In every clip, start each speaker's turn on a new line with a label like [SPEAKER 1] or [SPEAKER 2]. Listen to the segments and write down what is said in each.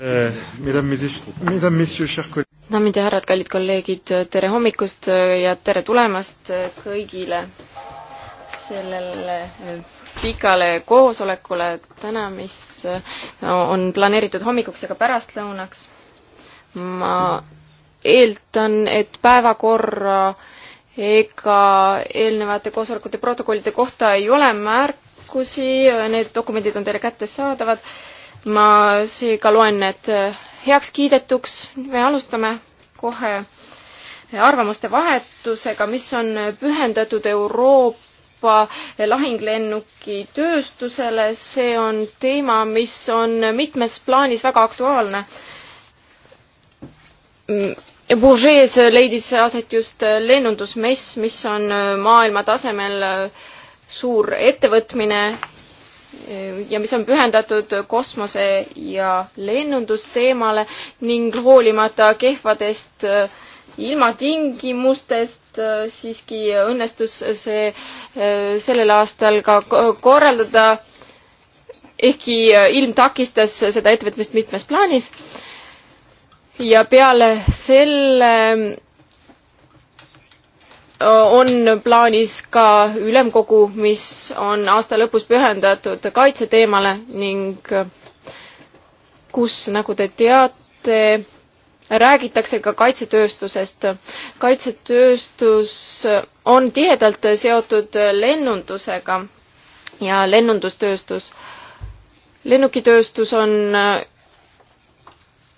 [SPEAKER 1] Eh,
[SPEAKER 2] daamid ja härrad, kallid kolleegid, tere hommikust ja tere tulemast kõigile sellele pikale koosolekule täna, mis on planeeritud hommikuks ja ka pärastlõunaks. ma eeldan, et päevakorra ega eelnevate koosolekute protokollide kohta ei ole märkusi, need dokumendid on teile kättesaadavad ma seega loen need äh, heaks kiidetuks. me alustame kohe äh, arvamuste vahetusega, mis on äh, pühendatud Euroopa Euroopa lahinglennukitööstusele, see on teema, mis on mitmes plaanis väga aktuaalne. Mm, Bourges leidis aset just lennundusmess, mis on maailma tasemel suur ettevõtmine ja mis on pühendatud kosmose ja lennundusteemale ning hoolimata kehvadest äh, ilmatingimustest äh, siiski õnnestus see äh, sellel aastal ka korraldada, ehkki ilm takistas seda ettevõtmist mitmes plaanis. ja peale selle on plaanis ka ülemkogu, mis on aasta lõpus pühendatud kaitseteemale ning kus, nagu te teate, räägitakse ka kaitsetööstusest. kaitsetööstus on tihedalt seotud lennundusega ja lennundustööstus. lennukitööstus on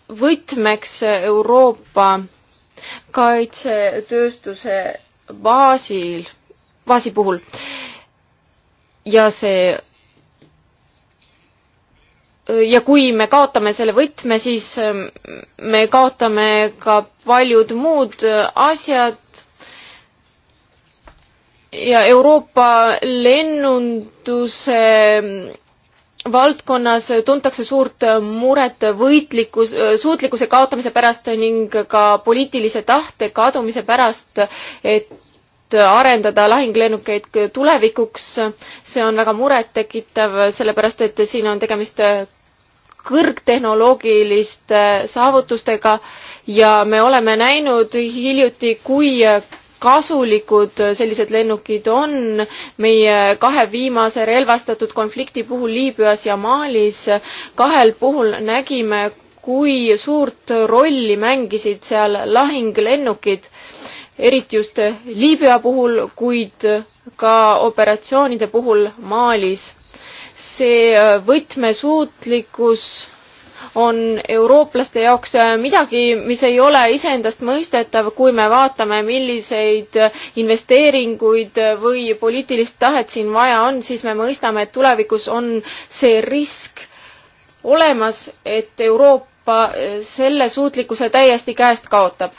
[SPEAKER 2] võtmeks Euroopa kaitsetööstuse baasil, baasi puhul. ja see ja kui me kaotame selle võtme, siis ähm, me kaotame ka paljud muud äh, asjad. ja Euroopa lennunduse valdkonnas tuntakse suurt muret võitlikus, suutlikkuse kaotamise pärast ning ka poliitilise tahte kadumise pärast, et arendada lahingulennukeid tulevikuks. see on väga murettekitav, sellepärast et siin on tegemist kõrgtehnoloogiliste saavutustega ja me oleme näinud hiljuti, kui kasulikud sellised lennukid on. meie kahe viimase relvastatud konflikti puhul Liibüas ja Malis, kahel puhul nägime, kui suurt rolli mängisid seal lahinglennukid, eriti just Liibüa puhul, kuid ka operatsioonide puhul Malis. see võtmesuutlikkus on eurooplaste jaoks midagi, mis ei ole iseendastmõistetav, kui me vaatame, milliseid investeeringuid või poliitilist tahet siin vaja on, siis me mõistame, et tulevikus on see risk olemas, et Euroopa selle suutlikkuse täiesti käest kaotab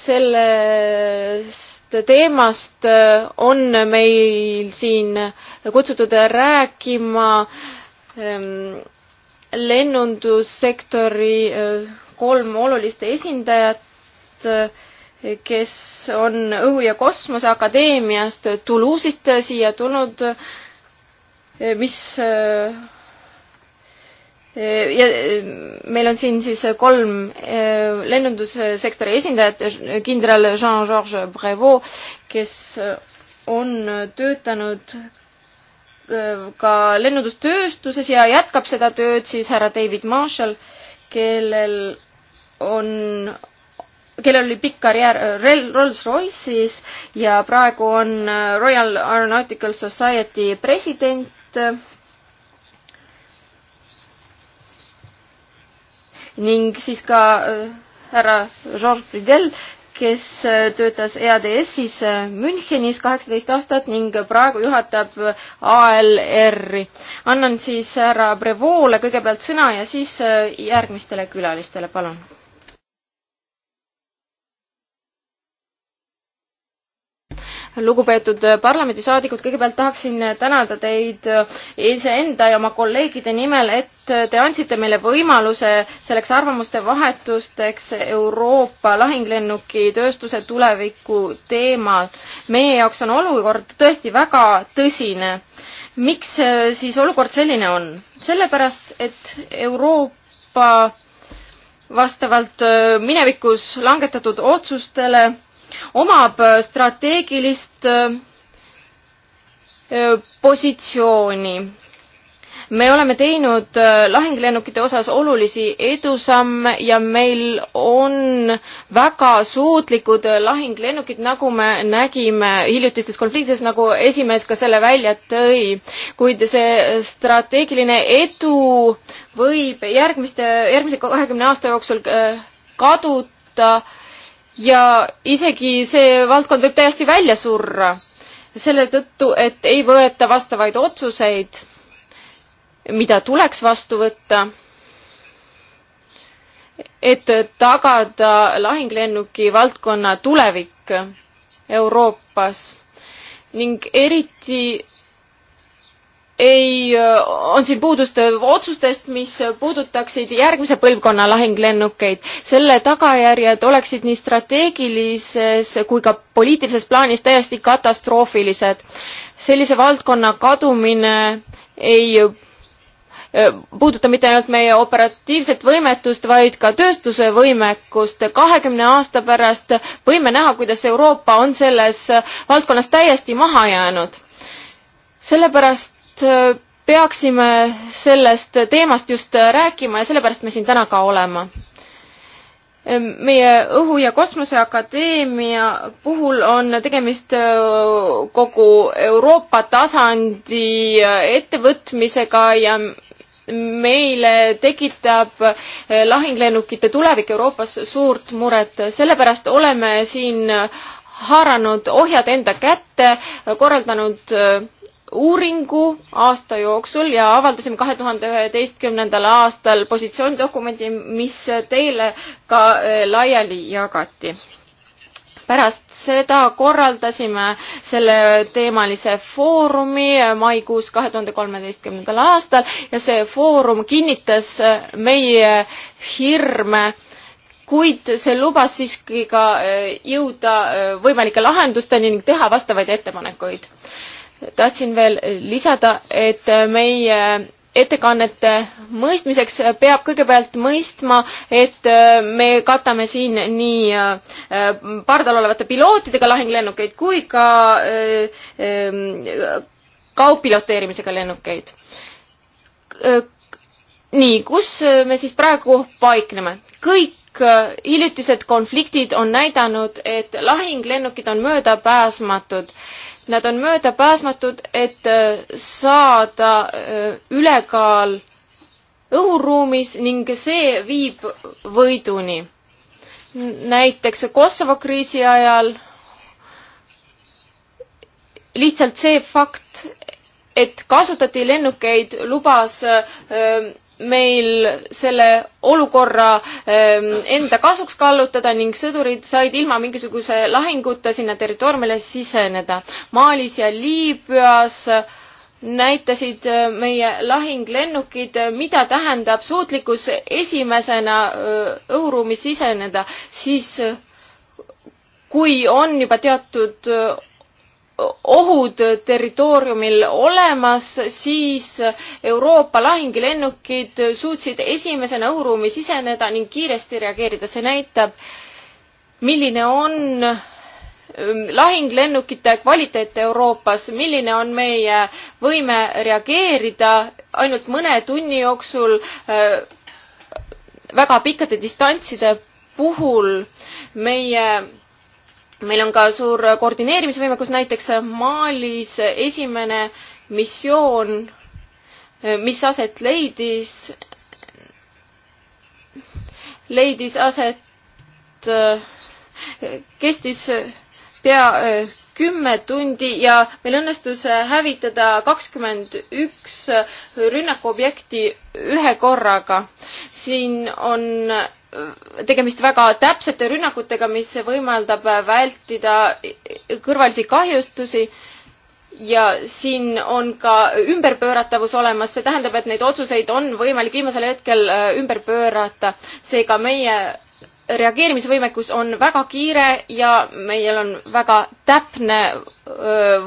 [SPEAKER 2] sellest teemast on meil siin kutsutud rääkima ehm, lennundussektori eh, kolm olulist esindajat, eh, kes on Õhu- ja Kosmoseakadeemiast Toulouse'ist siia tulnud, eh, mis ja meil on siin siis kolm lennundussektori esindajat, kindral Jean-Georges Brevo, kes on töötanud Äh, ka lennundustööstuses ja jätkab seda tööd siis härra David Marshall, kellel on, kellel oli pikk karjäär äh, Rolls-Royce'is ja praegu on äh, Royal Aeronautical Society president. ning siis ka härra Georges Bridel, kes äh, töötas EADS-is äh, Münchenis kaheksateist aastat ning praegu juhatab äh, ALR-i. annan siis härra Brevoole kõigepealt sõna ja siis järgmistele külalistele, palun lugupeetud äh, parlamendisaadikud, kõigepealt tahaksin äh, tänada teid äh, iseenda ja oma kolleegide nimel, et te andsite meile võimaluse selleks arvamuste vahetusteks Euroopa lahinglennukitööstuse tuleviku teemal. meie jaoks on olukord tõesti väga tõsine. miks siis olukord selline on? sellepärast, et Euroopa vastavalt minevikus langetatud otsustele omab äh, strateegilist äh, äh, positsiooni. me oleme teinud lahinglennukite osas olulisi edusamme ja meil on väga suutlikud lahinglennukid, nagu me nägime hiljutistes konfliktides, nagu esimees ka selle välja tõi. kuid see strateegiline edu võib järgmiste, järgmise kahekümne aasta jooksul kaduda ja isegi see valdkond võib täiesti välja surra selle tõttu, et ei võeta vastavaid otsuseid, mida tuleks vastu võtta, et tagada lahinglennuki valdkonna tulevik Euroopas ning eriti ei, on siin puudust otsustest, mis puudutaksid järgmise põlvkonna lahinglennukeid. selle tagajärjed oleksid nii strateegilises kui ka poliitilises plaanis täiesti katastroofilised. sellise valdkonna kadumine ei puuduta mitte ainult meie operatiivset võimetust, vaid ka tööstuse võimekust. kahekümne aasta pärast võime näha, kuidas Euroopa on selles valdkonnas täiesti maha jäänud. sellepärast Äh, peaksime sellest teemast just rääkima ja sellepärast me siin täna ka olema. Ehm, meie Õhu- ja Kosmoseakadeemia puhul on tegemist äh, kogu Euroopa tasandi äh, ettevõtmisega ja meile tekitab lahinglennukite tulevik Euroopas suurt muret, sellepärast oleme siin haaranud ohjad enda kätte, korraldanud uuringu aasta jooksul ja avaldasime kahe tuhande üheteistkümnendal aastal positsioonidokumendi, mis teile ka äh, laiali jagati. pärast seda korraldasime selleteemalise foorumi maikuus kahe tuhande kolmeteistkümnendal aastal ja see foorum kinnitas meie hirme kuid see lubas siiski ka äh, jõuda äh, võimalike lahendusteni ning teha vastavaid ettepanekuid tahtsin veel lisada, et meie ettekannete mõistmiseks peab kõigepealt mõistma, et me katame siin nii äh, pardal olevate pilootidega lahinglennukeid kui ka äh, äh, kaugpiloteerimisega lennukeid. nii, kus me siis praegu paikneme? kõik kõik hiljutised konfliktid on näidanud, et lahinglennukid on möödapääsmatud nad on möödapääsmatud, et äh, saada äh, ülekaal õhuruumis ning see viib võiduni. näiteks Kosovo kriisi ajal lihtsalt see fakt, et kasutati lennukeid, lubas äh, meil selle olukorra ehm, enda kasuks kallutada ning sõdurid said ilma mingisuguse lahinguta sinna territooriumile siseneda. Malis ja Liibüas näitasid ehm, meie lahinglennukid, mida tähendab suutlikkus esimesena ehm, õhuruumi siseneda, siis kui on juba teatud ohud territooriumil olemas, siis Euroopa lahingulennukid suutsid esimesena õhuruumi siseneda ning kiiresti reageerida. see näitab, milline on ähm, lahinglennukite kvaliteet Euroopas, milline on meie võime reageerida ainult mõne tunni jooksul äh, väga pikkade distantside puhul meie meil on ka suur koordineerimisvõimekus, näiteks Malis esimene missioon, mis aset leidis, leidis aset, kestis pea äh, kümme tundi ja meil õnnestus hävitada kakskümmend üks rünnakuobjekti ühe korraga. siin on tegemist väga täpsete rünnakutega, mis võimaldab vältida kõrvalisi kahjustusi ja siin on ka ümberpööratavus olemas, see tähendab, et neid otsuseid on võimalik viimasel hetkel äh, ümber pöörata. seega meie reageerimisvõimekus on väga kiire ja meil on väga täpne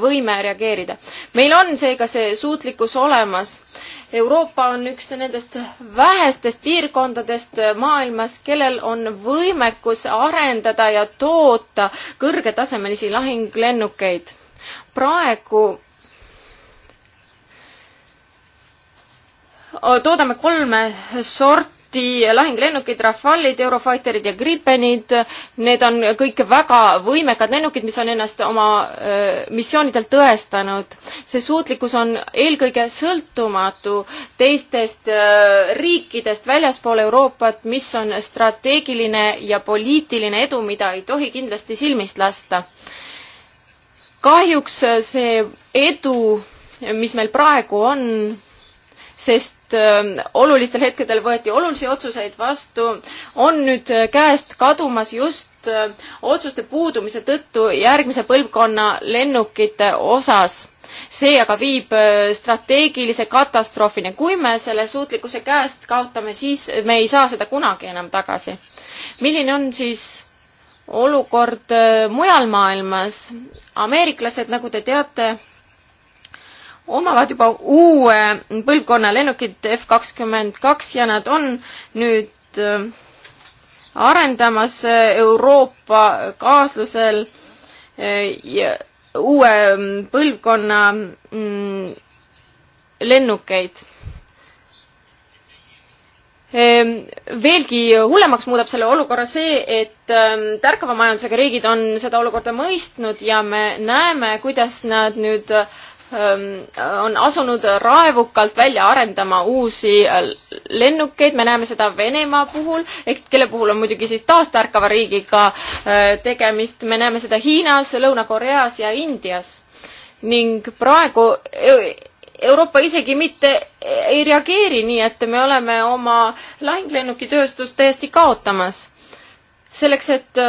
[SPEAKER 2] võime reageerida. meil on seega see suutlikkus olemas. Euroopa on üks nendest vähestest piirkondadest maailmas, kellel on võimekus arendada ja toota kõrgetasemelisi lahinglennukeid. praegu toodame kolme sorti samuti lahingulennukid, Rafalid, Eurofighterid ja Gripenid. Need on kõik väga võimekad lennukid, mis on ennast oma missioonidel tõestanud. see suutlikkus on eelkõige sõltumatu teistest riikidest väljaspool Euroopat, mis on strateegiline ja poliitiline edu, mida ei tohi kindlasti silmist lasta. kahjuks see edu, mis meil praegu on, sest ähm, olulistel hetkedel võeti olulisi otsuseid vastu, on nüüd äh, käest kadumas just äh, otsuste puudumise tõttu järgmise põlvkonna lennukite osas. see aga viib äh, strateegilise katastroofini. kui me selle suutlikkuse käest kaotame, siis me ei saa seda kunagi enam tagasi. milline on siis olukord mujal maailmas? ameeriklased, nagu te teate, omavad juba uue põlvkonna lennukit F kakskümmend kaks ja nad on nüüd äh, arendamas äh, Euroopa kaaslusel äh, uue mm, põlvkonna mm, lennukeid ehm, veelgi hullemaks muudab selle olukorra see, et ähm, tärkava majandusega riigid on seda olukorda mõistnud ja me näeme, kuidas nad nüüd on asunud raevukalt välja arendama uusi äh, lennukeid, me näeme seda Venemaa puhul, ehk kelle puhul on muidugi siis taastärkava riigiga äh, tegemist, me näeme seda Hiinas, Lõuna-Koreas ja Indias. ning praegu äh, Euroopa isegi mitte ei reageeri, nii et me oleme oma lahinglennukitööstust täiesti kaotamas. selleks, et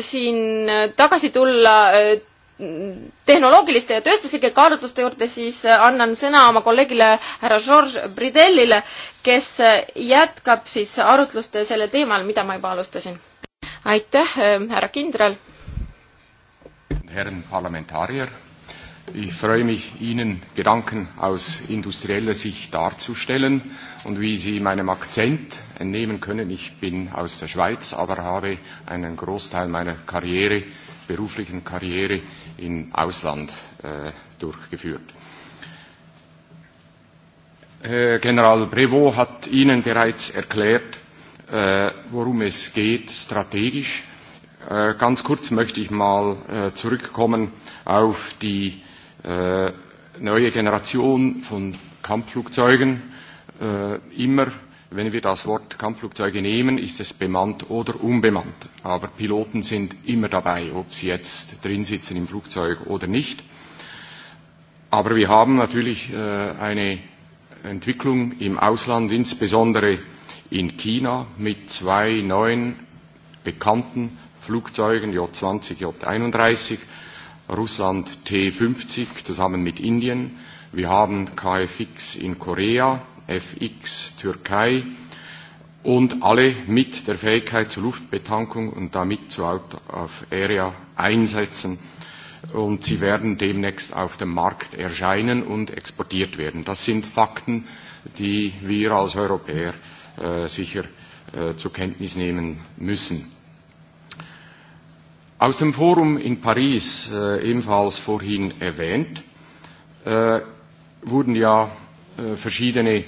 [SPEAKER 2] siin tagasi tulla tehnoloogiliste ja tööstuslike kaalutluste juurde, siis äh, annan sõna oma kolleegile härra Georges Bridellile, kes äh, jätkab siis arutlust sellel teemal, mida ma juba alustasin. aitäh, äh, härra kindral.
[SPEAKER 1] Herren Parlamentarier, ich freue mich, Ihnen Gedanken aus industrieller Sicht darzustellen und wie Sie meinem Akzent entnehmen können, ich bin aus der Schweiz, aber habe einen Großteil meiner Karriere beruflichen Karriere im Ausland äh, durchgeführt. Herr äh, General Brevo hat Ihnen bereits erklärt, äh, worum es geht strategisch. Äh, ganz kurz möchte ich mal äh, zurückkommen auf die äh, neue Generation von Kampfflugzeugen. Äh, immer Wenn wir das Wort Kampfflugzeuge nehmen, ist es bemannt oder unbemannt. Aber Piloten sind immer dabei, ob sie jetzt drin sitzen im Flugzeug oder nicht. Aber wir haben natürlich äh, eine Entwicklung im Ausland, insbesondere in China, mit zwei neuen bekannten Flugzeugen J20, J31, Russland T50 zusammen mit Indien. Wir haben KFX in Korea, FX Türkei und alle mit der Fähigkeit zur Luftbetankung und damit zu Out of Area einsetzen. Und sie werden demnächst auf dem Markt erscheinen und exportiert werden. Das sind Fakten, die wir als Europäer äh, sicher äh, zur Kenntnis nehmen müssen. Aus dem Forum in Paris, äh, ebenfalls vorhin erwähnt, äh, wurden ja äh, verschiedene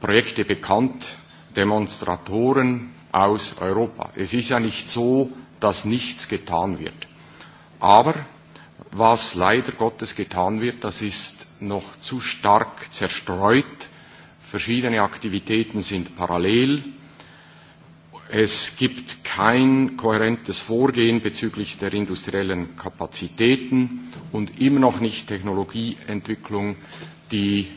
[SPEAKER 1] Projekte bekannt, Demonstratoren aus Europa. Es ist ja nicht so, dass nichts getan wird. Aber was leider Gottes getan wird, das ist noch zu stark zerstreut. Verschiedene Aktivitäten sind parallel. Es gibt kein kohärentes Vorgehen bezüglich der industriellen Kapazitäten und immer noch nicht Technologieentwicklung, die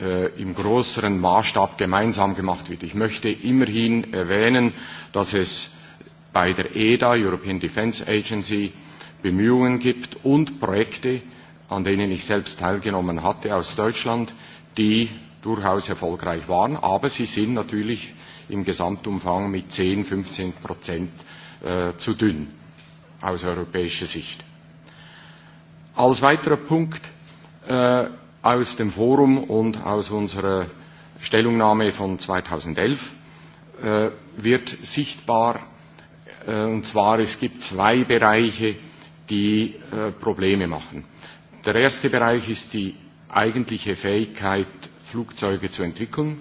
[SPEAKER 1] äh, im größeren Maßstab gemeinsam gemacht wird. Ich möchte immerhin erwähnen, dass es bei der EDA, European Defence Agency, Bemühungen gibt und Projekte, an denen ich selbst teilgenommen hatte aus Deutschland, die durchaus erfolgreich waren. Aber sie sind natürlich im Gesamtumfang mit 10, 15 Prozent äh, zu dünn aus europäischer Sicht. Als weiterer Punkt äh, aus dem Forum und aus unserer Stellungnahme von 2011 äh, wird sichtbar, äh, und zwar es gibt zwei Bereiche, die äh, Probleme machen. Der erste Bereich ist die eigentliche Fähigkeit, Flugzeuge zu entwickeln,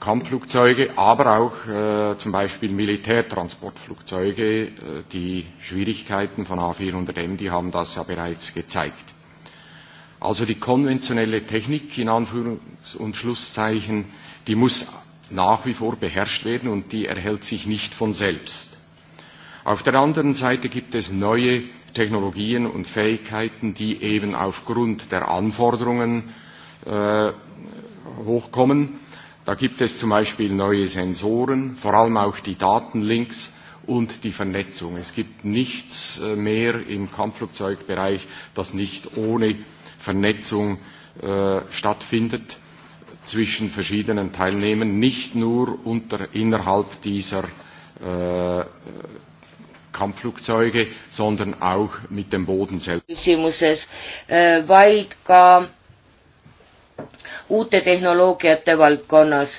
[SPEAKER 1] Kampfflugzeuge, aber auch äh, zum Beispiel Militärtransportflugzeuge. Äh, die Schwierigkeiten von A400M, die haben das ja bereits gezeigt. Also die konventionelle Technik in Anführungs- und Schlusszeichen, die muss nach wie vor beherrscht werden und die erhält sich nicht von selbst. Auf der anderen Seite gibt es neue Technologien und Fähigkeiten, die eben aufgrund der Anforderungen äh, hochkommen. Da gibt es zum Beispiel neue Sensoren, vor allem auch die Datenlinks und die Vernetzung. Es gibt nichts äh, mehr im Kampfflugzeugbereich, das nicht ohne Vernetzung äh, stattfindet zwischen verschiedenen Teilnehmern, nicht nur unter, innerhalb dieser äh, Kampfflugzeuge, sondern auch mit dem Boden selbst.
[SPEAKER 3] Küsimuses, äh, vaid ka uute tehnoloogiate valdkonnas.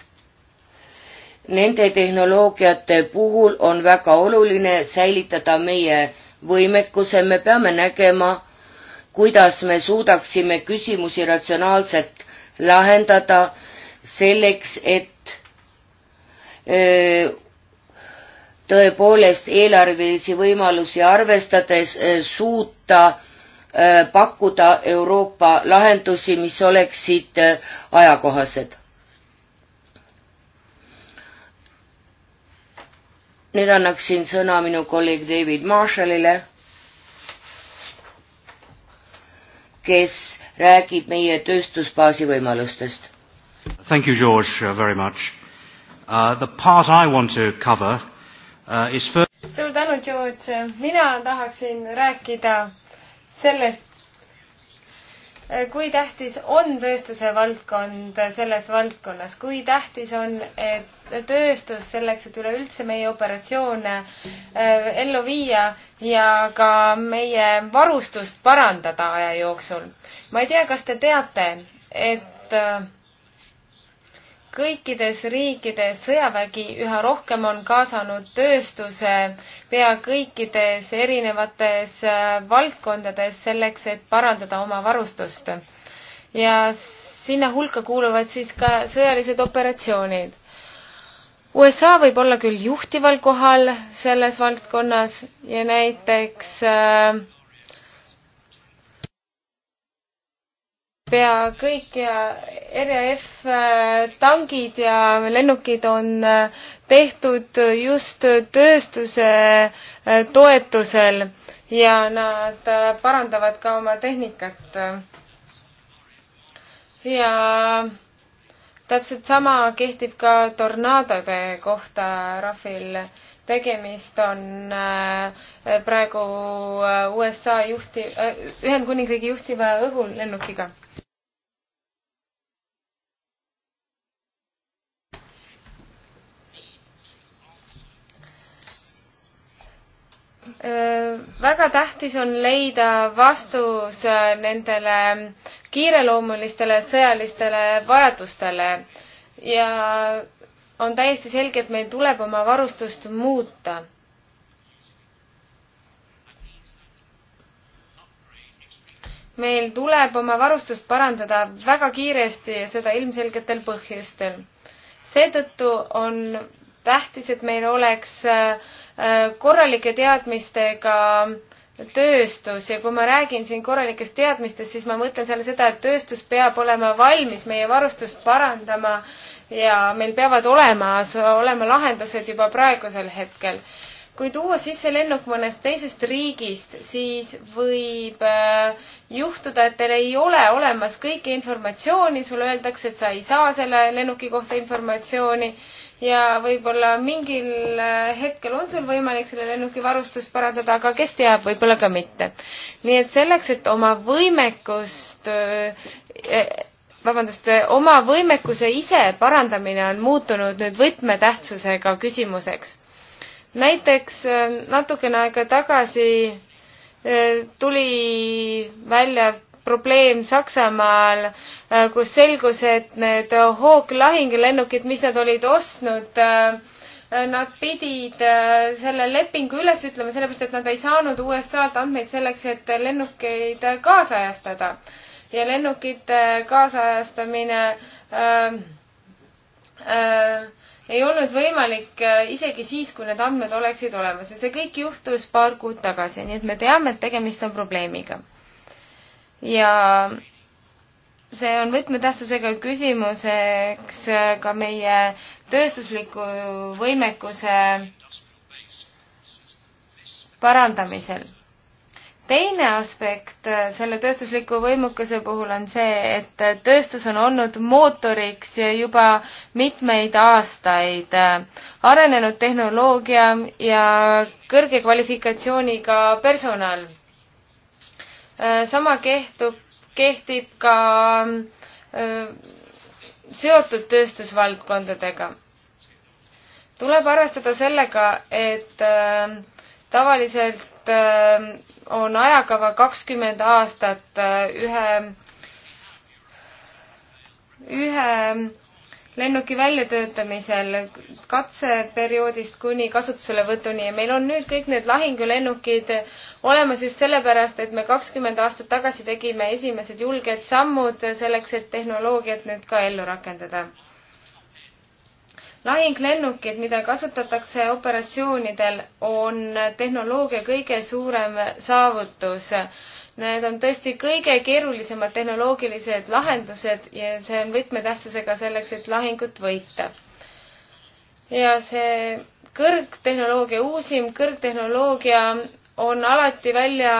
[SPEAKER 3] Nende tehnoloogiate puhul on väga oluline säilitada meie võimekuse, me peame nägema, kuidas me suudaksime küsimusi ratsionaalselt lahendada selleks, et öö, tõepoolest eelarvelisi võimalusi arvestades suuta pakkuda Euroopa lahendusi, mis oleksid ajakohased. nüüd annaksin sõna minu kolleeg David Marshallile kes räägib meie tööstusbaasi võimalustest. Thank you,
[SPEAKER 2] George, uh, very much uh,. The part I want to cover uh, is first
[SPEAKER 4] suur tänu, George. mina tahaksin rääkida sellest, kui tähtis on tööstuse valdkond selles valdkonnas, kui tähtis on tööstus selleks, et üleüldse meie operatsioone äh, ellu viia ja ka meie varustust parandada aja jooksul. ma ei tea, kas te teate, et äh, kõikides riikides sõjavägi üha rohkem on kaasanud tööstuse pea kõikides erinevates äh, valdkondades selleks, et parandada oma varustust. ja sinna hulka kuuluvad siis ka sõjalised operatsioonid. USA võib olla küll juhtival kohal selles valdkonnas ja näiteks äh, pea kõik ja RAF äh, tangid ja lennukid on äh, tehtud just tööstuse äh, toetusel ja nad parandavad ka oma tehnikat. ja täpselt sama kehtib ka tornaadode kohta RAF-il tegemist on praegu USA juhti, Ühendkuningriigi juhtiva õhulennukiga Äh, väga tähtis on leida vastus äh, nendele kiireloomulistele sõjalistele vajadustele ja on täiesti selge, et meil tuleb oma varustust muuta. meil tuleb oma varustust parandada väga kiiresti ja seda ilmselgetel põhjustel. seetõttu on tähtis, et meil oleks äh, Äh, korralike teadmistega tööstus ja kui ma räägin siin korralikest teadmistest, siis ma mõtlen seal seda, et tööstus peab olema valmis meie varustust parandama ja meil peavad olema, olema lahendused juba praegusel hetkel. kui tuua sisse lennuk mõnest teisest riigist, siis võib äh, juhtuda, et teil ei ole olemas kõiki informatsiooni, sulle öeldakse, et sa ei saa selle lennuki kohta informatsiooni ja võib-olla mingil äh, hetkel on sul võimalik selle lennuki varustust parandada, aga kes teab, võib-olla ka mitte. nii et selleks, et oma võimekust äh, äh, vabandust, oma võimekuse ise parandamine on muutunud nüüd võtmetähtsusega küsimuseks. näiteks natukene aega tagasi tuli välja probleem Saksamaal, äh, kus selgus, et need hooglahingulennukid, mis nad olid ostnud, äh, nad pidid äh, selle lepingu üles ütlema, sellepärast et nad ei saanud USA-lt andmeid selleks, et lennukeid kaasajastada. ja lennukite kaasajastamine äh, äh, ei olnud võimalik isegi siis, kui need andmed oleksid olemas ja see kõik juhtus paar kuud tagasi, nii et me teame, et tegemist on probleemiga ja see on võtmetähtsusega küsimuseks äh, ka meie tööstusliku võimekuse parandamisel. teine aspekt äh, selle tööstusliku võimekuse puhul on see, et äh, tööstus on olnud mootoriks juba mitmeid aastaid. arenenud tehnoloogia ja kõrge kvalifikatsiooniga personal Äh, sama kehtub, kehtib ka äh, seotud tööstusvaldkondadega. tuleb arvestada sellega, et äh, tavaliselt on ajakava kakskümmend aastat ühe, ühe lennuki väljatöötamisel katseperioodist kuni kasutuselevõtuni ja meil on nüüd kõik need lahingulennukid olemas just sellepärast, et me kakskümmend aastat tagasi tegime esimesed julged sammud selleks, et tehnoloogiat nüüd ka ellu rakendada. lahinglennukid, mida kasutatakse operatsioonidel, on tehnoloogia kõige suurem saavutus Need on tõesti kõige keerulisemad tehnoloogilised lahendused ja see on võtmetähtsusega selleks, et lahingut võita. ja see kõrgtehnoloogia, uusim kõrgtehnoloogia on alati välja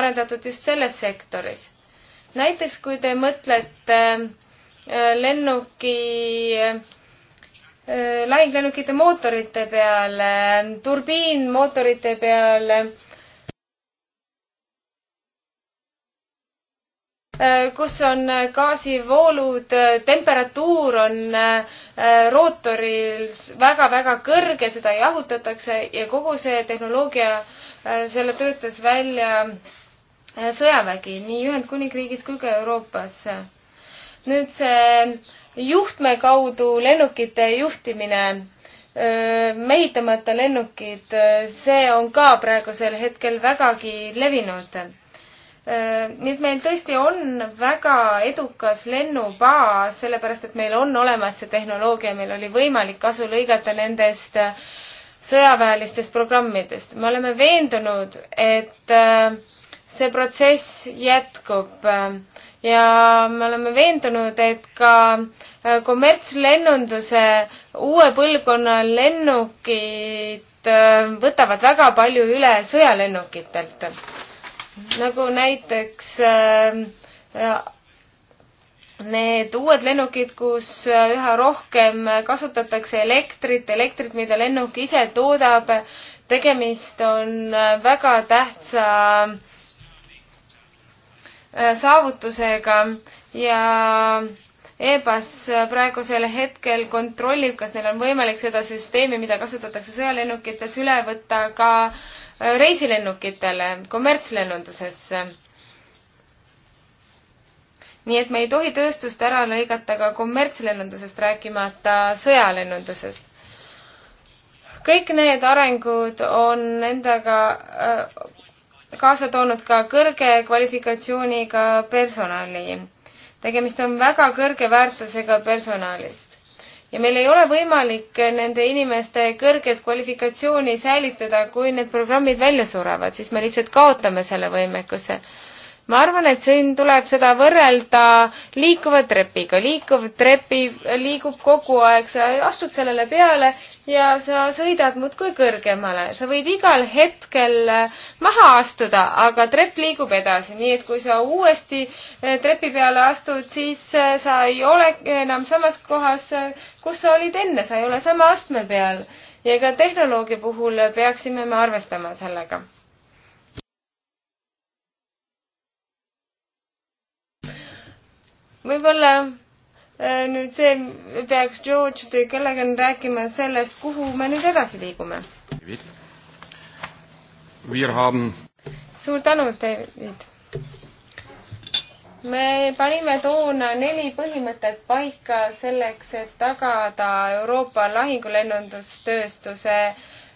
[SPEAKER 4] arendatud just selles sektoris. näiteks kui te mõtlete äh, lennuki äh, lahinglennukite mootorite peale, turbiinmootorite peale Äh, kus on äh, gaasivoolud, äh, temperatuur on rootoril väga-väga kõrge, seda jahutatakse ja kogu see tehnoloogia, selle töötas välja sõjavägi nii Ühendkuningriigis kui ka Euroopas. nüüd see juhtme kaudu lennukite juhtimine, mehitamata lennukid, see on ka praegusel hetkel vägagi levinud Äh, nii et meil tõesti on väga edukas lennubaas, sellepärast et meil on olemas see tehnoloogia, meil oli võimalik kasu lõigata nendest äh, sõjaväelistest programmidest. me oleme veendunud, et äh, see protsess jätkub ja me oleme veendunud, et ka kommertslennunduse uue põlvkonna lennukid võtavad väga palju üle sõjalennukitelt nagu näiteks ähm, äh, need uued lennukid, kus äh, üha rohkem kasutatakse elektrit, elektrit, mida lennuk ise toodab. tegemist on äh, väga tähtsa äh, saavutusega ja Airbus praegusel hetkel kontrollib, kas neil on võimalik seda süsteemi, mida kasutatakse sõjalennukites, üle võtta ka äh, Äh, reisilennukitele, kommertslennundusesse. nii et me ei tohi tööstust ära lõigata ka kommertslennundusest, rääkimata sõjalennundusest. kõik need arengud on endaga äh, kaasa toonud ka kõrge kvalifikatsiooniga personali. tegemist on väga kõrge väärtusega personalis ja meil ei ole võimalik nende inimeste kõrget kvalifikatsiooni säilitada, kui need programmid välja surevad, siis me lihtsalt kaotame selle võimekuse ma arvan, et siin tuleb seda võrrelda liikuva trepiga. liikuv trepi liigub kogu aeg, sa astud sellele peale ja sa sõidad muudkui kõrgemale. sa võid igal hetkel maha astuda, aga trepp liigub edasi, nii et kui sa uuesti eh, trepi peale astud, siis eh, sa ei ole enam samas kohas, eh, kus sa olid enne, sa ei ole sama astme peal ja ka tehnoloogia puhul peaksime me arvestama sellega võib-olla äh, nüüd see peaks George või kellegagi rääkima sellest, kuhu me nüüd edasi liigume. Haben... suur tänu, David. me panime toona neli põhimõtet paika selleks, et tagada Euroopa lahingulennundustööstuse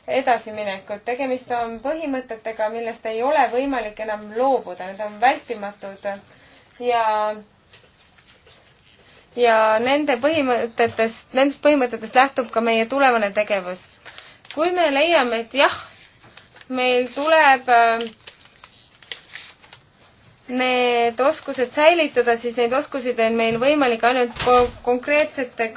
[SPEAKER 4] edasiminekut. tegemist on põhimõtetega, millest ei ole võimalik enam loobuda, need on vältimatud ja ja nende põhimõtetest, nendest põhimõtetest lähtub ka meie tulevane tegevus. kui me leiame, et jah, meil tuleb äh, need oskused säilitada, siis neid oskusi on meil võimalik ainult konkreetsete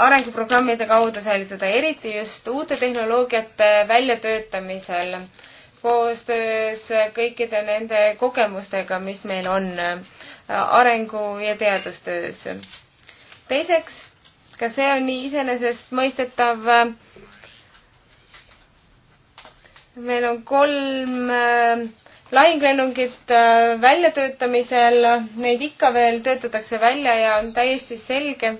[SPEAKER 4] arenguprogrammide kaudu säilitada, eriti just uute tehnoloogiate väljatöötamisel koostöös kõikide nende kogemustega, mis meil on arengu- ja teadustöös. teiseks, ka see on nii iseenesestmõistetav meil on kolm äh, lahingulennungit äh, väljatöötamisel, neid ikka veel töötatakse välja ja on täiesti selge,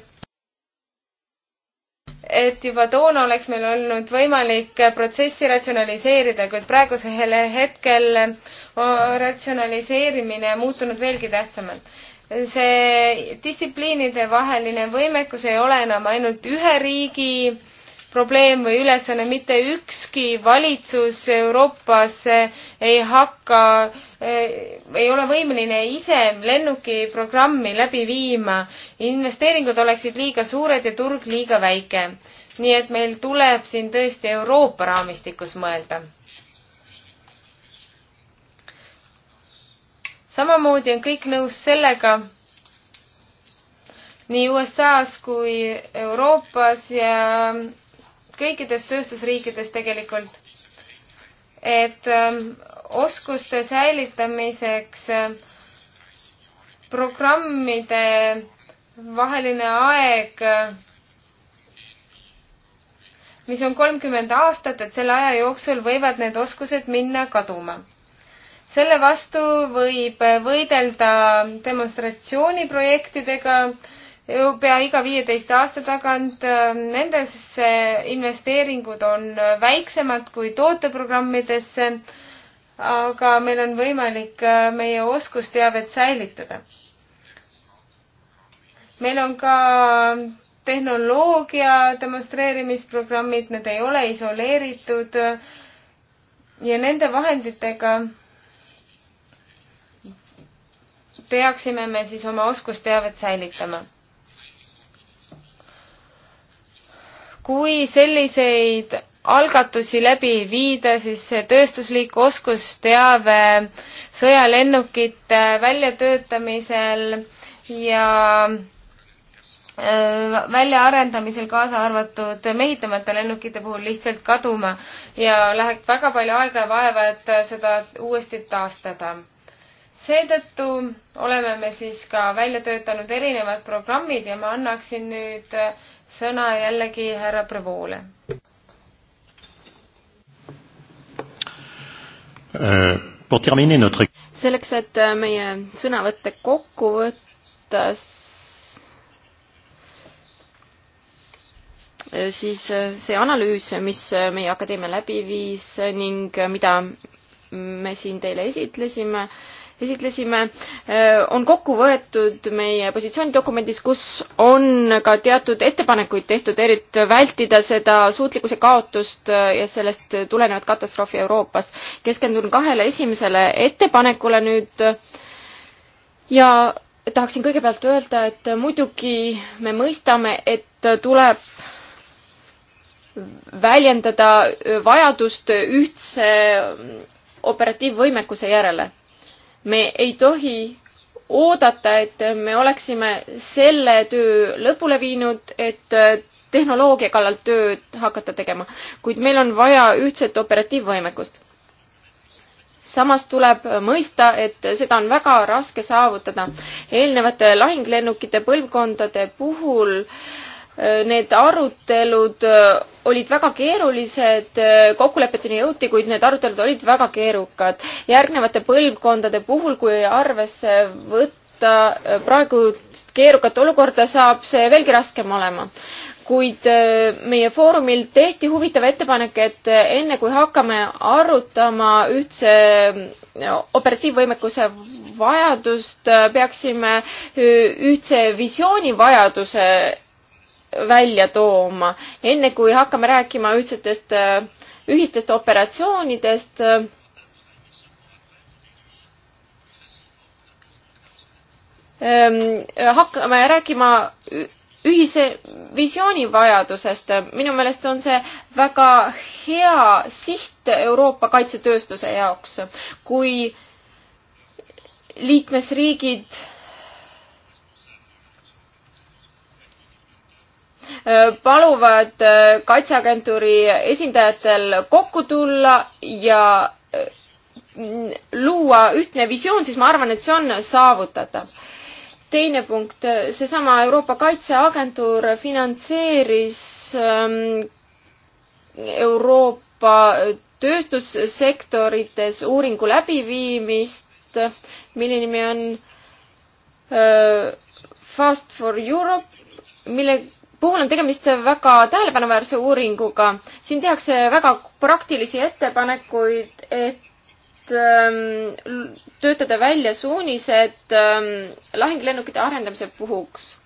[SPEAKER 4] et juba toona oleks meil olnud võimalik protsessi ratsionaliseerida, kuid praegusel hetkel ratsionaliseerimine muutunud veelgi tähtsamalt. see distsipliinide vaheline võimekus ei ole enam ainult ühe riigi probleem või ülesanne, mitte ükski valitsus Euroopas ei hakka, eh, ei ole võimeline ise lennukiprogrammi läbi viima. investeeringud oleksid liiga suured ja turg liiga väike. nii et meil tuleb siin tõesti Euroopa raamistikus mõelda samamoodi on kõik nõus sellega nii USA-s kui Euroopas ja kõikides tööstusriikides tegelikult, et ähm, oskuste säilitamiseks ähm, programmide vaheline aeg, äh, mis on kolmkümmend aastat, et selle aja jooksul võivad need oskused minna kaduma. selle vastu võib võidelda demonstratsiooniprojektidega, pea iga viieteist aasta tagant. Äh, nendesse investeeringud on väiksemad kui tooteprogrammidesse, aga meil on võimalik äh, meie oskusteavet säilitada. meil on ka tehnoloogia demonstreerimisprogrammid, need ei ole isoleeritud äh, ja nende vahenditega peaksime me siis oma oskusteavet säilitama kui selliseid algatusi läbi viida, siis see tööstuslik oskusteave sõjalennukite väljatöötamisel ja äh, väljaarendamisel, kaasa arvatud mehitamata lennukite puhul, lihtsalt kaduma ja läheb väga palju aega ja vaeva, et seda uuesti taastada. seetõttu oleme me siis ka välja töötanud erinevad programmid ja ma annaksin nüüd sõna jällegi härra Prevoole.
[SPEAKER 2] Euh, selleks, et äh, meie sõnavõtte kokku võtta, äh, siis äh, see analüüs, mis meie akadeemia läbi viis ning mida me siin teile esitlesime, esitlesime, äh, on kokku võetud meie positsioonidokumendis, kus on ka teatud ettepanekuid tehtud, eriti vältida seda suutlikkuse kaotust äh, ja sellest tulenevat katastroofi Euroopas. keskendun kahele esimesele ettepanekule nüüd ja tahaksin kõigepealt öelda, et muidugi me mõistame, et tuleb väljendada vajadust ühtse operatiivvõimekuse järele me ei tohi oodata, et me oleksime selle töö lõpule viinud, et tehnoloogia kallal tööd hakata tegema, kuid meil on vaja ühtset operatiivvõimekust. samas tuleb mõista, et seda on väga raske saavutada. eelnevate lahinglennukite põlvkondade puhul äh, Need arutelud äh, olid väga keerulised, äh, kokkulepeteni jõuti, kuid need arutelud olid väga keerukad. järgnevate põlvkondade puhul, kui arvesse võtta äh, praegust keerukat olukorda, saab see veelgi raskem olema kuid meie foorumil tehti huvitav ettepanek, et enne kui hakkame arutama ühtse operatiivvõimekuse vajadust, peaksime ühtse visiooni vajaduse välja tooma. enne kui hakkame rääkima ühtsetest, äh, ühistest operatsioonidest, ähm, äh, hakkame rääkima ühise visiooni vajadusest. minu meelest on see väga hea siht Euroopa kaitsetööstuse jaoks, kui liikmesriigid paluvad äh, kaitseagentuuri esindajatel kokku tulla ja äh, luua ühtne visioon, siis ma arvan, et see on saavutatav. teine punkt, äh, seesama Euroopa Kaitseagentuur finantseeris ähm, Euroopa tööstussektorites uuringu läbiviimist, mille nimi on Fast for Europe, mille puhul on tegemist väga tähelepanuväärse uuringuga. siin tehakse väga praktilisi ettepanekuid, et ähm, töötada välja suunised ähm, lahingulennukite arendamise puhuks.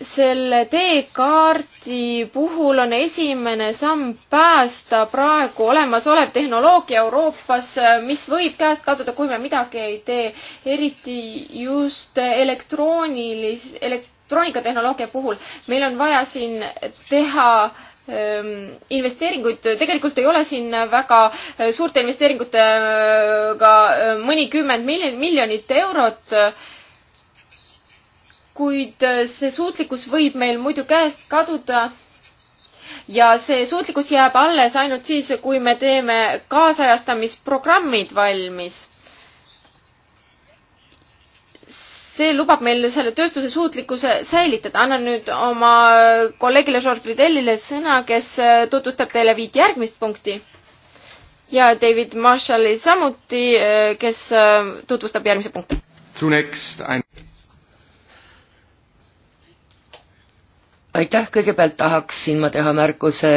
[SPEAKER 2] selle teekaardi puhul on esimene samm päästa praegu olemasolev tehnoloogia Euroopas, mis võib käest kaduda, kui me midagi ei tee, eriti just elektroonilis-, elekt-, troonikatehnoloogia puhul meil on vaja siin teha ähm, investeeringuid, tegelikult ei ole siin väga äh, suurte investeeringutega äh, mõnikümmend miljonit eurot, kuid äh, see suutlikkus võib meil muidu käest kaduda ja see suutlikkus jääb alles ainult siis, kui me teeme kaasajastamisprogrammid valmis see lubab meil selle tööstuse suutlikkuse säilitada. annan nüüd oma kolleegile George Bridellile sõna, kes äh, tutvustab teile viit järgmist punkti. ja David Marshalli samuti, äh, kes äh, tutvustab järgmise punkti.
[SPEAKER 3] aitäh, kõigepealt tahaksin ma teha märkuse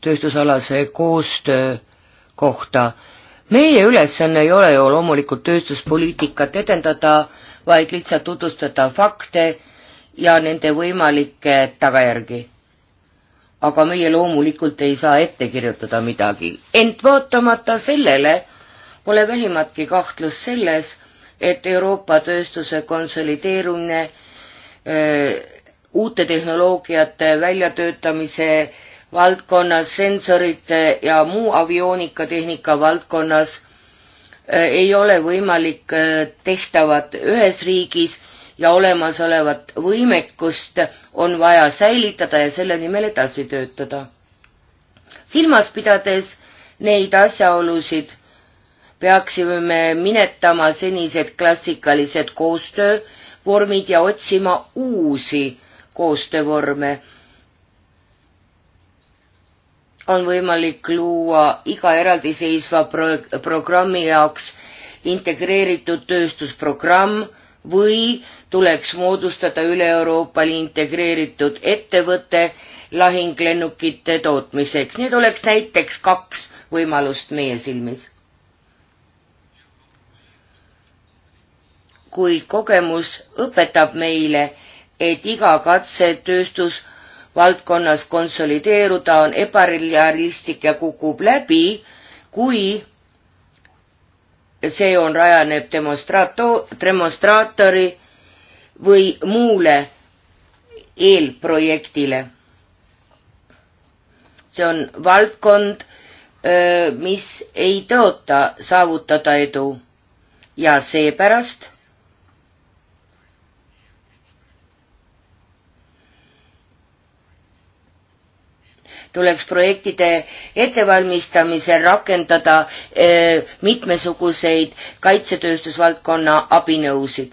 [SPEAKER 3] tööstusalase koostöö kohta meie ülesanne ei ole ju loomulikult tööstuspoliitikat edendada vaid lihtsalt tutvustada fakte ja nende võimalikke tagajärgi. aga meie loomulikult ei saa ette kirjutada midagi, ent vaatamata sellele pole vähimatki kahtlust selles, et Euroopa tööstuse konsolideerumine öö, eh, uute tehnoloogiate väljatöötamise valdkonnas, sensorite ja muu avioonikateehnika valdkonnas Äh, ei ole võimalik äh, tehtavat ühes riigis ja olemasolevat võimekust on vaja säilitada ja selle nimel edasi töötada. silmas pidades neid asjaolusid peaksime me minetama senised klassikalised koostöövormid ja otsima uusi koostöövorme on võimalik luua iga eraldiseisva pro programmi jaoks integreeritud tööstusprogramm või tuleks moodustada üle-Euroopali integreeritud ettevõte lahinglennukite tootmiseks. Need oleks näiteks kaks võimalust meie silmis. kuid kogemus õpetab meile, et iga katse tööstus valdkonnas konsolideeruda, on ebarealistlik ja kukub läbi, kui see on, rajaneb demonstraato-, demonstraatori või muule eelprojektile. see on valdkond, mis ei tõota saavutada edu ja seepärast tuleks projektide ettevalmistamisel rakendada eh, mitmesuguseid kaitsetööstusvaldkonna abinõusid.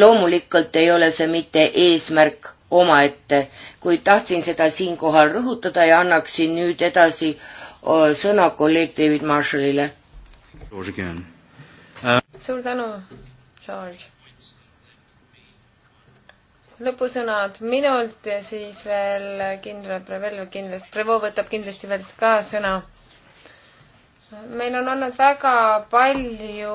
[SPEAKER 3] loomulikult ei ole see mitte eesmärk omaette, kuid tahtsin seda siinkohal rõhutada ja annaksin nüüd edasi eh, sõna kolleeg David Marshallile.
[SPEAKER 4] suur tänu, George lõpusõnad minult ja siis veel kindral Prevel kindlasti, Prevo võtab kindlasti veel ka sõna. meil on olnud väga palju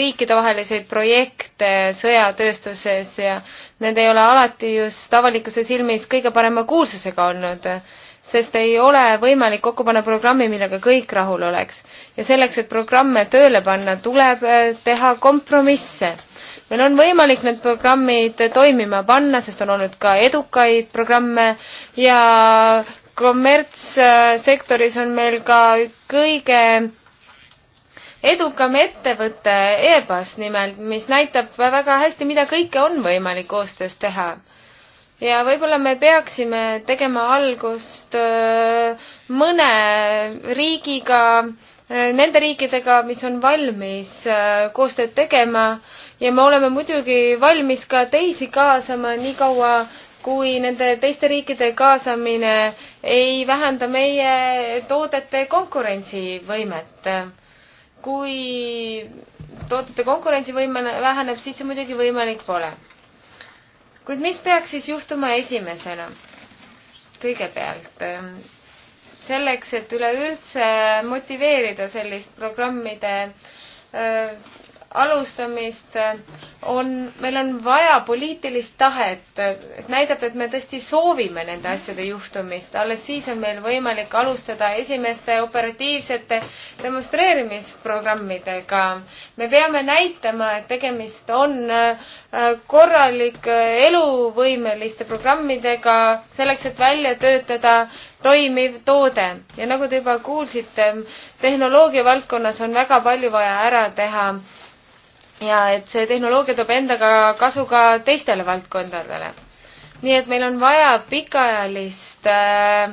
[SPEAKER 4] riikidevaheliseid projekte sõjatööstuses ja need ei ole alati just avalikkuse silmis kõige parema kuulsusega olnud sest ei ole võimalik kokku panna programmi, millega kõik rahul oleks. ja selleks, et programme tööle panna, tuleb teha kompromisse meil on võimalik need programmid toimima panna, sest on olnud ka edukaid programme ja kommertssektoris on meil ka kõige edukam ettevõte EBAS nimelt, mis näitab väga hästi, mida kõike on võimalik koostöös teha. ja võib-olla me peaksime tegema algust äh, mõne riigiga, äh, nende riikidega, mis on valmis äh, koostööd tegema ja me oleme muidugi valmis ka teisi kaasama niikaua, kui nende teiste riikide kaasamine ei vähenda meie toodete konkurentsivõimet. kui toodete konkurentsivõime väheneb, siis see muidugi võimalik pole. kuid mis peaks siis juhtuma esimesena? kõigepealt selleks, et üleüldse motiveerida sellist programmide äh, alustamist on, meil on vaja poliitilist tahet, et näidata, et me tõesti soovime nende asjade juhtumist, alles siis on meil võimalik alustada esimeste operatiivsete demonstreerimisprogrammidega. me peame näitama, et tegemist on äh, korralike äh, eluvõimeliste programmidega selleks, et välja töötada toimiv toode ja nagu te juba kuulsite, tehnoloogia valdkonnas on väga palju vaja ära teha ja et see tehnoloogia toob endaga kasu ka teistele valdkondadele. nii et meil on vaja pikaajalist äh,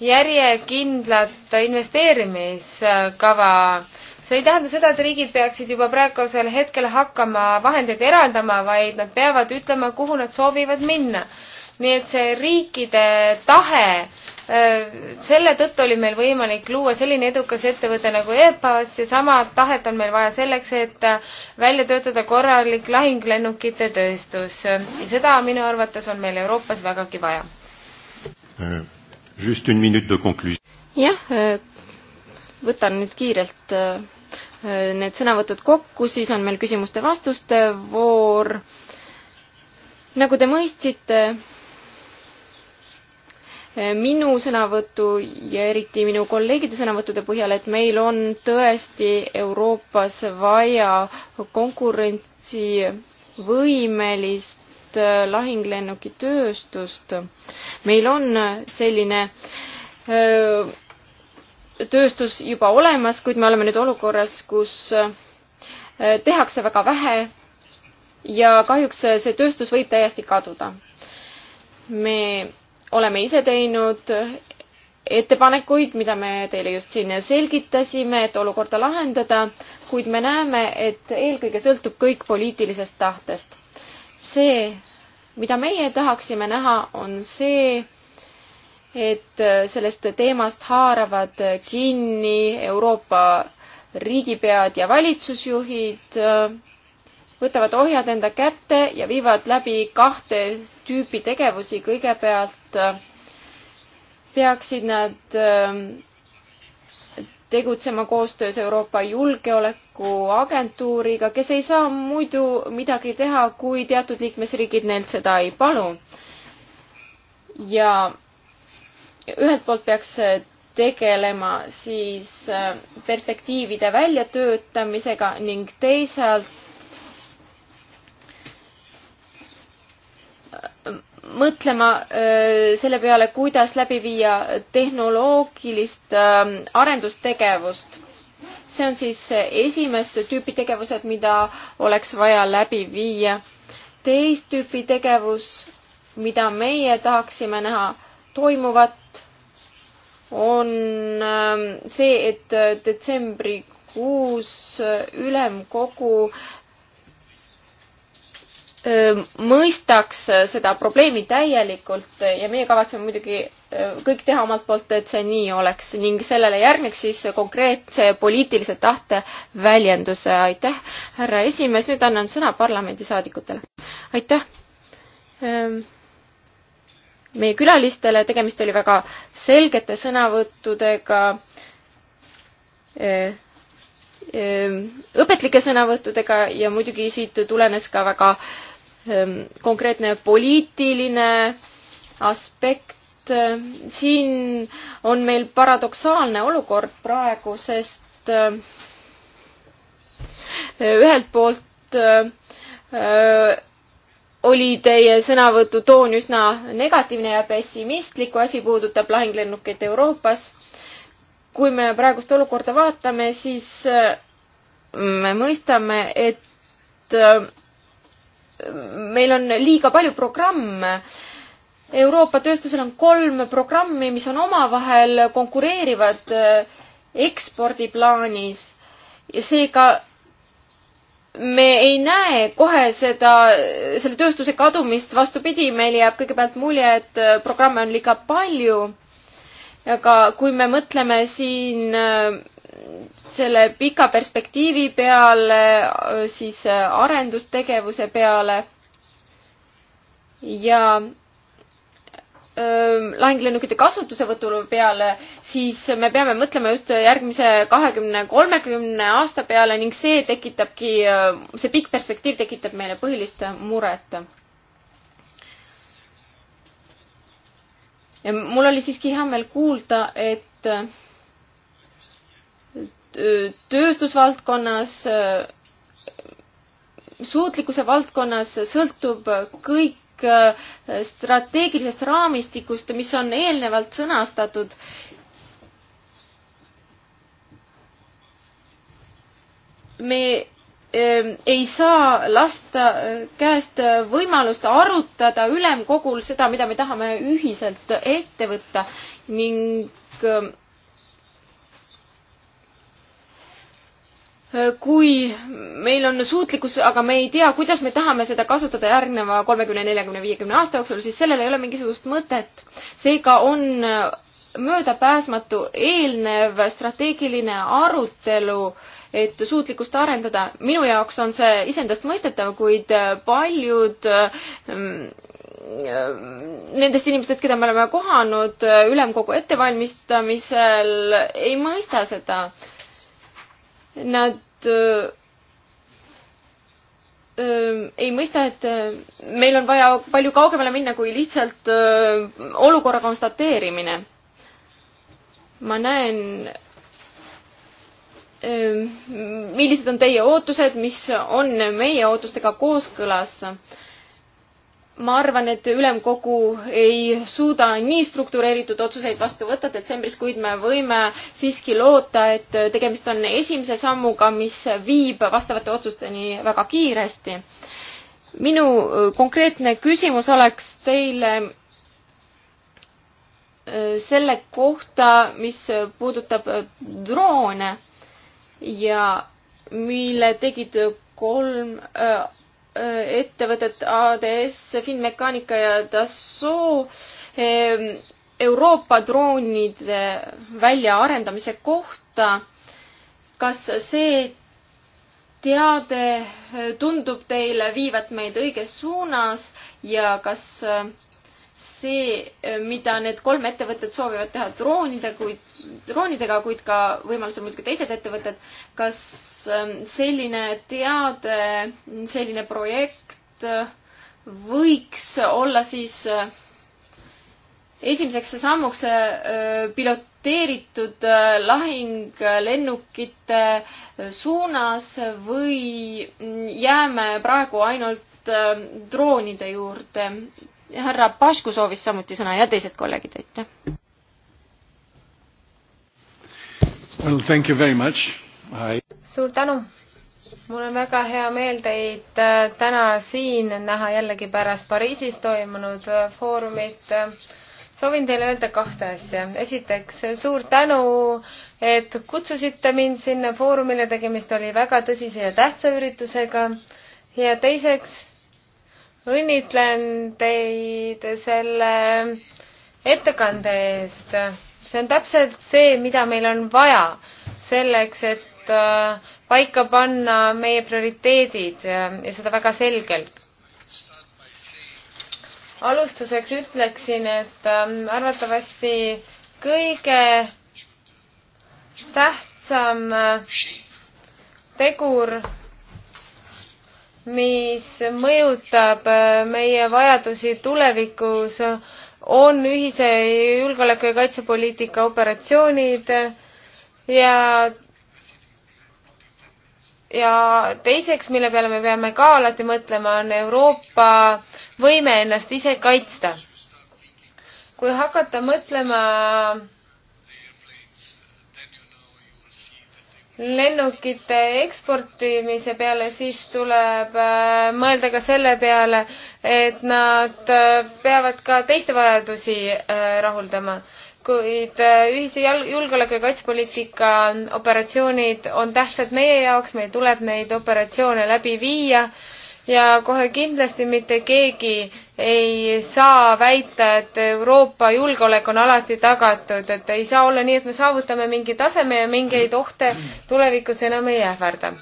[SPEAKER 4] järjekindlat investeerimiskava. see ei tähenda seda, et riigid peaksid juba praegusel hetkel hakkama vahendeid eraldama, vaid nad peavad ütlema, kuhu nad soovivad minna. nii et see riikide tahe Äh, selle tõttu oli meil võimalik luua selline edukas ettevõte nagu EPAS ja sama tahet on meil vaja selleks, et äh, välja töötada korralik lahingulennukite tööstus ja seda minu arvates on meil Euroopas
[SPEAKER 2] vägagi vaja.
[SPEAKER 1] Äh,
[SPEAKER 2] jah, võtan nüüd kiirelt need sõnavõtud kokku, siis on meil küsimuste-vastuste voor. nagu te mõistsite minu sõnavõtu ja eriti minu kolleegide sõnavõttude põhjal, et meil on tõesti Euroopas vaja konkurentsivõimelist äh, lahinglennukitööstust. meil on selline öö, äh, tööstus juba olemas, kuid me oleme nüüd olukorras, kus äh, tehakse väga vähe ja kahjuks see tööstus võib täiesti kaduda. me oleme ise teinud ettepanekuid, mida me teile just siin selgitasime, et olukorda lahendada, kuid me näeme, et eelkõige sõltub kõik poliitilisest tahtest. see, mida meie tahaksime näha, on see, et sellest teemast haaravad kinni Euroopa riigipead ja valitsusjuhid, võtavad ohjad enda kätte ja viivad läbi kahte tüüpi tegevusi. kõigepealt Äh, peaksid nad äh, tegutsema koostöös Euroopa Julgeolekuagentuuriga, kes ei saa muidu midagi teha, kui teatud liikmesriigid neilt seda ei palu. ja ühelt poolt peaks tegelema siis äh, perspektiivide väljatöötamisega ning teisalt mõtlema selle peale, kuidas läbi viia tehnoloogilist arendustegevust. see on siis esimest tüüpi tegevused, mida oleks vaja läbi viia. teist tüüpi tegevus, mida meie tahaksime näha toimuvat, on see, et detsembrikuus ülemkogu mõistaks äh, seda probleemi täielikult äh, ja meie kavatseme muidugi äh, kõik teha omalt poolt, et see nii oleks ning sellele järgneks siis konkreetse poliitilise tahte väljenduse. aitäh, härra esimees, nüüd annan sõna parlamendisaadikutele. aitäh meie külalistele, tegemist oli väga selgete sõnavõttudega Ehm, õpetlike sõnavõttudega ja muidugi siit tulenes ka väga ehm, konkreetne poliitiline aspekt. siin on meil paradoksaalne olukord praegu, sest ehm, ühelt poolt oli teie sõnavõtu toon üsna negatiivne ja pessimistlik, kui asi puudutab lahinglennukeid Euroopast kui me praegust olukorda vaatame, siis äh, me mõistame, et äh, meil on liiga palju programme. Euroopa tööstusel on kolm programmi, mis on omavahel konkureerivad äh, ekspordiplaanis ja seega me ei näe kohe seda, selle tööstuse kadumist, vastupidi, meil jääb kõigepealt mulje, et programme on liiga palju aga kui me mõtleme siin äh, selle pika perspektiivi peale, äh, siis äh, arendustegevuse peale ja ähm, lahingulennukite kasutusevõtu peale, siis me peame mõtlema just järgmise kahekümne, kolmekümne aasta peale ning see tekitabki, see pikk perspektiiv tekitab meile põhilist muret. mul oli siiski hea meel kuulda, et tööstusvaldkonnas, suutlikkuse valdkonnas sõltub kõik strateegilisest raamistikust, mis on eelnevalt sõnastatud. me Ehm, ei saa lasta äh, käest äh, võimalust arutada ülemkogul seda, mida me tahame ühiselt ette võtta ning ähm, äh, kui meil on suutlikkus, aga me ei tea, kuidas me tahame seda kasutada järgneva kolmekümne, neljakümne, viiekümne aasta jooksul, siis sellel ei ole mingisugust mõtet. seega on möödapääsmatu eelnev strateegiline arutelu äh, et suutlikkust arendada. minu jaoks on see iseenesestmõistetav, kuid äh, paljud ähm, nendest inimestest, keda me oleme kohanud äh, ülemkogu ettevalmistamisel, ei mõista seda. Nad äh, ähm, ei mõista, et meil on vaja palju kaugemale minna kui lihtsalt olukorra konstateerimine. ma näen millised on teie ootused, mis on meie ootustega kooskõlas? ma arvan, et ülemkogu ei suuda nii struktureeritud otsuseid vastu võtta detsembris, kuid me võime siiski loota, et tegemist on esimese sammuga, mis viib vastavate otsusteni väga kiiresti. minu konkreetne küsimus oleks teile selle kohta, mis puudutab droone ja mille tegid kolm äh, äh, ettevõtet ADS, Finmekaanika ja Dassault ähm, Euroopa droonide väljaarendamise kohta. kas see teade tundub teile viivat meid õiges suunas ja kas äh, see, mida need kolm ettevõtet soovivad teha droonide, kuid, droonidega, kuid ka võimalusel muidugi teised ettevõtted. kas ähm, selline teade, selline projekt äh, võiks olla siis äh, esimeseks sammuks äh, piloteeritud lahing lennukite suunas või mm, jääme praegu ainult droonide juurde? härra Pašku soovis samuti sõna ja teised kolleegid, aitäh.
[SPEAKER 3] Well, thank you very much I....
[SPEAKER 4] suur tänu. mul on väga hea meel teid äh, täna siin näha jällegi pärast Pariisis toimunud äh, foorumit. soovin teile öelda kahte asja. esiteks suur tänu, et kutsusite mind sinna foorumile, tegemist oli väga tõsise ja tähtsa üritusega. ja teiseks õnnitlen teid selle ettekande eest. see on täpselt see, mida meil on vaja selleks, et äh, paika panna meie prioriteedid ja, ja seda väga selgelt. alustuseks ütleksin, et ähm, arvatavasti kõige tähtsam äh, tegur mis mõjutab äh, meie vajadusi tulevikus, on ühise julgeoleku ja kaitsepoliitika operatsioonid ja ja teiseks, mille peale me peame ka alati mõtlema, on Euroopa võime ennast ise kaitsta. kui hakata mõtlema lennukite eksportimise peale, siis tuleb äh, mõelda ka selle peale, et nad äh, peavad ka teiste vajadusi äh, rahuldama. kuid ühise julgeoleku ja kaitsepoliitika operatsioonid on tähtsad meie jaoks, meil tuleb neid operatsioone läbi viia ja kohe kindlasti mitte keegi ei saa väita, et Euroopa julgeolek on alati tagatud, et ei saa olla nii, et me saavutame mingi taseme ja mingeid ohte tulevikus enam ei ähvarda.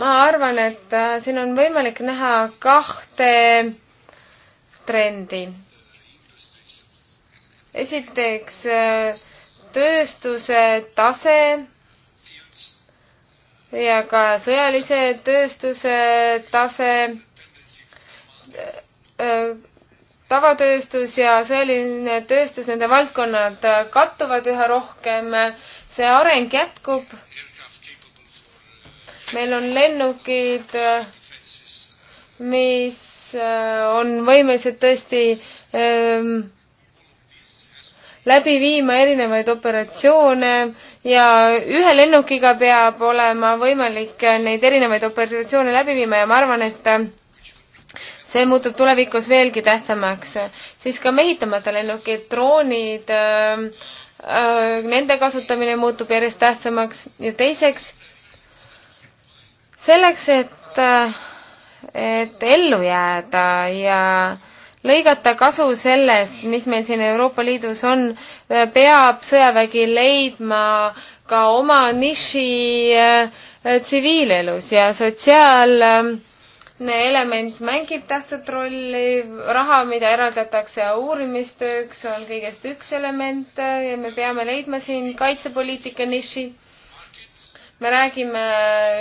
[SPEAKER 4] ma arvan, et äh, siin on võimalik näha kahte trendi. esiteks äh, tööstuse tase ja ka sõjalise tööstuse tase, äh, äh, tavatööstus ja sõjaline tööstus, nende valdkonnad kattuvad üha rohkem, see areng jätkub. meil on lennukid, mis äh, on võimelised tõesti ähm, läbi viima erinevaid operatsioone ja ühe lennukiga peab olema võimalik neid erinevaid operatsioone läbi viima ja ma arvan, et äh, see muutub tulevikus veelgi tähtsamaks. siis ka mehitamata lennukid, droonid, äh, äh, nende kasutamine muutub järjest tähtsamaks ja teiseks, selleks, et, et ellu jääda ja äh, lõigata kasu sellest, mis meil siin Euroopa Liidus on, peab sõjavägi leidma ka oma niši eh, tsiviilelus ja sotsiaal eh, element mängib tähtsat rolli, raha, mida eraldatakse uurimistööks, on kõigest üks element eh, ja me peame leidma siin kaitsepoliitika niši. me räägime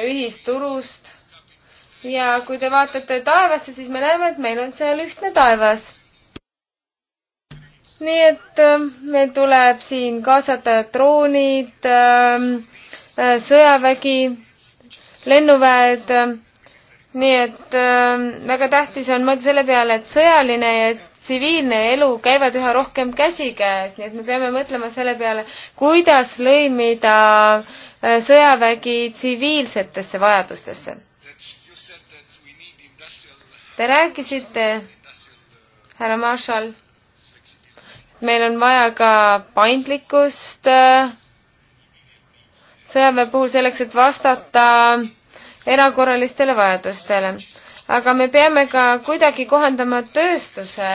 [SPEAKER 4] ühisturust ja kui te vaatate taevasse, siis me näeme, et meil on seal ühtne taevas. nii et äh, meil tuleb siin kaasata droonid, ähm, äh, sõjavägi, lennuväed, nii et ähm, väga tähtis on mõelda selle peale, et sõjaline ja tsiviilne elu käivad üha rohkem käsikäes, nii et me peame mõtlema selle peale, kuidas lõimida äh, sõjavägi tsiviilsetesse vajadustesse Te rääkisite, härra Marshall, et meil on vaja ka paindlikkust äh, sõjaväe puhul selleks, et vastata erakorralistele vajadustele. aga me peame ka kuidagi kohandama tööstuse.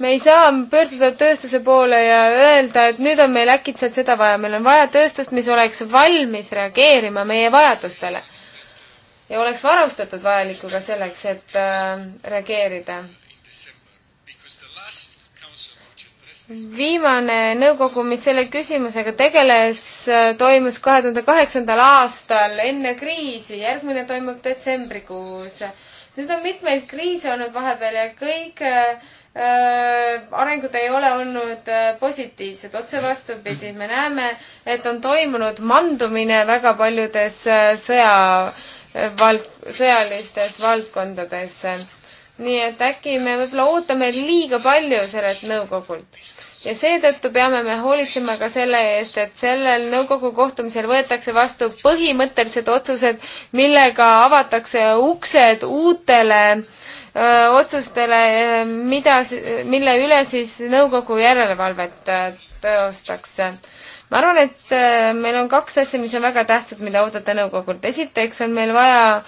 [SPEAKER 4] me ei saa pöörduda tööstuse poole ja öelda, et nüüd on meil äkitselt seda vaja, meil on vaja tööstust, mis oleks valmis reageerima meie vajadustele ja oleks varustatud vajalikuga selleks, et äh, reageerida. viimane nõukogu, mis selle küsimusega tegeles, toimus kahe tuhande kaheksandal aastal enne kriisi, järgmine toimub detsembrikuus. nüüd on mitmeid kriise olnud vahepeal ja kõik äh, arengud ei ole olnud äh, positiivsed, otse vastupidi, me näeme, et on toimunud mandumine väga paljudes sõja vald, sõjalistes valdkondades. nii et äkki me võib-olla ootame liiga palju sellelt nõukogult. ja seetõttu peame me hoolitsema ka selle eest, et sellel nõukogu kohtumisel võetakse vastu põhimõttelised otsused, millega avatakse uksed uutele öö, otsustele, mida, mille üle siis nõukogu järelevalvet teostaks ma arvan, et äh, meil on kaks asja, mis on väga tähtsad, mida oodata nõukogult. esiteks on meil vaja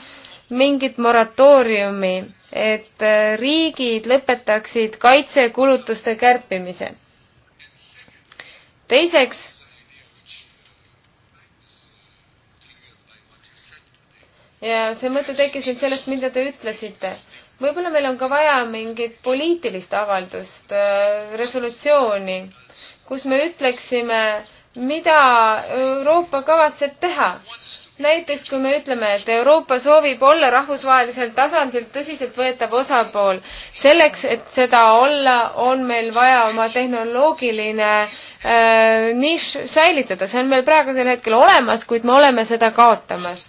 [SPEAKER 4] mingit moratooriumi, et äh, riigid lõpetaksid kaitsekulutuste kärpimise. teiseks, ja see mõte tekkis nüüd sellest, mida te ütlesite võib-olla meil on ka vaja mingit poliitilist avaldust, äh, resolutsiooni, kus me ütleksime, mida Euroopa kavatseb teha. näiteks kui me ütleme, et Euroopa soovib olla rahvusvahelisel tasandil tõsiseltvõetav osapool, selleks, et seda olla, on meil vaja oma tehnoloogiline äh, nišš säilitada, see on meil praegusel hetkel olemas, kuid me oleme seda kaotamas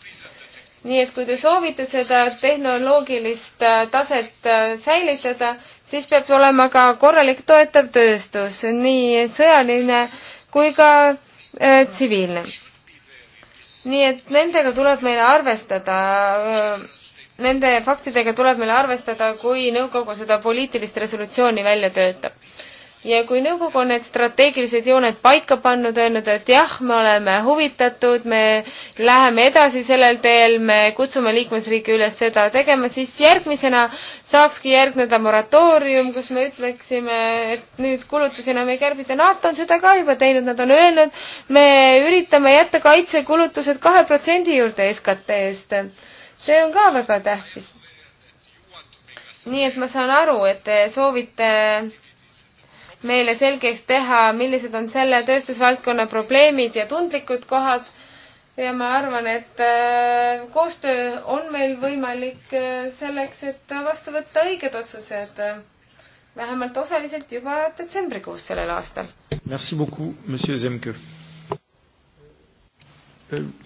[SPEAKER 4] nii et kui te soovite seda tehnoloogilist äh, taset äh, säilitada, siis peab olema ka korralik toetav tööstus, nii sõjaline kui ka äh, tsiviilne äh,. nii et nendega tuleb meile arvestada äh, nende faktidega tuleb meil arvestada, kui nõukogu seda poliitilist resolutsiooni välja töötab ja kui nõukogu on need strateegilised jooned paika pannud, öelnud, et jah, me oleme huvitatud, me läheme edasi sellel teel, me kutsume liikmesriike üles seda tegema, siis järgmisena saakski järgneda moratoorium, kus me ütleksime, et nüüd kulutusi enam ei kärbita. NATO on seda ka juba teinud, nad on öelnud, me üritame jätta kaitsekulutused kahe protsendi juurde SKT-st. see on ka väga tähtis. nii et ma saan aru, et te soovite meile selgeks teha, millised on selle tööstusvaldkonna probleemid ja tundlikud kohad. ja ma arvan, et äh, koostöö on meil võimalik äh, selleks, et vastu võtta õiged otsused. Äh, vähemalt osaliselt juba detsembrikuus sellel aastal.
[SPEAKER 2] Merci beaucoup,
[SPEAKER 3] monsieur Zemke.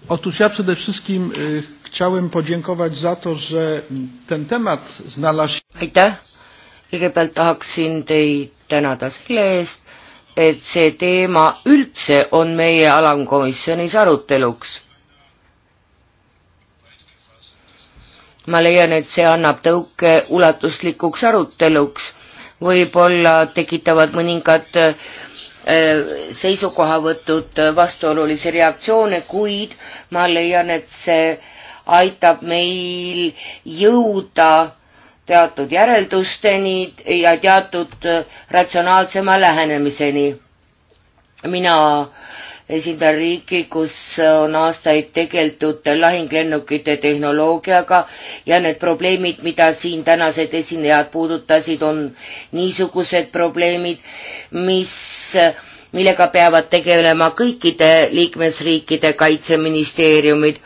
[SPEAKER 3] Otóż ja przede wszystkim chciałem podziękować za to, że ten temat znalazł się. Aitäh! Kõigepealt tahaksin teid tänada selle eest, et see teema üldse on meie alamkomisjonis aruteluks. ma leian, et see annab tõuke ulatuslikuks aruteluks, võib-olla tekitavad mõningad äh, seisukohavõtud vastuolulisi reaktsioone, kuid ma leian, et see aitab meil jõuda teatud järeldusteni ja teatud äh, ratsionaalsema lähenemiseni. mina esindan riiki, kus on aastaid tegeldud lahinglennukite tehnoloogiaga ja need probleemid, mida siin tänased esinejad puudutasid, on niisugused probleemid, mis millega peavad tegelema kõikide liikmesriikide kaitseministeeriumid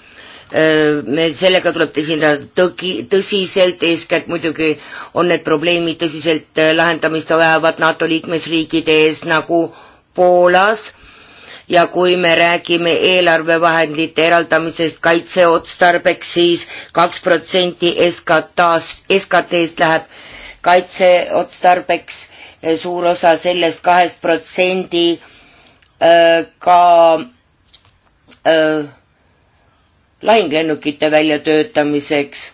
[SPEAKER 3] Äh, sellega tuleb tesineda tõgi, tõsiselt, eeskätt muidugi on need probleemid tõsiselt äh, lahendamist vajavad NATO liikmesriigide ees nagu Poolas ja kui me räägime eelarvevahendite eraldamisest kaitseotstarbeks, siis kaks protsenti SKT-st, SKT-st läheb kaitseotstarbeks, äh, suur osa sellest kahest protsendi ka öö, lahinglennukite väljatöötamiseks,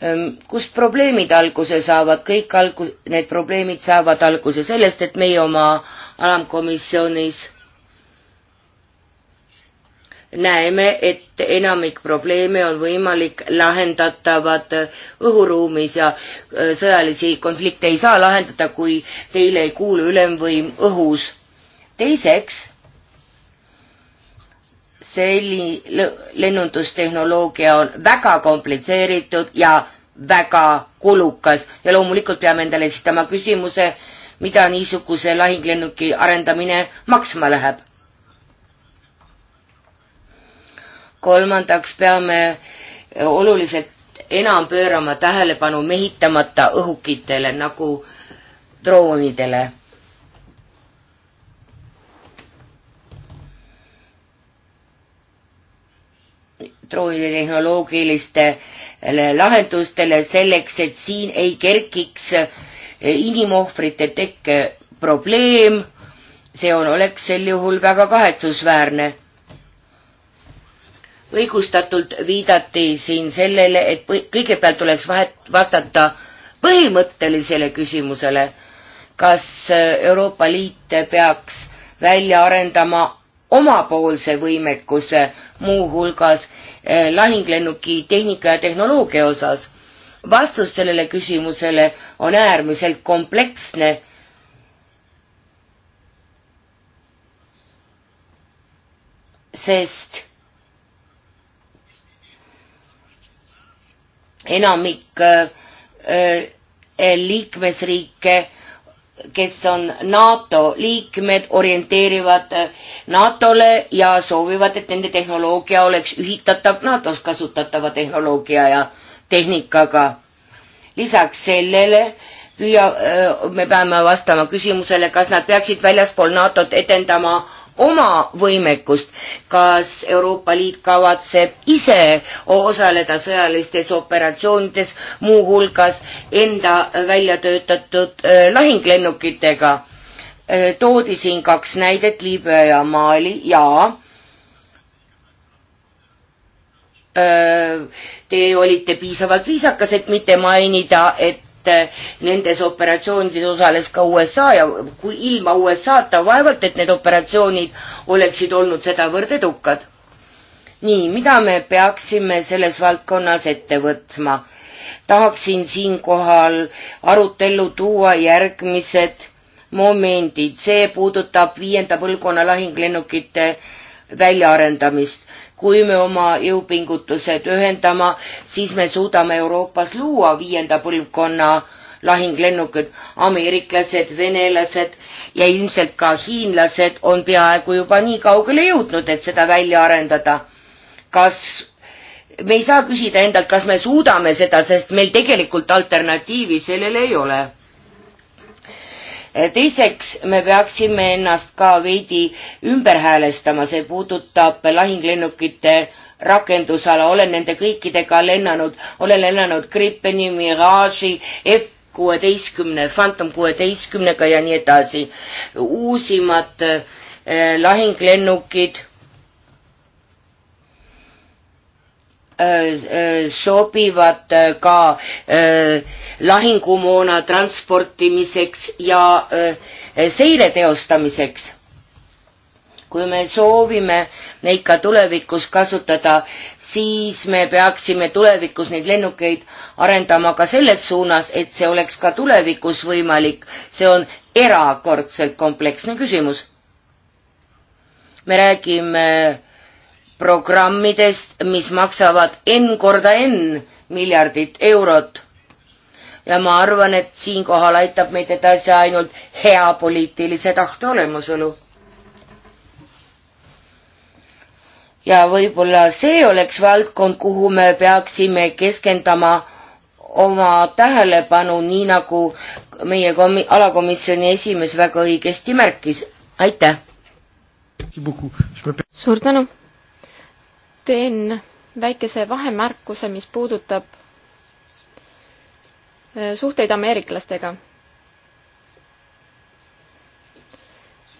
[SPEAKER 3] ehm, kust probleemid alguse saavad, kõik algus, need probleemid saavad alguse sellest, et meie oma alamkomisjonis näeme, et enamik probleeme on võimalik lahendatavad õhuruumis ja ehm, sõjalisi konflikte ei saa lahendada, kui teile ei kuulu ülemvõim õhus. teiseks selli-, lennundustehnoloogia on väga komplitseeritud ja väga kulukas ja loomulikult peame endale esitama küsimuse, mida niisuguse lahinglennuki arendamine maksma läheb. kolmandaks peame oluliselt enam pöörama tähelepanu mehitamata õhukitele nagu droonidele elektroonitehnoloogilistele lahendustele selleks, et siin ei kerkiks eh, inimohvrite tekke eh, probleem. see on, oleks sel juhul väga kahetsusväärne. õigustatult viidati siin sellele, et kõigepealt tuleks vahet, vastata põhimõttelisele küsimusele, kas eh, Euroopa Liit peaks välja arendama omapoolse võimekuse, muuhulgas eh, lahinglennuki tehnika ja tehnoloogia osas. vastus sellele küsimusele on äärmiselt kompleksne sest enamik eh, eh, liikmesriike kes on NATO liikmed, orienteerivad eh, NATO-le ja soovivad, et nende tehnoloogia oleks ühitatav NATO-s kasutatava tehnoloogia ja tehnikaga. lisaks sellele püüa, eh, me peame vastama küsimusele, kas nad peaksid väljaspool NATO-t edendama oma võimekust, kas Euroopa Liit kavatseb ise osaleda sõjalistes operatsioonides, muuhulgas enda välja töötatud äh, lahinglennukitega. Äh, toodi siin kaks näidet, Liibüa ja Mali ja äh, Te olite piisavalt viisakas, et mitte mainida, et et eh, nendes operatsioonides osales ka USA ja kui ilma USA-ta vaevalt, et need operatsioonid oleksid olnud sedavõrd edukad. nii, mida me peaksime selles valdkonnas ette võtma? tahaksin siinkohal arutellu tuua järgmised momendid, see puudutab viienda põlvkonna lahinglennukite väljaarendamist kui me oma jõupingutused ühendama, siis me suudame Euroopas luua viienda põlvkonna lahinglennukid, ameeriklased, venelased ja ilmselt ka hiinlased on peaaegu juba nii kaugele jõudnud, et seda välja arendada. kas, me ei saa küsida endalt, kas me suudame seda, sest meil tegelikult alternatiivi sellele ei ole Eh, teiseks, me peaksime ennast ka veidi ümber häälestama, see puudutab lahinglennukite rakendusala, olen nende kõikidega lennanud, olen lennanud Gripeni, Mirage'i, F kuueteistkümne, Phantom kuueteistkümnega ja nii edasi. uusimad eh, lahinglennukid Äh, sobivad äh, ka äh, lahingumoona transportimiseks ja seire teostamiseks. kui me soovime neid ka tulevikus kasutada, siis me peaksime tulevikus neid lennukeid arendama ka selles suunas, et see oleks ka tulevikus võimalik. see on erakordselt kompleksne küsimus. me räägime äh, programmidest, mis maksavad N korda N miljardit eurot. ja ma arvan, et siinkohal aitab meid edasi ainult hea poliitilise tahte olemasolu. ja võib-olla see oleks valdkond, kuhu me peaksime keskendama oma tähelepanu, nii nagu meie komi-, alakomisjoni esimees väga õigesti märkis. aitäh!
[SPEAKER 2] suur tänu! teen väikese vahemärkuse, mis puudutab äh, suhteid ameeriklastega.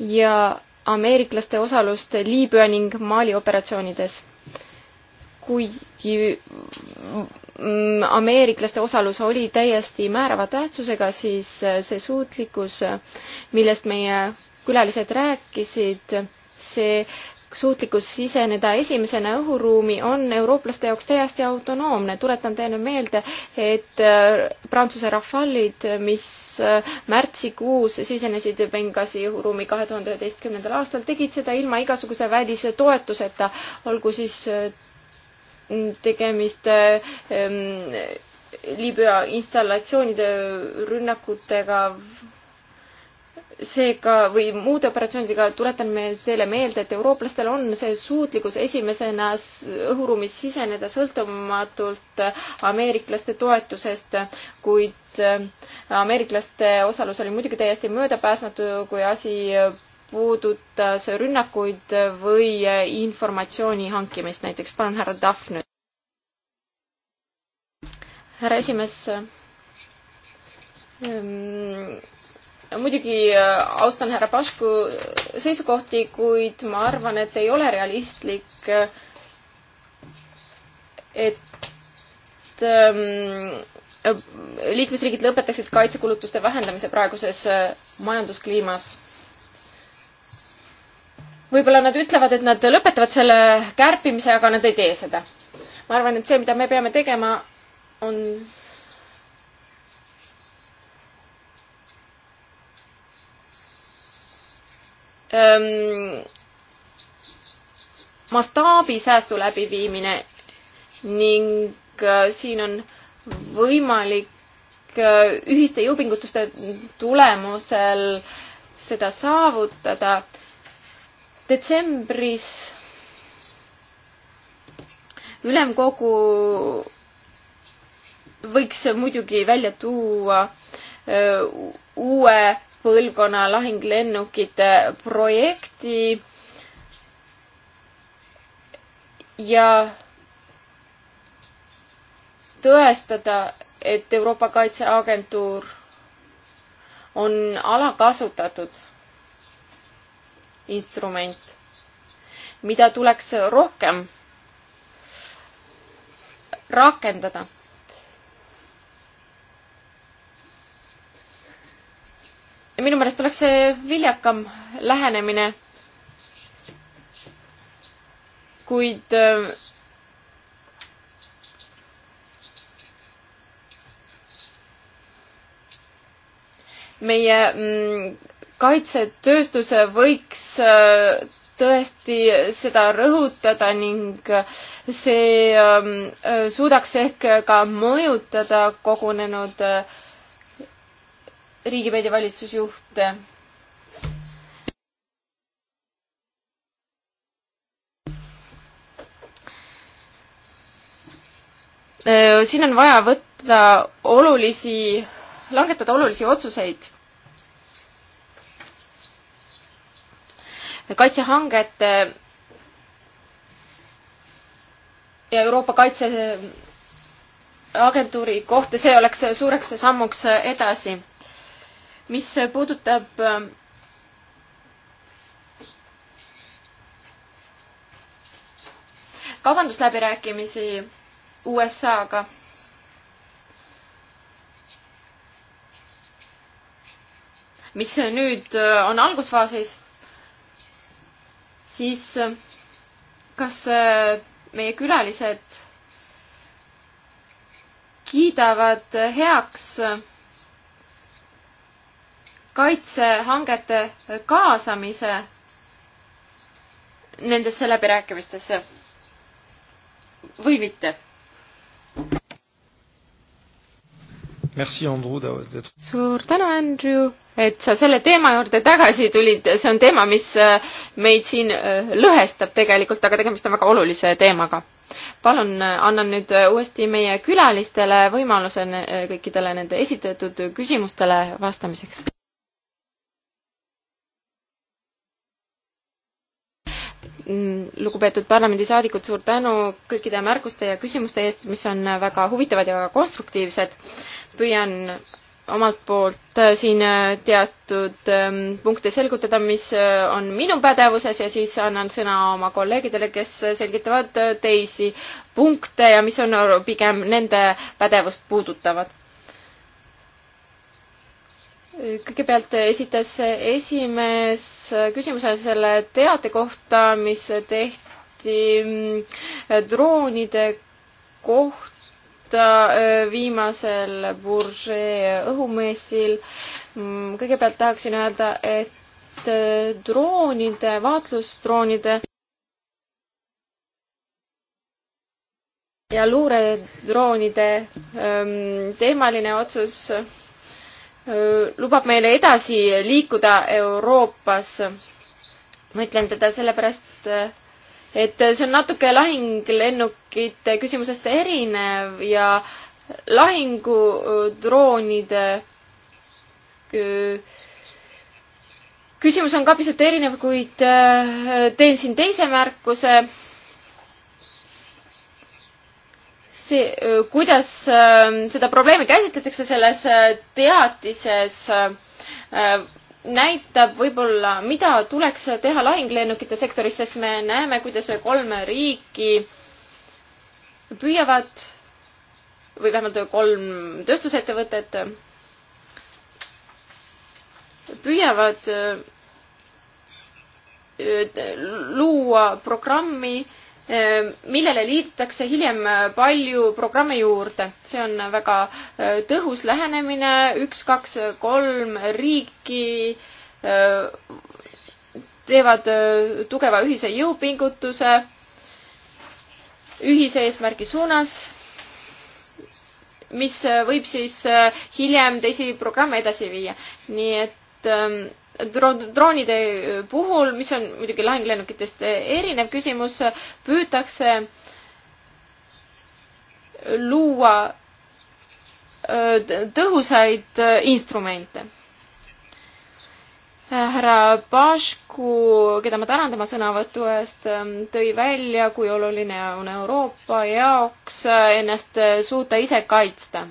[SPEAKER 2] ja ameeriklaste osalust Liibüa ning Mali operatsioonides. kuigi mm, ameeriklaste osalus oli täiesti määrava tähtsusega, siis äh, see suutlikkus, äh, millest meie külalised rääkisid, see suutlikkus siseneda esimesena õhuruumi on eurooplaste jaoks täiesti autonoomne. tuletan teile meelde, et äh, Prantsuse rafallid, mis äh, märtsikuus sisenesid Benghazi õhuruumi kahe tuhande üheteistkümnendal aastal, tegid seda ilma igasuguse välise toetuseta, olgu siis äh, tegemist ähm, Liibüa installatsioonide rünnakutega seega või muude operatsioonidega tuletan me teile meelde, et eurooplastel on see suutlikkus esimesena õhuruumis siseneda sõltumatult ameeriklaste toetusest, kuid äh, ameeriklaste osalus oli muidugi täiesti möödapääsmatu, kui asi puudutas rünnakuid või äh, informatsiooni hankimist näiteks. palun, härra Tahv nüüd. härra esimees äh, muidugi äh, austan härra Pašku äh, seisukohti, kuid ma arvan, et ei ole realistlik, äh, et ähm, liikmesriigid lõpetaksid kaitsekulutuste vähendamise praeguses majanduskliimas. võib-olla nad ütlevad, et nad lõpetavad selle kärpimise, aga nad ei tee seda. ma arvan, et see, mida me peame tegema, on mastaabisäästu läbiviimine ning äh, siin on võimalik äh, ühiste jõupingutuste tulemusel seda saavutada. detsembris ülemkogu võiks muidugi välja tuua äh, uue põlvkonna lahinglennukite projekti. ja tõestada, et Euroopa Kaitseagentuur on alakasutatud instrument, mida tuleks rohkem rakendada minu meelest oleks see viljakam lähenemine. kuid äh, meie mm, kaitsetööstus võiks äh, tõesti seda rõhutada ning see äh, suudaks ehk ka mõjutada kogunenud riigipead ja valitsusjuhte. Äh, siin on vaja võtta olulisi, langetada olulisi otsuseid. kaitsehangete ja Euroopa Kaitseagentuuri kohta, see oleks suureks sammuks edasi mis puudutab äh, kaubandusläbirääkimisi USA-ga. mis nüüd äh, on algusfaasis, siis äh, kas meie külalised kiidavad heaks kaitsehangete kaasamise nendesse läbirääkimistesse või mitte?
[SPEAKER 1] Merci, Andrew.
[SPEAKER 2] suur tänu, Andrew, et sa selle teema juurde tagasi tulid, see on teema, mis äh, meid siin äh, lõhestab tegelikult, aga tegemist on väga olulise teemaga. palun äh, annan nüüd uuesti meie külalistele võimaluse kõikidele nende esitatud küsimustele vastamiseks. Mm, lugupeetud parlamendisaadikud, suur tänu kõikide märkuste ja küsimuste eest, mis on väga huvitavad ja väga konstruktiivsed. püüan omalt poolt äh, siin äh, teatud ähm, punkte selgutada, mis äh, on minu pädevuses ja siis annan sõna oma kolleegidele, kes selgitavad teisi punkte ja mis on pigem nende pädevust puudutavad kõigepealt esitas esimees küsimuse selle teate kohta, mis tehti mm, droonide kohta äh, viimasel Bourget õhumessil. Mm, kõigepealt tahaksin öelda, et äh, droonide, vaatlusdroonide ja luuredroonide ähm, teemaline otsus lubab meile edasi liikuda Euroopas. ma ütlen teda sellepärast, et see on natuke lahinglennukite küsimusest erinev ja lahingudroonide küsimus on ka pisut erinev, kuid teen siin teise märkuse see, kuidas äh, seda probleemi käsitletakse selles äh, teatises, äh, näitab võib-olla, mida tuleks teha lahinglennukite sektoris, sest me näeme, kuidas kolm riiki püüavad või vähemalt kolm tööstusettevõtet püüavad luua programmi Ehm, millele liidetakse hiljem palju programme juurde. see on väga eh, tõhus lähenemine, üks, kaks, kolm riiki eh, teevad eh, tugeva ühise jõupingutuse ühise eesmärgi suunas, mis võib siis hiljem teisi programme edasi viia. nii et ehm, droonide puhul, mis on muidugi lahingulennukitest erinev küsimus, püütakse luua tõhusaid instrumente. härra Pašku, keda ma tänan tema sõnavõtu eest, tõi välja, kui oluline on Euroopa jaoks äh, ennast suuta ise kaitsta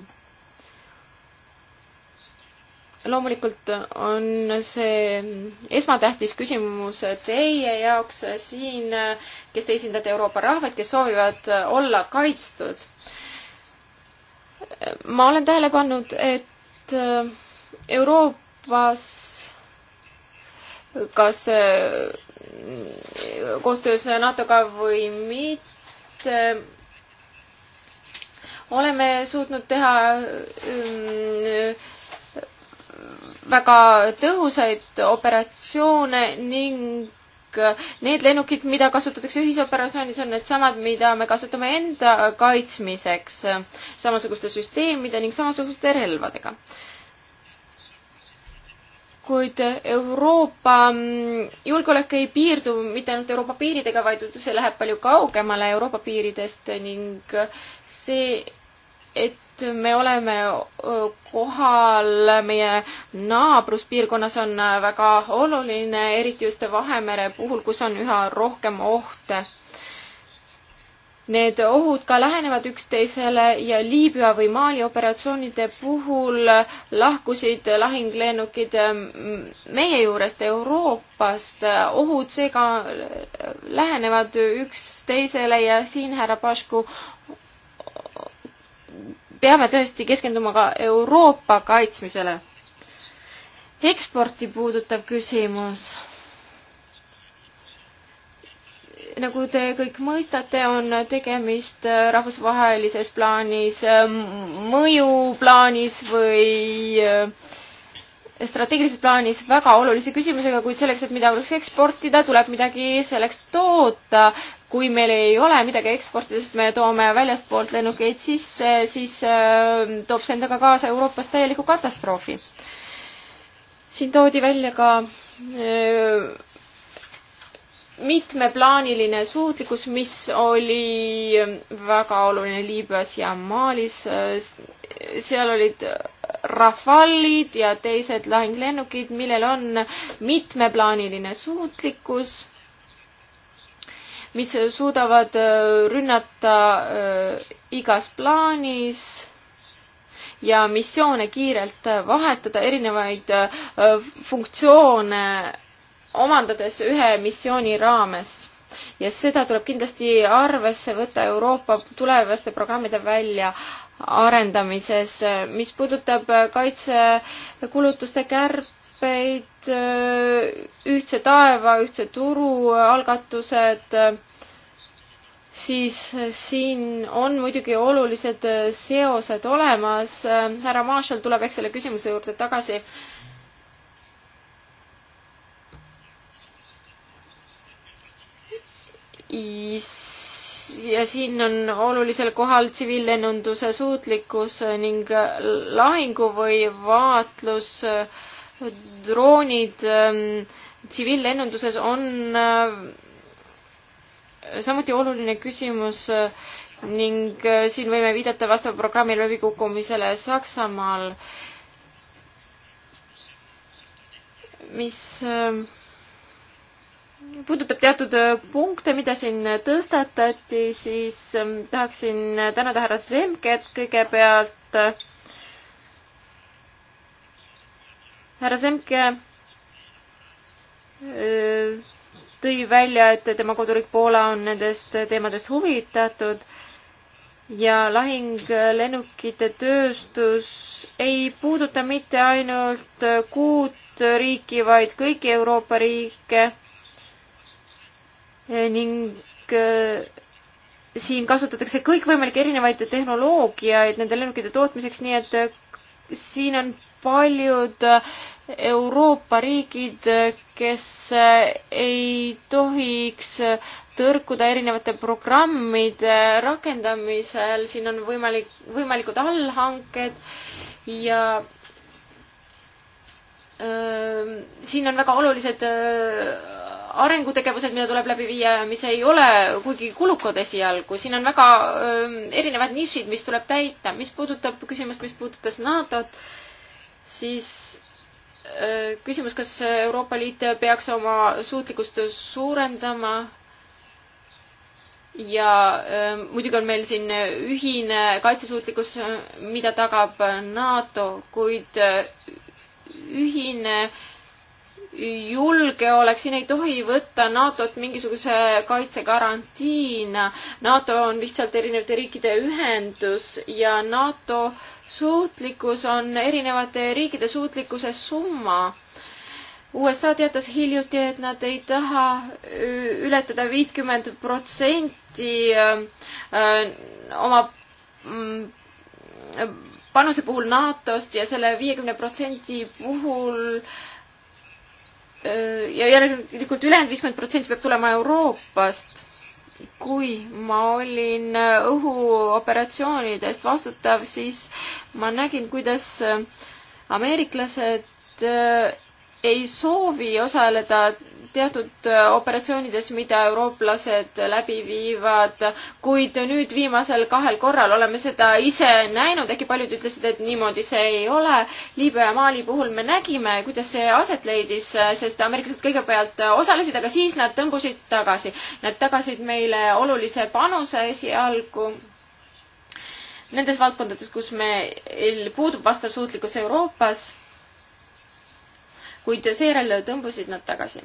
[SPEAKER 2] loomulikult on see esmatähtis küsimus teie jaoks siin, kes te esindate Euroopa rahvaid, kes soovivad olla kaitstud. ma olen tähele pannud, et Euroopas kas eh, koostöös NATO-ga või mitte oleme suutnud teha mm, väga tõhusaid operatsioone ning need lennukid, mida kasutatakse ühisoperatsioonis, on needsamad, mida me kasutame enda kaitsmiseks samasuguste süsteemide ning samasuguste relvadega. kuid Euroopa julgeolek ei piirdu mitte ainult Euroopa piiridega, vaid see läheb palju kaugemale Euroopa piiridest ning see, et et me oleme kohal, meie naabruspiirkonnas on väga oluline, eriti just Vahemere puhul, kus on üha rohkem ohte. Need ohud ka lähenevad üksteisele ja Liibüa või Mali operatsioonide puhul lahkusid lahinglennukid meie juurest Euroopast. ohud seega lähenevad üksteisele ja siin härra Pašku peame tõesti keskenduma ka Euroopa kaitsmisele. eksporti puudutav küsimus. nagu te kõik mõistate, on tegemist rahvusvahelises plaanis, mõjuplaanis või strateegilises plaanis väga olulise küsimusega, kuid selleks, et midagi oleks eksportida, tuleb midagi selleks toota kui meil ei ole midagi eksportida, sest me toome väljastpoolt lennukeid sisse, siis äh, toob see endaga kaasa Euroopas täieliku katastroofi. siin toodi välja ka äh, mitmeplaaniline suutlikkus, mis oli väga oluline Liibüas ja Malis. seal olid Rafalid ja teised lahing lennukid, millel on mitmeplaaniline suutlikkus mis suudavad äh, rünnata äh, igas plaanis ja missioone kiirelt äh, vahetada, erinevaid funktsioone omandades ühe missiooni raames ja seda tuleb kindlasti arvesse võtta Euroopa tulevaste programmide väljaarendamises. mis puudutab kaitsekulutuste kärp-, kokkuleppeid, ühtse taeva, ühtse turu algatused, siis siin on muidugi olulised seosed olemas. härra Marshall tuleb eks selle küsimuse juurde tagasi. ja siin on olulisel kohal tsiviillennunduse suutlikkus ning lahingu või vaatlus äh, droonid ähm, tsiviillennunduses on äh, samuti oluline küsimus äh, ning äh, siin võime viidata vastava programmi läbikukkumisele Saksamaal, mis puudutab teatud punkte, mida siin tõstatati, siis ähm, tahaksin tänada härra Zemket kõigepealt härra Semke äh, tõi välja, et tema koduriik Poola on nendest teemadest huvitatud ja lahinglennukite tööstus ei puuduta mitte ainult kuut riiki, vaid kõiki Euroopa riike ning äh, siin kasutatakse kõikvõimalikke erinevaid tehnoloogiaid nende lennukite tootmiseks, nii et äh, siin on paljud Euroopa riigid, kes ei tohiks tõrkuda erinevate programmide rakendamisel, siin on võimalik, võimalikud allhanked ja öö, siin on väga olulised öö, arengutegevused, mida tuleb läbi viia ja mis ei ole kuigi kulukad esialgu. siin on väga öö, erinevad nišid, mis tuleb täita. mis puudutab küsimust, mis puudutas NATO-t, siis äh, küsimus, kas Euroopa Liit peaks oma suutlikkust suurendama ja äh, muidugi on meil siin ühine kaitsesuutlikkus, mida tagab NATO, kuid äh, ühine julgeolek, siin ei tohi võtta NATO-t mingisuguse kaitsegarantiina. NATO on lihtsalt erinevate riikide ühendus ja NATO äh, suutlikkus on erinevate riikide suutlikkuse summa. USA teatas hiljuti, et nad ei taha ületada viitkümmend protsenti äh, äh, oma mm, panuse puhul NATO-st ja selle viiekümne protsendi puhul äh, ja järelikult ülejäänud viiskümmend protsenti peab tulema Euroopast kui ma olin äh, õhuoperatsioonidest vastutav, siis ma nägin, kuidas äh, ameeriklased äh, ei soovi osaleda teatud äh, operatsioonides, mida eurooplased läbi viivad, kuid nüüd viimasel kahel korral oleme seda ise näinud, äkki paljud ütlesid, et niimoodi see ei ole. Liibüa ja Mali puhul me nägime, kuidas see aset leidis, äh, sest ameeriklased kõigepealt äh, osalesid, aga siis nad tõmbusid tagasi. Nad tagasid meile olulise panuse esialgu nendes valdkondades, kus meil puudub vastasuutlikkus Euroopas kuid seejärel tõmbusid nad tagasi.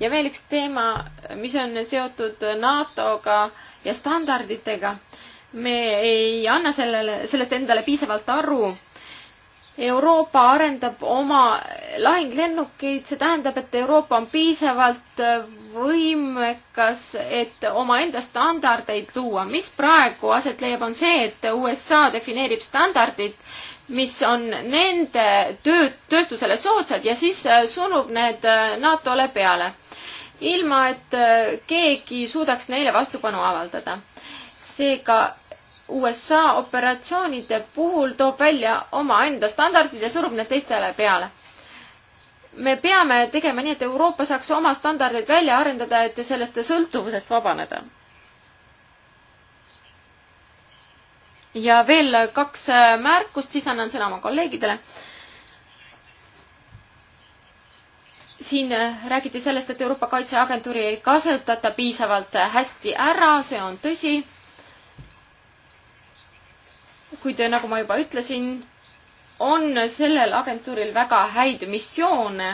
[SPEAKER 2] ja veel üks teema, mis on seotud NATO-ga ja standarditega. me ei anna sellele, sellest endale piisavalt aru Euroopa arendab oma lahinglennukeid, see tähendab, et Euroopa on piisavalt äh, võimekas, et omaenda standardeid luua. mis praegu aset leiab, on see, et USA defineerib standardid, mis on nende töö, tööstusele soodsad ja siis äh, surub need äh, NATO-le peale, ilma et keegi suudaks neile vastupanu avaldada. seega USA operatsioonide puhul toob välja omaenda standardid ja surub need teistele peale. me peame tegema nii, et Euroopa saaks oma standardeid välja arendada, et sellest sõltuvusest vabaneda. ja veel kaks märkust, siis annan sõna oma kolleegidele siin räägiti sellest, et Euroopa Kaitseagentuuri ei kasutata piisavalt hästi ära, see on tõsi kuid nagu ma juba ütlesin, on sellel agentuuril väga häid missioone,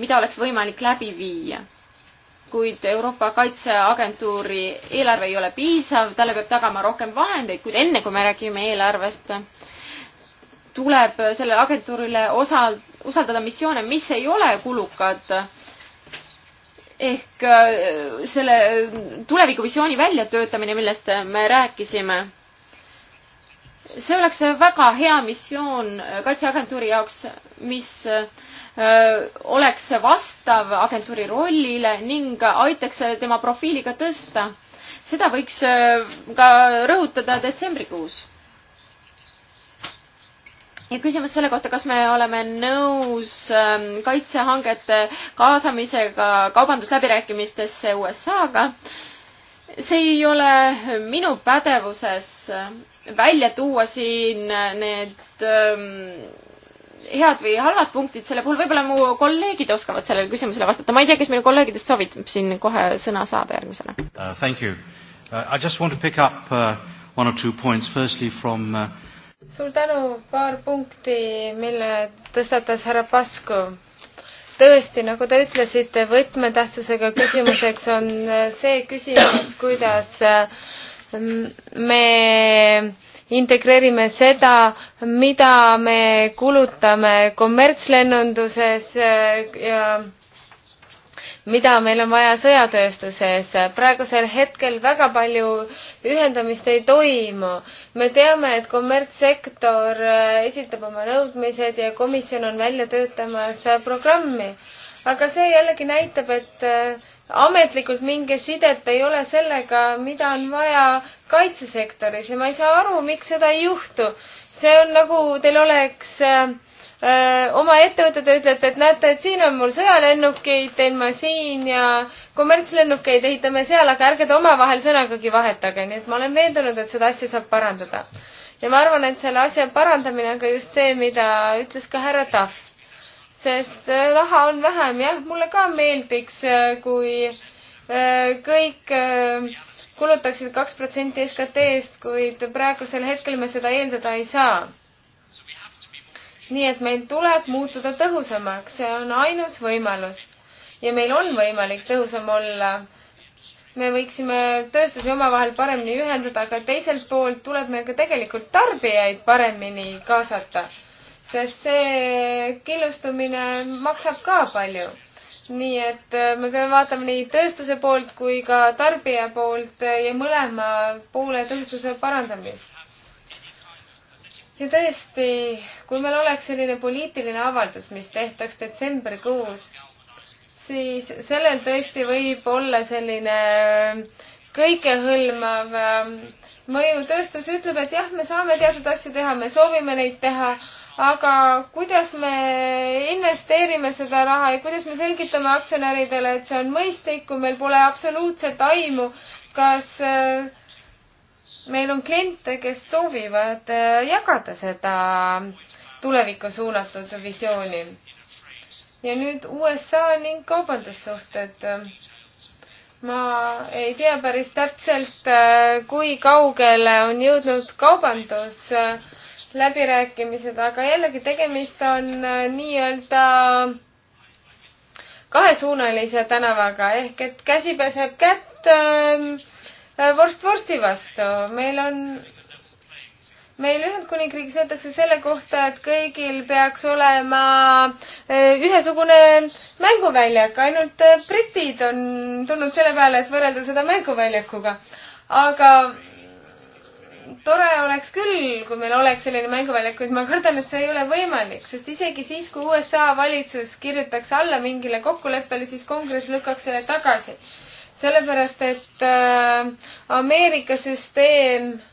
[SPEAKER 2] mida oleks võimalik läbi viia. kuid Euroopa Kaitseagentuuri eelarve ei ole piisav, talle peab tagama rohkem vahendeid, kuid enne kui me räägime eelarvest, tuleb sellele agentuurile osa, usaldada missioone, mis ei ole kulukad ehk äh, selle tulevikuvisiooni väljatöötamine, millest me rääkisime see oleks väga hea missioon Kaitseagentuuri jaoks, mis äh, oleks vastav agentuuri rollile ning aitaks tema profiili ka tõsta. seda võiks äh, ka rõhutada detsembrikuus ja küsimus selle kohta, kas me oleme nõus ähm, kaitsehangete kaasamisega kaubandusläbirääkimistesse USA-ga. see ei ole minu pädevuses välja tuua siin need ähm, head või halvad punktid selle puhul, võib-olla mu kolleegid oskavad sellele küsimusele vastata, ma ei tea, kes minu kolleegidest soovib siin kohe sõna saada järgmisena uh,. Thank you uh,. I just want to pick up uh, one or two points firstly from uh... suur
[SPEAKER 4] tänu, paar punkti, mille tõstatas härra Pasku tõesti, nagu te ütlesite, võtmetähtsusega küsimuseks on uh, see küsimus, kuidas uh, me integreerime seda, mida me kulutame kommertslennunduses äh, ja mida meil on vaja sõjatööstuses. praegusel hetkel väga palju ühendamist ei toimu. me teame, et kommertssektor äh, esitab oma nõudmised ja komisjon on välja töötamas äh, programmi. aga see jällegi näitab, et ametlikult mingit sidet ei ole sellega, mida on vaja kaitsesektoris ja ma ei saa aru, miks seda ei juhtu. see on nagu teil oleks äh, oma ettevõtte, te ütlete, et näete, et siin on mul sõjalennukeid, teen ma siin ja kommertslennukeid ehitame seal, aga ärge te omavahel sõnagagi vahetage, nii et ma olen veendunud, et seda asja saab parandada. ja ma arvan, et selle asja parandamine on ka just see, mida ütles ka härra Tahv sest äh, raha on vähem, jah, mulle ka meeldiks, äh, kui äh, kõik kulutaksid kaks protsenti SKT-st, kuid praegusel hetkel me seda eeldada ei saa. nii et meil tuleb muutuda tõhusamaks, see on ainus võimalus ja meil on võimalik tõhusam olla. me võiksime tööstusi omavahel paremini ühendada, aga teiselt poolt tuleb meil ka tegelikult tarbijaid paremini kaasata sest see killustumine maksab ka palju. nii et äh, me peame vaatama nii tööstuse poolt kui ka tarbija poolt äh, ja mõlema poole tõhususe parandamist. ja tõesti, kui meil oleks selline poliitiline avaldus, mis tehtaks detsembrikuus, siis sellel tõesti võib olla selline kõikehõlmav äh, mõjutööstus ütleb, et jah, me saame teatud asju teha, me soovime neid teha, aga kuidas me investeerime seda raha ja kuidas me selgitame aktsionäridele, et see on mõistlik, kui meil pole absoluutselt aimu, kas äh, meil on kliente, kes soovivad äh, jagada seda tulevikku suunatud visiooni. ja nüüd USA ning kaubandussuhted ma ei tea päris täpselt, äh, kui kaugele on jõudnud kaubandusläbirääkimised, äh, aga jällegi tegemist on äh, nii-öelda kahesuunalise tänavaga ehk et käsi peseb kätt ähm, vorst vorsti vastu. meil on meil Ühendkuningriigis öeldakse selle kohta, et kõigil peaks olema eh, ühesugune mänguväljak, ainult eh, britid on tulnud selle peale, et võrrelda seda mänguväljakuga. aga tore oleks küll, kui meil oleks selline mänguväljak, kuid ma kardan, et see ei ole võimalik, sest isegi siis, kui USA valitsus kirjutaks alla mingile kokkuleppele, siis kongress lükkaks selle tagasi. sellepärast, et äh, Ameerika süsteem äh,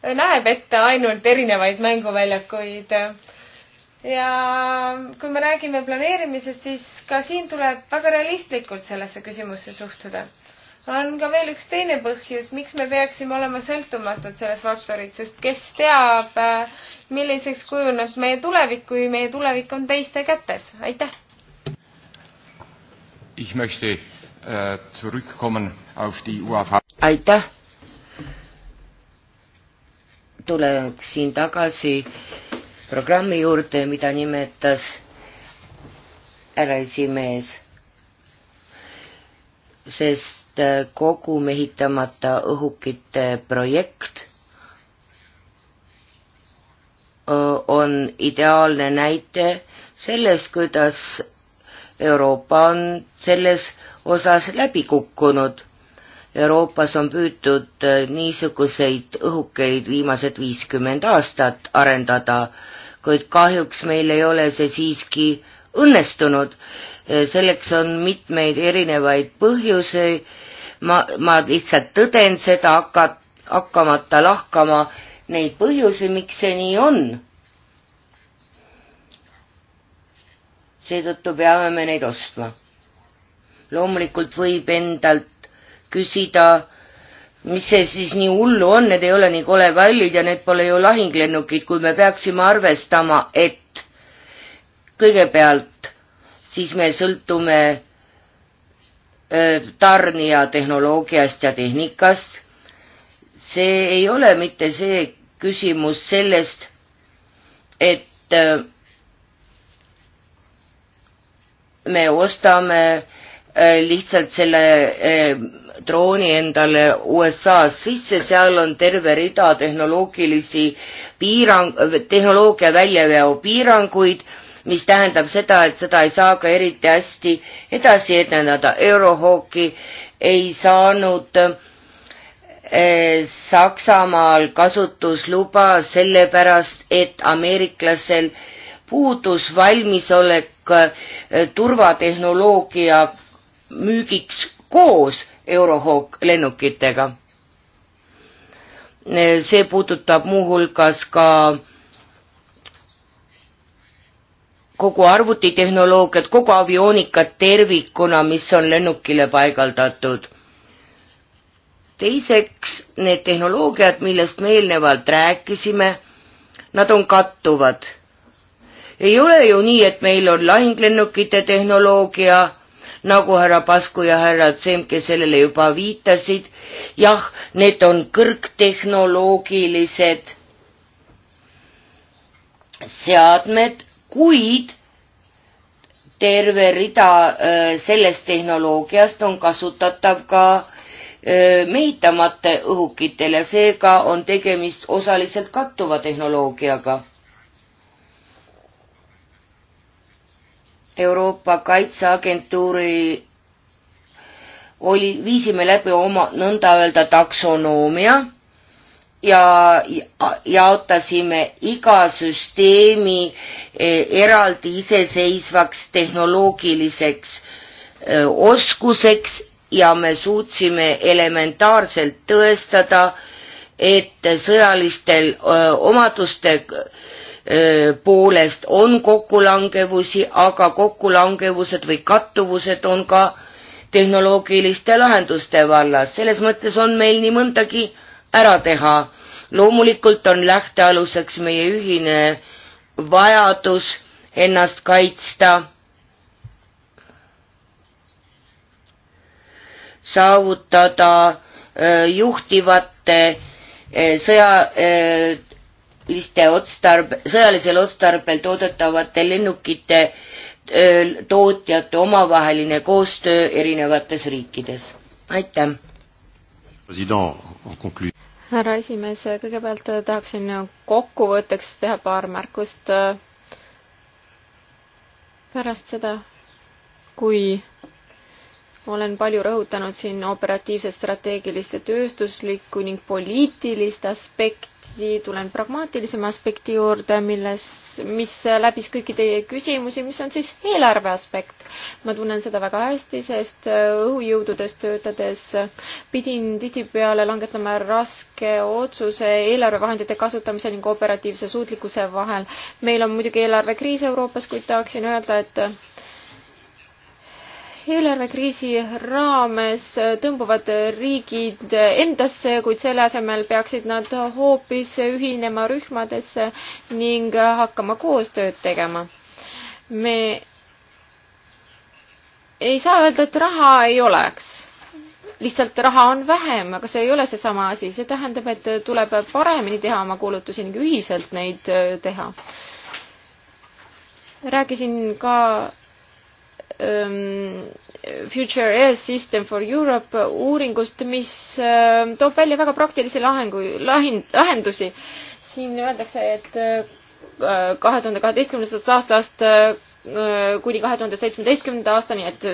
[SPEAKER 4] näeb ette ainult erinevaid mänguväljakuid. ja kui me räägime planeerimisest, siis ka siin tuleb väga realistlikult sellesse küsimusse suhtuda. on ka veel üks teine põhjus, miks me peaksime olema sõltumatud selles faktoris, sest kes teab, milliseks kujuneb meie tulevik, kui meie tulevik on teiste kätes. aitäh!
[SPEAKER 1] Ich möchte äh, zurückkommen auf die UAV. Aitäh!
[SPEAKER 3] tuleksin tagasi programmi juurde, mida nimetas härra esimees, sest äh, kogu mehitamata õhukite projekt on ideaalne näite sellest, kuidas Euroopa on selles osas läbi kukkunud Euroopas on püütud äh, niisuguseid õhukeid viimased 50 aastat arendada, kuid kahjuks meil ei ole see siiski õnnestunud. Äh, selleks on mitmeid erinevaid põhjuseid. Ma, ma lihtsalt tõden seda hakka, hakkamata lahkama neid põhjusi, miks see nii on. Seetõttu peame me neid ostma. Loomulikult võib endalt küsida, mis see siis nii hullu on, need ei ole nii kole kallid ja need pole ju lahinglennukid, kui me peaksime arvestama, et kõigepealt siis me sõltume tarnija tehnoloogiast ja tehnikast. see ei ole mitte see küsimus sellest, et me ostame äh, Äh, lihtsalt selle äh, drooni endale USA-s sisse, seal on terve rida tehnoloogilisi piirang, tehnoloogia väljaveo piiranguid, mis tähendab seda, et seda ei saa ka eriti hästi edasi edeneda. Eurohawki ei saanud äh, Saksamaal kasutusluba sellepärast, et ameeriklasel puudus valmisolek turvatehnoloogia müügiks koos Eurohawk lennukitega. see puudutab muuhulgas ka kogu arvutitehnoloogiat, kogu avioonikat tervikuna, mis on lennukile paigaldatud. teiseks, need tehnoloogiad, millest me eelnevalt rääkisime, nad on kattuvad. ei ole ju nii, et meil on lahinglennukite tehnoloogia nagu härra Pasku ja härra Tsemke sellele juba viitasid. jah, need on kõrgtehnoloogilised seadmed, kuid terve rida äh, sellest tehnoloogiast on kasutatav ka äh, mehitamata õhukitel ja seega on tegemist osaliselt kattuva tehnoloogiaga Euroopa Kaitseagentuuri oli, viisime läbi oma nõnda öelda taksonoomia ja jaotasime iga süsteemi e, eraldi iseseisvaks tehnoloogiliseks e, oskuseks ja me suutsime elementaarselt tõestada, et sõjalistel e, omaduste poolest on kokkulangevusi, aga kokkulangevused või kattuvused on ka tehnoloogiliste lahenduste vallas, selles mõttes on meil nii mõndagi ära teha. loomulikult on lähtealuseks meie ühine vajadus ennast kaitsta, saavutada juhtivate sõja sõjaliste otstarbe, sõjalisel otstarbel toodetavate lennukite tootjate omavaheline koostöö erinevates riikides. aitäh!
[SPEAKER 2] härra esimees, kõigepealt tahaksin kokkuvõtteks teha paar märkust. pärast seda, kui olen palju rõhutanud siin operatiivset, strateegilist ja tööstuslikku ning poliitilist aspekti, tagasi tulen pragmaatilisema aspekti juurde, milles, mis läbis kõiki teie küsimusi, mis on siis eelarve aspekt. ma tunnen seda väga hästi, sest õhujõududes töötades pidin tihtipeale langetama raske otsuse eelarvevahendite kasutamise ning operatiivse suutlikkuse vahel. meil on muidugi eelarvekriis Euroopas, kuid tahaksin öelda, et eelarvekriisi raames tõmbuvad riigid endasse, kuid selle asemel peaksid nad hoopis ühinema rühmadesse ning hakkama koostööd tegema. me ei saa öelda, et raha ei oleks lihtsalt raha on vähem, aga see ei ole seesama asi, see tähendab, et tuleb paremini teha oma kulutusi ning ühiselt neid teha. rääkisin ka um, Future Air System for Europe uuringust, mis um, toob välja väga praktilisi lahengu, lahend, lahendusi. siin öeldakse, et uh, kahe tuhande kaheteistkümnendast aastast uh, kuni kahe tuhande seitsmeteistkümnenda aastani, et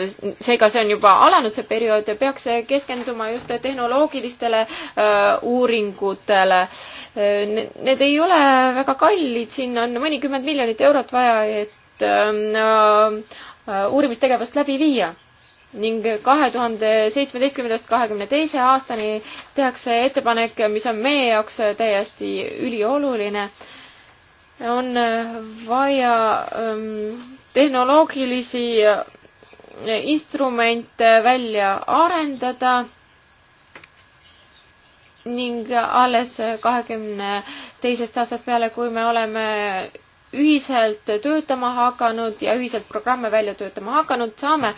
[SPEAKER 2] seega see on juba alanud, see periood, peaks keskenduma just tehnoloogilistele uh, uuringutele. Need ei ole väga kallid, siin on mõnikümmend miljonit eurot vaja, et um, Äh, uurimistegevust läbi viia ning kahe tuhande seitsmeteistkümnendast kahekümne teise aastani tehakse ettepanek, mis on meie jaoks täiesti ülioluline, on äh, vaja ähm, tehnoloogilisi äh, instrumente välja arendada ning alles kahekümne teisest aastast peale, kui me oleme ühiselt töötama hakanud ja ühiselt programme välja töötama hakanud, saame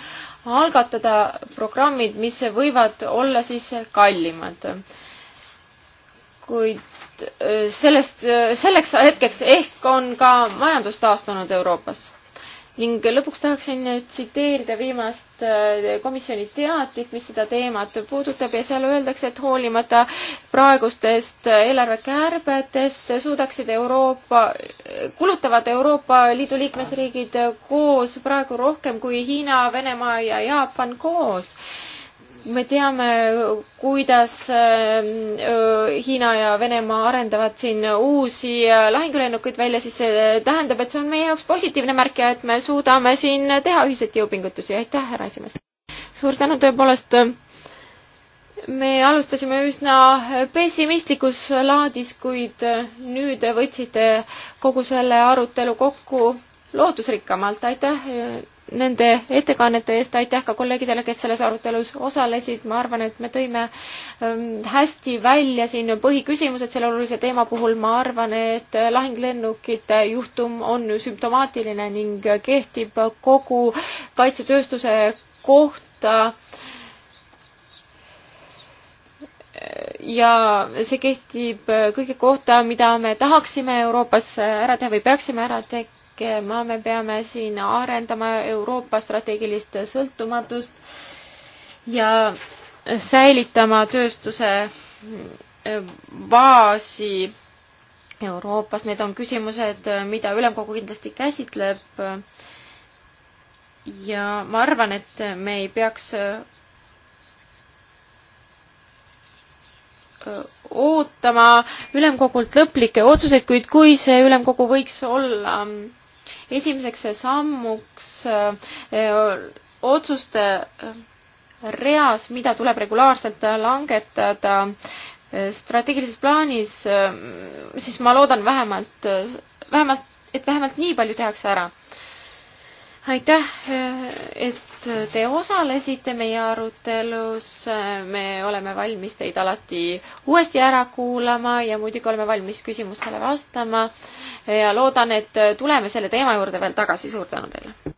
[SPEAKER 2] algatada programmid, mis võivad olla siis kallimad. kuid äh, sellest, äh, selleks hetkeks ehk on ka majandus taastunud Euroopas ning lõpuks tahaksin tsiteerida viimast äh, komisjoni teatist, mis seda teemat puudutab ja seal öeldakse, et hoolimata praegustest eelarvekärbetest suudaksid Euroopa, kulutavad Euroopa Liidu liikmesriigid koos praegu rohkem kui Hiina, Venemaa ja Jaapan koos me teame, kuidas ähm, äh, Hiina ja Venemaa arendavad siin uusi äh, lahingulennukeid välja, siis see tähendab, et see on meie jaoks positiivne märk ja et me suudame siin teha ühiseid jõupingutusi. aitäh, härra esimees! suur tänu tõepoolest äh, me alustasime üsna pessimistlikus laadis, kuid nüüd võtsite kogu selle arutelu kokku lootusrikkamalt, aitäh nende ettekannete eest, aitäh ka kolleegidele, kes selles arutelus osalesid, ma arvan, et me tõime ähm, hästi välja siin põhiküsimused selle olulise teema puhul, ma arvan, et lahinglennukite juhtum on sümptomaatiline ning kehtib kogu kaitsetööstuse kohta ja see kehtib kõige kohta, mida me tahaksime Euroopas ära teha või peaksime ära tegema rääkima, eh, me peame siin arendama Euroopa strateegilist sõltumatust ja säilitama tööstuse eh, baasi Euroopas. Need on küsimused, eh, mida ülemkogu kindlasti käsitleb. ja ma arvan, et me ei peaks ootama ülemkogult lõplikke otsuseid, kuid kui see ülemkogu võiks olla mm, esimeseks sammuks äh, otsuste äh, reas, mida tuleb regulaarselt äh, langetada strateegilises plaanis, siis ma loodan vähemalt, vähemalt, et vähemalt nii palju tehakse ära aitäh, et te osalesite meie arutelus. me oleme valmis teid alati uuesti ära kuulama ja muidugi oleme valmis küsimustele vastama. ja loodan, et tuleme selle teema juurde veel tagasi. suur tänu teile!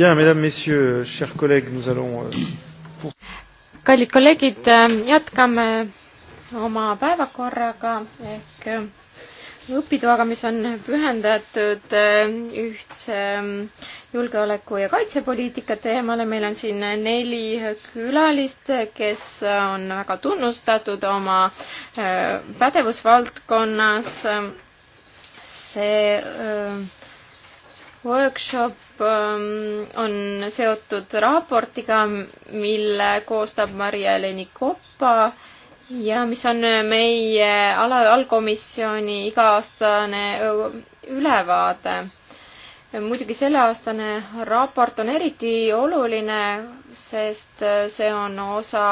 [SPEAKER 3] Bien, mesdames, messieurs, chers collègues, nous allons euh, pour...
[SPEAKER 2] kallid kolleegid, äh, jätkame oma päevakorraga ehk äh, õpitoaga, mis on pühendatud äh, ühtse ähm, julgeoleku ja kaitsepoliitika teemale. meil on siin neli külalist, kes on väga tunnustatud oma pädevusvaldkonnas. see workshop Ähm, on seotud raportiga, mille koostab Maria-Heleni Koppa ja mis on meie ala, allkomisjoni iga-aastane äh, ülevaade. muidugi selleaastane raport on eriti oluline, sest äh, see on osa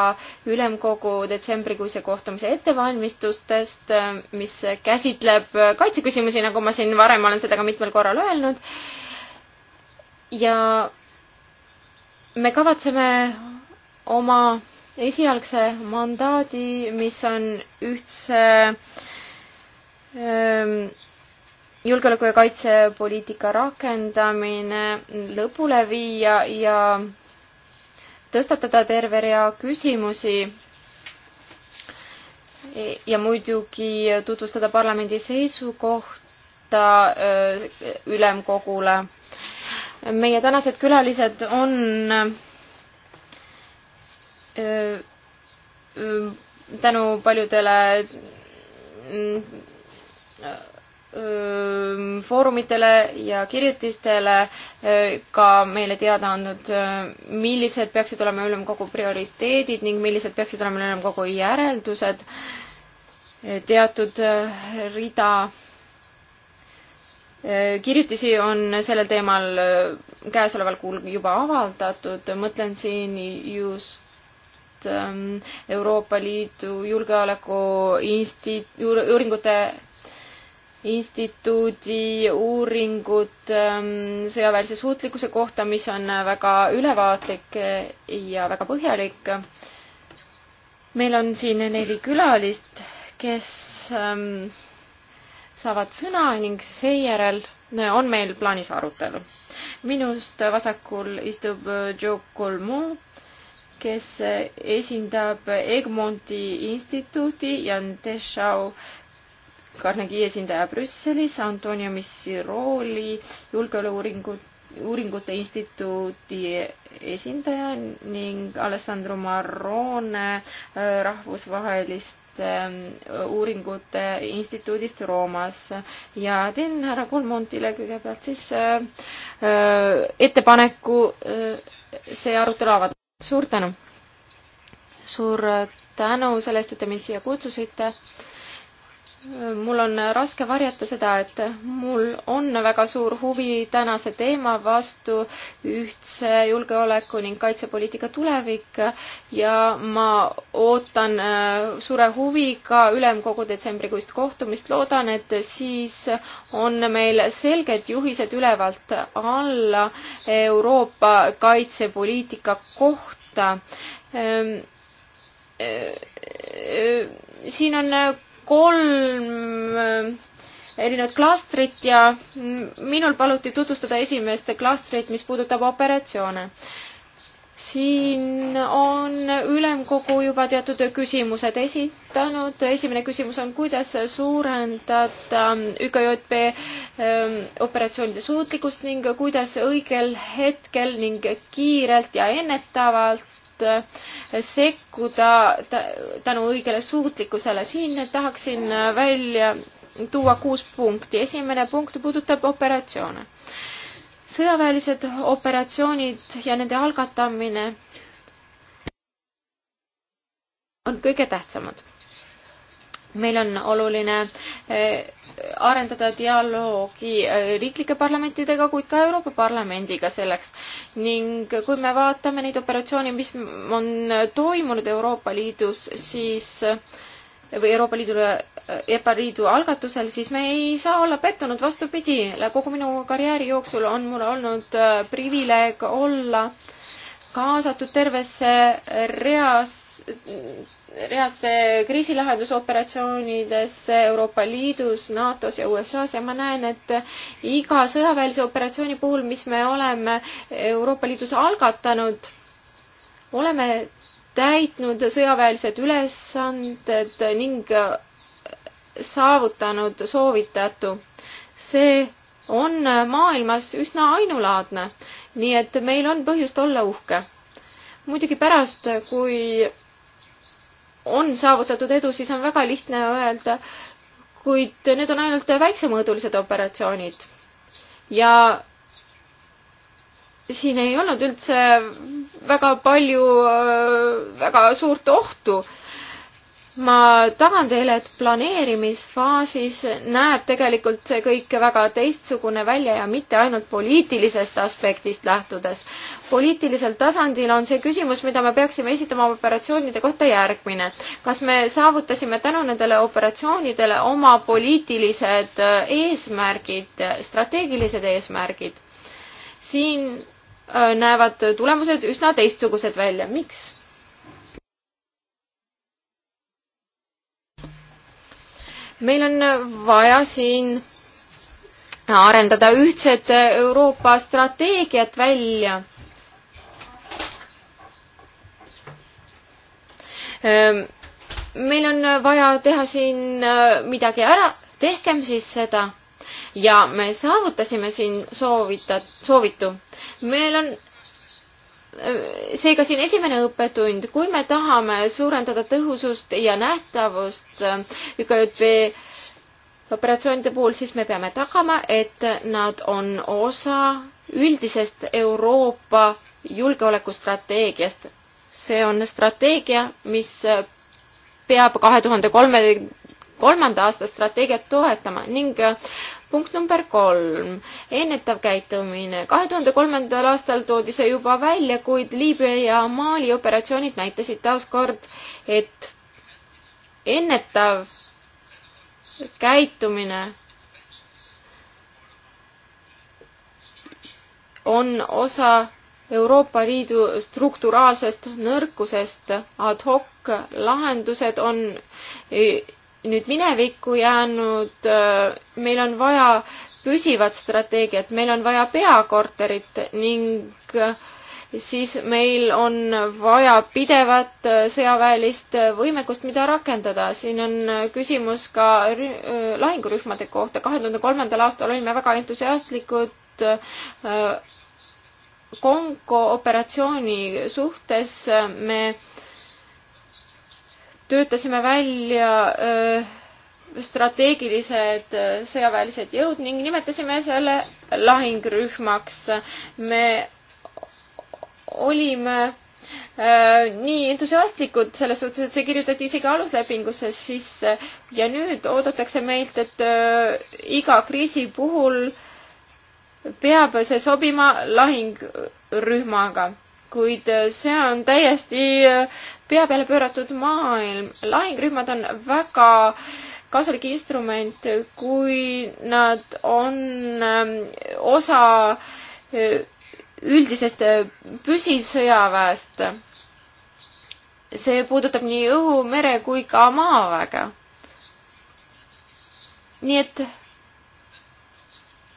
[SPEAKER 2] ülemkogu detsembrikuise kohtumise ettevalmistustest, äh, mis käsitleb kaitseküsimusi, nagu ma siin varem olen seda ka mitmel korral öelnud ja me kavatseme oma esialgse mandaadi, mis on ühtse ähm, julgeoleku ja kaitsepoliitika rakendamine lõpule viia ja tõstatada terve rea küsimusi ja muidugi tutvustada parlamendi seisukohta äh, ülemkogule meie tänased külalised on äh, äh, tänu paljudele äh, foorumitele ja kirjutistele ka meile teada andnud, millised peaksid olema ülemkogu prioriteedid ning millised peaksid olema ülemkogu järeldused. teatud rida kirjutisi on sellel teemal äh, käesoleval kuul juba avaldatud, mõtlen siin just ähm, Euroopa Liidu Julgeoleku insti-, uuringute instituudi uuringut ähm, sõjaväelise suutlikkuse kohta, mis on väga ülevaatlik ja väga põhjalik. meil on siin neli külalist, kes ähm, saavad sõna ning seejärel on meil plaanis arutelu. minust vasakul istub Joe Colmo, kes esindab Egmonti instituuti ja Dessau Carnegie esindaja Brüsselis, Antonio Missiroli julgeolekuuuringute uuringute instituudi esindaja ning Alessandro Marrone äh, rahvusvaheliste ähm, uuringute instituudist Roomas ja teen härra Kulmontile kõigepealt siis äh, äh, ettepaneku see arutelu avada. suur tänu! suur tänu selle eest, et te mind siia kutsusite mul on raske varjata seda, et mul on väga suur huvi tänase teema vastu ühtse julgeoleku ning kaitsepoliitika tulevik ja ma ootan äh, suure huviga ülemkogu detsembrikuist kohtumist. loodan, et siis on meil selged juhised ülevalt alla Euroopa kaitsepoliitika kohta ehm, ehm, ehm, siin on kolm äh, erinevat klastrit ja minul paluti tutvustada esimest klastrit, mis puudutab operatsioone. siin on ülemkogu juba teatud küsimused esitanud. esimene küsimus on, kuidas suurendada ÜKJP ähm, operatsioonide suutlikkust ning kuidas õigel hetkel ning kiirelt ja ennetavalt Eh, sekkuda tänu õigele suutlikkusele. siin tahaksin välja tuua kuus punkti. esimene punkt puudutab operatsioone. sõjaväelised operatsioonid ja nende algatamine on kõige tähtsamad meil on oluline eh, arendada dialoogi eh, riiklike parlamentidega, kuid ka Euroopa Parlamendiga selleks. ning kui me vaatame neid operatsioone, mis on toimunud Euroopa Liidus, siis eh, või Euroopa Liidu, EPA Liidu algatusel, siis me ei saa olla pettunud, vastupidi, kogu minu karjääri jooksul on mul olnud privileeg olla kaasatud tervesse reas reasse kriisilahendusoperatsioonidesse Euroopa Liidus, NATO-s ja USA-s ja ma näen, et iga sõjaväelise operatsiooni puhul, mis me oleme Euroopa Liidus algatanud, oleme täitnud sõjaväelised ülesanded ning saavutanud soovitatu. see on maailmas üsna ainulaadne, nii et meil on põhjust olla uhke. muidugi pärast, kui on saavutatud edu, siis on väga lihtne öelda, kuid need on ainult väiksemõõdulised operatsioonid. ja siin ei olnud üldse väga palju, äh, väga suurt ohtu ma tagan teile, et planeerimisfaasis näeb tegelikult see kõik väga teistsugune välja ja mitte ainult poliitilisest aspektist lähtudes. poliitilisel tasandil on see küsimus, mida me peaksime esitama operatsioonide kohta järgmine. kas me saavutasime tänu nendele operatsioonidele oma poliitilised eesmärgid, strateegilised eesmärgid? siin äh, näevad tulemused üsna teistsugused välja, miks? meil on vaja siin arendada ühtset Euroopa strateegiat välja. Ehm, meil on vaja teha siin äh, midagi ära, tehkem siis seda ja me saavutasime siin soovita-, soovitu. meil on seega siin esimene õppetund, kui me tahame suurendada tõhusust ja nähtavust ÜKJP operatsioonide puhul, siis me peame tagama, et nad on osa üldisest Euroopa julgeolekustrateegiast. see on strateegia, mis peab kahe tuhande kolme, kolmanda aasta strateegiat toetama ning punkt number kolm, ennetav käitumine. kahe tuhande kolmandal aastal toodi see juba välja, kuid Liibüa ja Mali operatsioonid näitasid taaskord, et ennetav käitumine on osa Euroopa Liidu strukturaalsest nõrkusest ad hoc lahendused on nüüd minevikku jäänud, äh, meil on vaja püsivat strateegiat, meil on vaja peakorterit ning äh, siis meil on vaja pidevat äh, sõjaväelist võimekust, mida rakendada. siin on küsimus ka lahingurühmade kohta. kahe tuhande kolmandal aastal olime väga entusiastlikud Kongo operatsiooni suhtes. me äh, töötasime välja öö, strateegilised sõjaväelised jõud ning nimetasime selle lahingrühmaks. me olime äh, nii entusiastlikud selles suhtes, et see kirjutati isegi aluslepingusse sisse ja nüüd oodatakse meilt, et äh, iga kriisi puhul peab see sobima lahingrühmaga kuid äh, see on täiesti äh, pea peale pööratud maailm. lahingrühmad on väga kasulik instrument, kui nad on ähm, osa äh, üldisest püsisõjaväest. see puudutab nii õhu, mere kui ka maaväge. nii et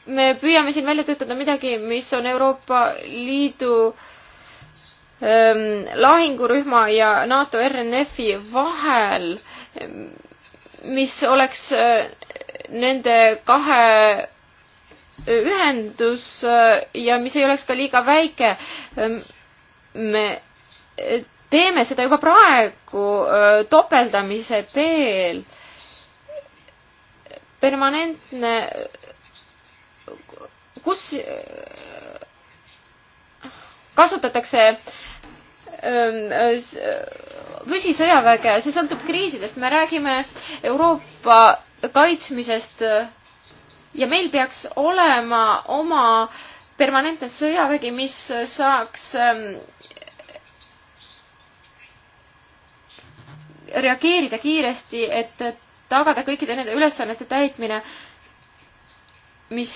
[SPEAKER 2] me püüame siin välja töötada midagi, mis on Euroopa Liidu äh, lahingurühma ja NATO RNF-i vahel, mis oleks äh, nende kahe äh, ühendus äh, ja mis ei oleks ka liiga väike. me teeme seda juba praegu topeldamise teel. permanentne, kus kasutatakse püsisõjaväge, see sõltub kriisidest, me räägime Euroopa kaitsmisest ja meil peaks olema oma permanentne sõjavägi, mis saaks reageerida kiiresti, et tagada kõikide nende ülesannete täitmine, mis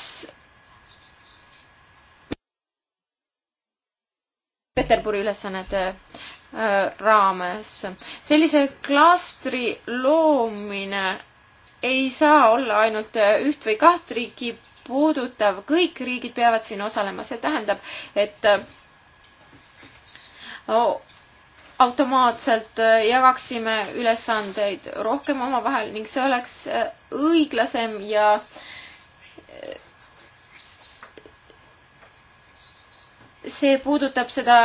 [SPEAKER 2] Peterburi ülesannete äh, raames. sellise klastri loomine ei saa olla ainult äh, üht või kaht riiki puudutav, kõik riigid peavad siin osalema, see tähendab, et äh, automaatselt jagaksime ülesandeid rohkem omavahel ning see oleks õiglasem ja äh, see puudutab seda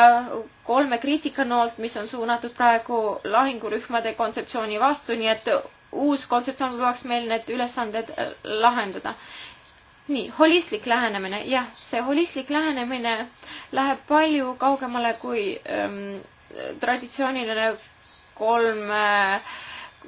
[SPEAKER 2] kolme kriitikanoolt, mis on suunatud praegu lahingurühmade kontseptsiooni vastu, nii et uus kontseptsioon lubaks meil need ülesanded äh, lahendada. nii, holistlik lähenemine, jah, see holistlik lähenemine läheb palju kaugemale kui ähm, traditsiooniline kolm äh,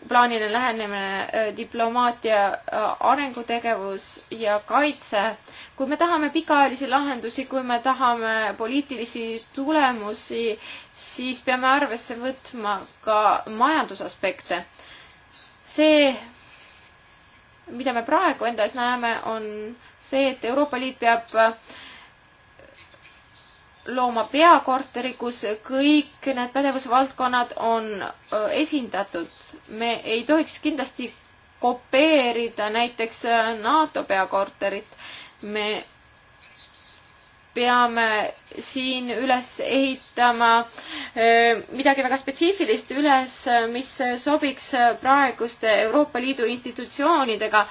[SPEAKER 2] plaaniline lähenemine, äh, diplomaatia, äh, arengutegevus ja kaitse. kui me tahame pikaajalisi lahendusi, kui me tahame poliitilisi tulemusi, siis peame arvesse võtma ka majandusaspekte. see, mida me praegu enda ees näeme, on see, et Euroopa Liit peab looma peakorteri, kus kõik need pädevusvaldkonnad on esindatud. me ei tohiks kindlasti kopeerida näiteks NATO peakorterit. me peame siin üles ehitama midagi väga spetsiifilist üles, mis sobiks praeguste Euroopa Liidu institutsioonidega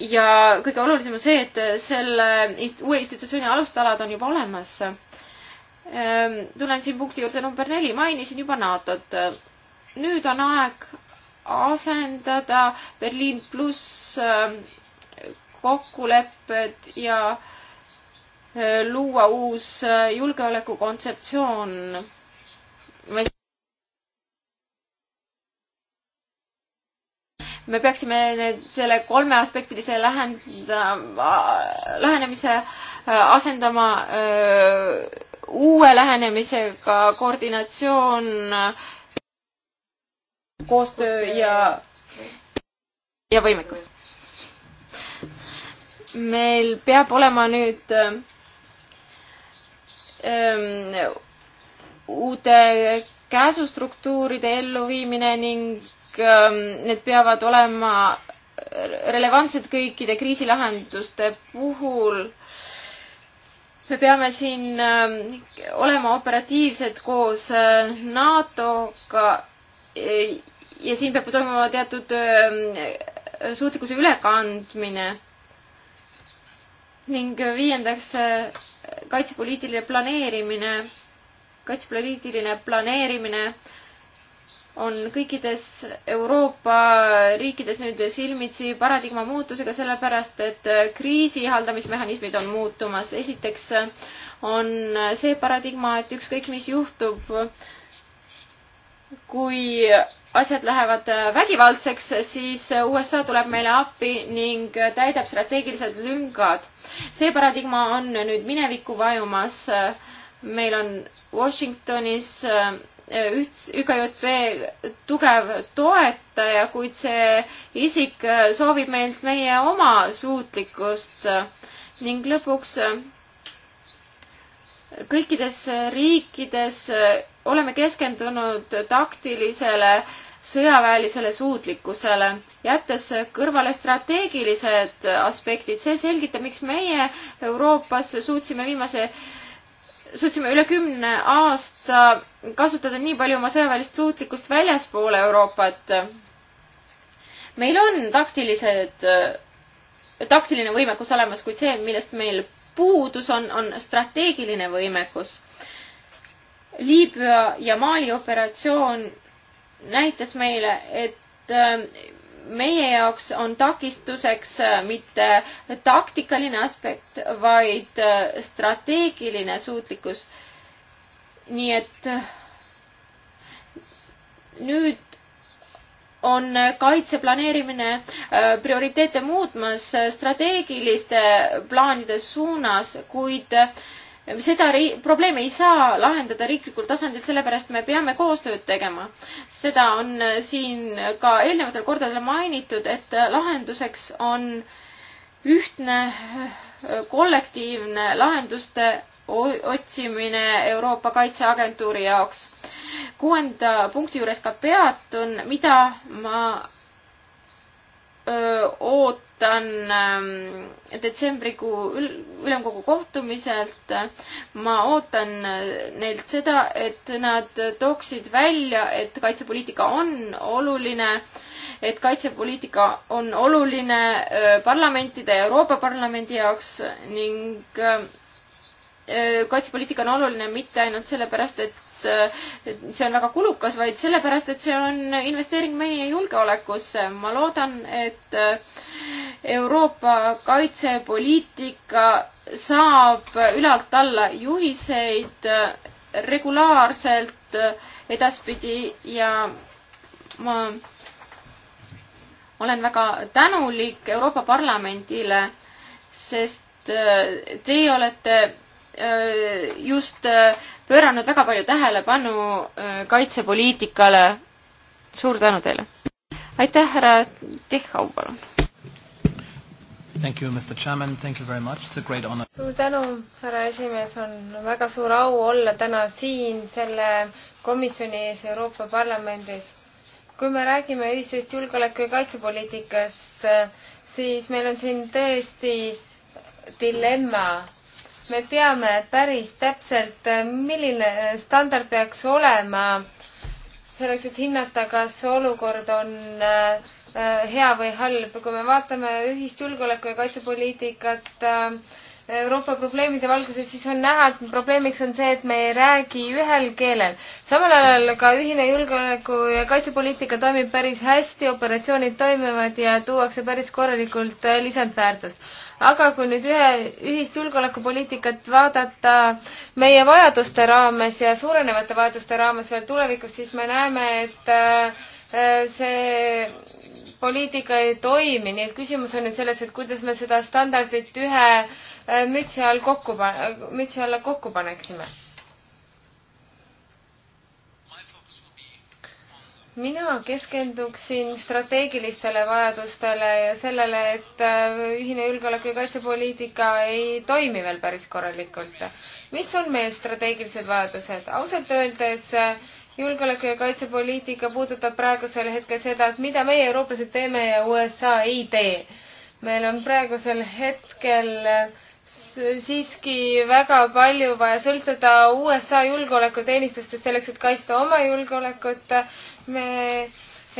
[SPEAKER 2] ja kõige olulisem on see, et selle uue institutsiooni alustalad on juba olemas. Ehm, tulen siin punkti juurde number neli, mainisin juba NATO-t. nüüd on aeg asendada Berliin pluss ehm, kokkulepped ja ehm, luua uus julgeolekukontseptsioon. me peaksime need, selle kolmeaspektilise lähendama, äh, lähenemise äh, asendama öö, äh, uue lähenemisega koordinatsioon, koostöö ja, ja võimekus. meil peab olema nüüd öö, ähm, uute käsustruktuuride elluviimine ning Ähm, need peavad olema relevantsed kõikide kriisilahenduste puhul. me peame siin ähm, olema operatiivsed koos äh, NATO-ga äh, ja siin peab toimuma teatud ähm, suutlikkuse ülekandmine. ning viiendaks, äh, kaitsepoliitiline planeerimine, kaitsepoliitiline planeerimine on kõikides Euroopa riikides nüüd silmitsi paradigma muutusega, sellepärast et kriisi haldamismehhanismid on muutumas. esiteks on see paradigma, et ükskõik, mis juhtub, kui asjad lähevad vägivaldseks, siis USA tuleb meile appi ning täidab strateegilised lüngad. see paradigma on nüüd minevikku vajumas. meil on Washingtonis ühts-, ÜKJV tugev toetaja, kuid see isik soovib meilt meie oma suutlikkust ning lõpuks kõikides riikides oleme keskendunud taktilisele sõjaväelisele suutlikkusele, jättes kõrvale strateegilised aspektid. see selgitab, miks meie Euroopas suutsime viimase äh, suutsime üle kümne aasta kasutada nii palju oma sõjaväelist suutlikkust väljaspoole Euroopat. meil on taktilised, taktiline võimekus olemas, kuid see, millest meil puudus on, on strateegiline võimekus. Liibüa ja Mali operatsioon näitas meile, et meie jaoks on takistuseks äh, mitte taktikaline aspekt, vaid äh, strateegiline suutlikkus. nii et äh, nüüd on kaitseplaneerimine prioriteete muutmas strateegiliste plaanide suunas, kuid äh, seda ri-, probleemi ei saa lahendada riiklikul tasandil, sellepärast me peame koostööd tegema. seda on siin ka eelnevatel kordadel mainitud, et lahenduseks on ühtne kollektiivne lahenduste otsimine Euroopa Kaitseagentuuri jaoks. kuuenda punkti juures ka peatun, mida ma ootan ähm, detsembrikuu ülemkogu kohtumiselt, ma ootan äh, neilt seda, et nad tooksid välja, et kaitsepoliitika on oluline, et kaitsepoliitika on oluline äh, parlamentide ja Euroopa Parlamendi jaoks ning äh, kaitsepoliitika on oluline mitte ainult sellepärast, et et see on väga kulukas, vaid sellepärast, et see on investeering meie julgeolekusse. ma loodan, et eh, Euroopa kaitsepoliitika saab ülalt alla juhiseid eh, regulaarselt eh, edaspidi ja ma olen väga tänulik Euroopa Parlamendile, sest te olete Äh, just äh, pööranud väga palju tähelepanu äh, kaitsepoliitikale. suur tänu teile. aitäh, härra Tehhau, palun.
[SPEAKER 4] Thank you, Mr Chairman, thank you very much, it's a great honor. suur tänu, härra esimees, on väga suur au olla täna siin selle komisjoni ees Euroopa Parlamendis. kui me räägime ühisest julgeoleku ja kaitsepoliitikast, siis meil on siin tõesti dilemma me teame päris täpselt, milline standard peaks olema selleks, et hinnata, kas olukord on äh, hea või halb. kui me vaatame ühist julgeoleku- ja kaitsepoliitikat äh,, Euroopa probleemide valguses, siis on näha, et probleemiks on see, et me ei räägi ühel keelel. samal ajal ka ühine julgeoleku ja kaitsepoliitika toimib päris hästi, operatsioonid toimivad ja tuuakse päris korralikult äh, lisandväärtust aga kui nüüd ühe, ühist julgeolekupoliitikat vaadata meie vajaduste raames ja suurenevate vajaduste raames veel tulevikus, siis me näeme, et äh, äh, see poliitika ei toimi, nii et küsimus on nüüd selles, et kuidas me seda standardit ühe Äh, mütsi all kokku, äh, mütsi alla kokku paneksime. mina keskenduksin strateegilistele vajadustele ja sellele, et äh, ühine julgeoleku ja kaitsepoliitika ei toimi veel päris korralikult. mis on meie strateegilised vajadused? ausalt öeldes julgeoleku ja kaitsepoliitika puudutab praegusel hetkel seda, et mida meie, eurooplased, teeme ja USA ei tee. meil on praegusel hetkel äh, siiski väga palju vaja sõltuda USA julgeolekuteenistustest selleks, et kaitsta oma julgeolekut. me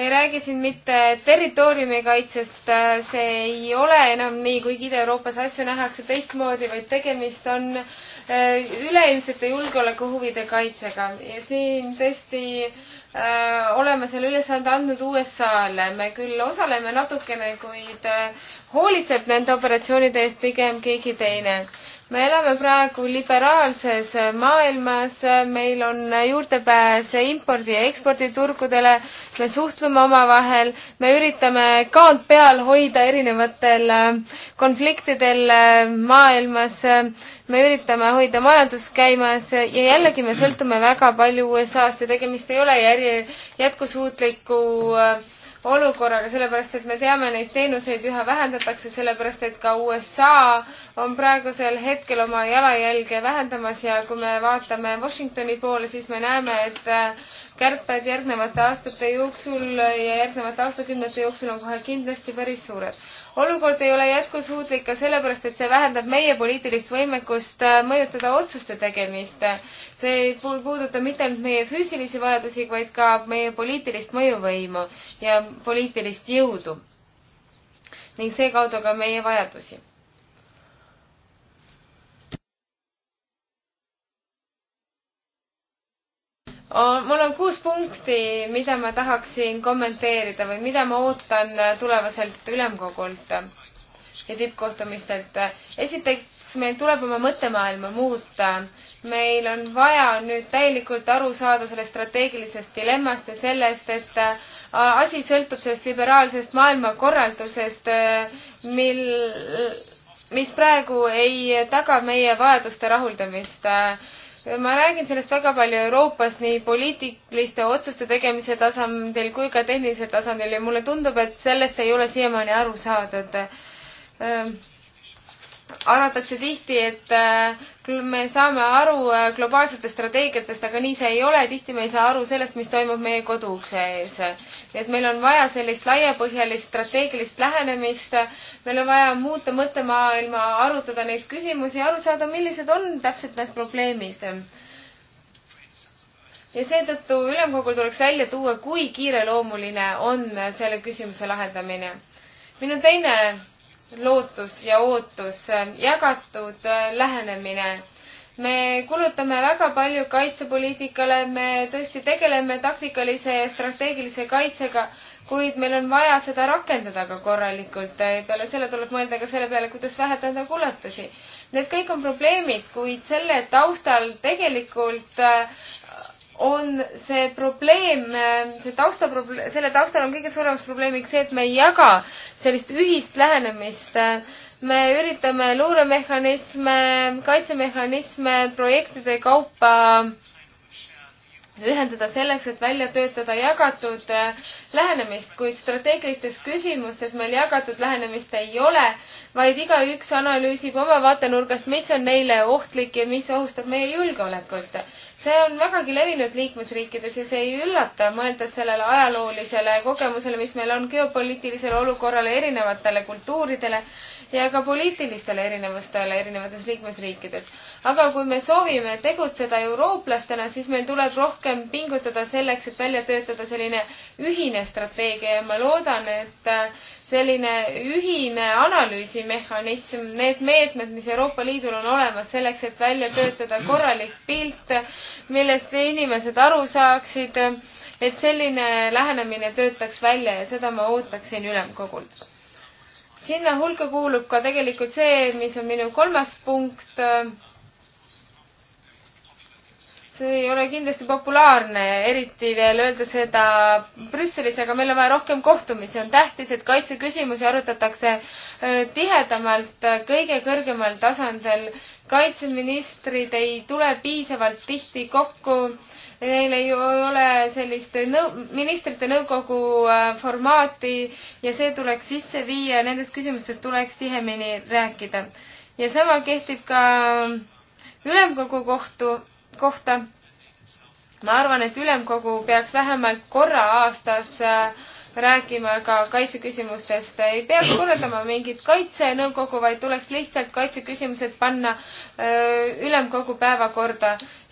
[SPEAKER 4] ei räägi siin mitte territooriumi kaitsest, see ei ole enam nii, kuigi Ida-Euroopas asju nähakse teistmoodi, vaid tegemist on äh, Äh, üleilmsete julgeolekuhuvide kaitsega ja siin tõesti äh, oleme selle ülesande andnud USA-le. me küll osaleme natukene, kuid äh, hoolitseb nende operatsioonide eest pigem keegi teine me elame praegu liberaalses maailmas, meil on juurdepääs impordi ja eksporditurgudele, me suhtleme omavahel, me üritame kaant peal hoida erinevatel konfliktidel maailmas, me üritame hoida majandust käimas ja jällegi me sõltume väga palju USA-st ja tegemist ei ole järje, jätkusuutliku olukorraga, sellepärast et me teame, neid teenuseid üha vähendatakse, sellepärast et ka USA on praegusel hetkel oma jalajälge vähendamas ja kui me vaatame Washingtoni poole, siis me näeme, et äh, kärped järgnevate aastate jooksul ja järgnevate aastakümnete jooksul on kohe kindlasti päris suured. olukord ei ole jätkusuutlik ka sellepärast, et see vähendab meie poliitilist võimekust äh, mõjutada otsuste tegemist. see ei puuduta mitte ainult meie füüsilisi vajadusi, vaid ka meie poliitilist mõjuvõimu ja poliitilist jõudu ning seekaudu ka meie vajadusi Oh, mul on kuus punkti, mida ma tahaksin kommenteerida või mida ma ootan äh, tulevaselt ülemkogult äh, ja tippkohtumistelt. esiteks, meil tuleb oma mõttemaailma muuta. meil on vaja nüüd täielikult aru saada sellest strateegilisest dilemmast ja sellest, et äh, asi sõltub sellest liberaalsest maailmakorraldusest, mil, mis praegu ei taga meie vajaduste rahuldamist ma räägin sellest väga palju Euroopas nii poliitiliste otsuste tegemise tasandil kui ka tehnilisel tasandil ja mulle tundub, et sellest ei ole siiamaani aru saadud. Ehm, arvatakse tihti, et äh, me saame aru äh, globaalsetest strateegiatest, aga nii see ei ole, tihti me ei saa aru sellest, mis toimub meie kodukse ees. nii et meil on vaja sellist laiapõhjalist strateegilist lähenemist, meil on vaja muuta mõttemaailma, arutada neid küsimusi, aru saada, millised on täpselt need probleemid. ja seetõttu ülemkogul tuleks välja tuua, kui kiireloomuline on selle küsimuse lahendamine. minu teine lootus ja ootus, äh, jagatud äh, lähenemine. me kulutame väga palju kaitsepoliitikale, me tõesti tegeleme taktikalise ja strateegilise kaitsega, kuid meil on vaja seda rakendada ka korralikult. peale selle tuleb mõelda ka selle peale, kuidas vähendada kulutusi. Need kõik on probleemid, kuid selle taustal tegelikult äh, on see probleem, see taustaprobleem, selle taustal on kõige suuremaks probleemiks see, et me ei jaga sellist ühist lähenemist. me üritame luuremehhanisme, kaitsemehhanisme projektide kaupa ühendada selleks, et välja töötada jagatud lähenemist, kuid strateegilistes küsimustes meil jagatud lähenemist ei ole, vaid igaüks analüüsib oma vaatenurgast, mis on neile ohtlik ja mis ohustab meie julgeolekut see on vägagi levinud liikmesriikides ja see ei üllata, mõeldes sellele ajaloolisele kogemusele, mis meil on geopoliitilisele olukorrale, erinevatele kultuuridele ja ka poliitilistele erinevustele erinevates liikmesriikides. aga kui me soovime tegutseda eurooplastena, siis meil tuleb rohkem pingutada selleks, et välja töötada selline ühine strateegia ja ma loodan, et selline ühine analüüsimehhanism, need meetmed, mis Euroopa Liidul on olemas selleks, et välja töötada korralik pilt millest inimesed aru saaksid, et selline lähenemine töötaks välja ja seda ma ootaksin ülemkogult. sinna hulka kuulub ka tegelikult see, mis on minu kolmas punkt see ei ole kindlasti populaarne, eriti veel öelda seda Brüsselis, aga meil on vaja rohkem kohtumisi, on tähtis, et kaitseküsimusi arutatakse äh, tihedamalt, äh, kõige kõrgemal tasandil. kaitseministrid ei tule piisavalt tihti kokku, neil ei ole sellist nõu-, ministrite nõukogu äh, formaati ja see tuleks sisse viia, nendest küsimustest tuleks tihemini rääkida. ja sama kehtib ka ülemkogu kohtu kohta. ma arvan, et ülemkogu peaks vähemalt korra aastas äh, rääkima ka kaitseküsimustest, ei peaks korraldama mingit kaitsenõukogu, vaid tuleks lihtsalt kaitseküsimused panna öö, äh, ülemkogu päevakorda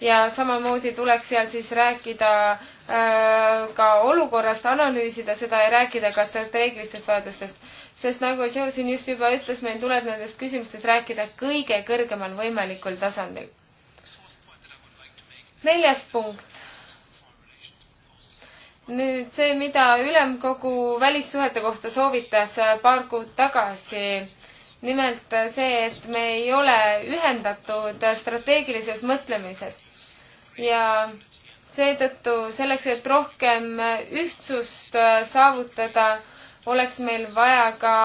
[SPEAKER 4] ja samamoodi tuleks seal siis rääkida öö, äh, ka olukorrast, analüüsida seda ja rääkida ka strateegilistest vajadustest. sest nagu Joe siin just juba ütles, meil tuleb nendest küsimustest rääkida kõige kõrgemal võimalikul tasandil neljas punkt. nüüd see, mida ülemkogu välissuhete kohta soovitas äh, paar kuud tagasi. nimelt äh, see, et me ei ole ühendatud strateegilises mõtlemises ja seetõttu selleks, et rohkem äh, ühtsust saavutada, oleks meil vaja ka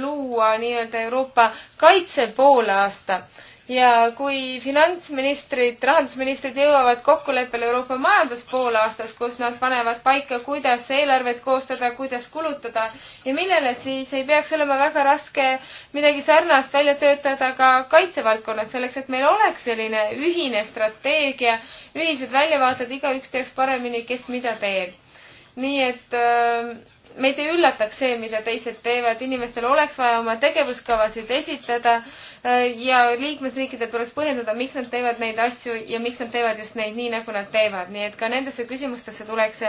[SPEAKER 4] luua nii-öelda Euroopa kaitse poolaasta ja kui finantsministrid, rahandusministrid jõuavad kokkuleppele Euroopa majandus poolaastas, kus nad panevad paika, kuidas eelarvet koostada, kuidas kulutada ja millele, siis ei peaks olema väga raske midagi sarnast välja töötada ka kaitsevaldkonnas, selleks et meil oleks selline ühine strateegia, ühised väljavaated, igaüks teaks paremini, kes mida teeb. nii et äh, meid ei üllataks see, mida teised teevad, inimestel oleks vaja oma tegevuskavasid esitada äh, ja liikmesriikidel tuleks põhjendada, miks nad teevad neid asju ja miks nad teevad just neid nii, nagu nad teevad, nii et ka nendesse küsimustesse tuleks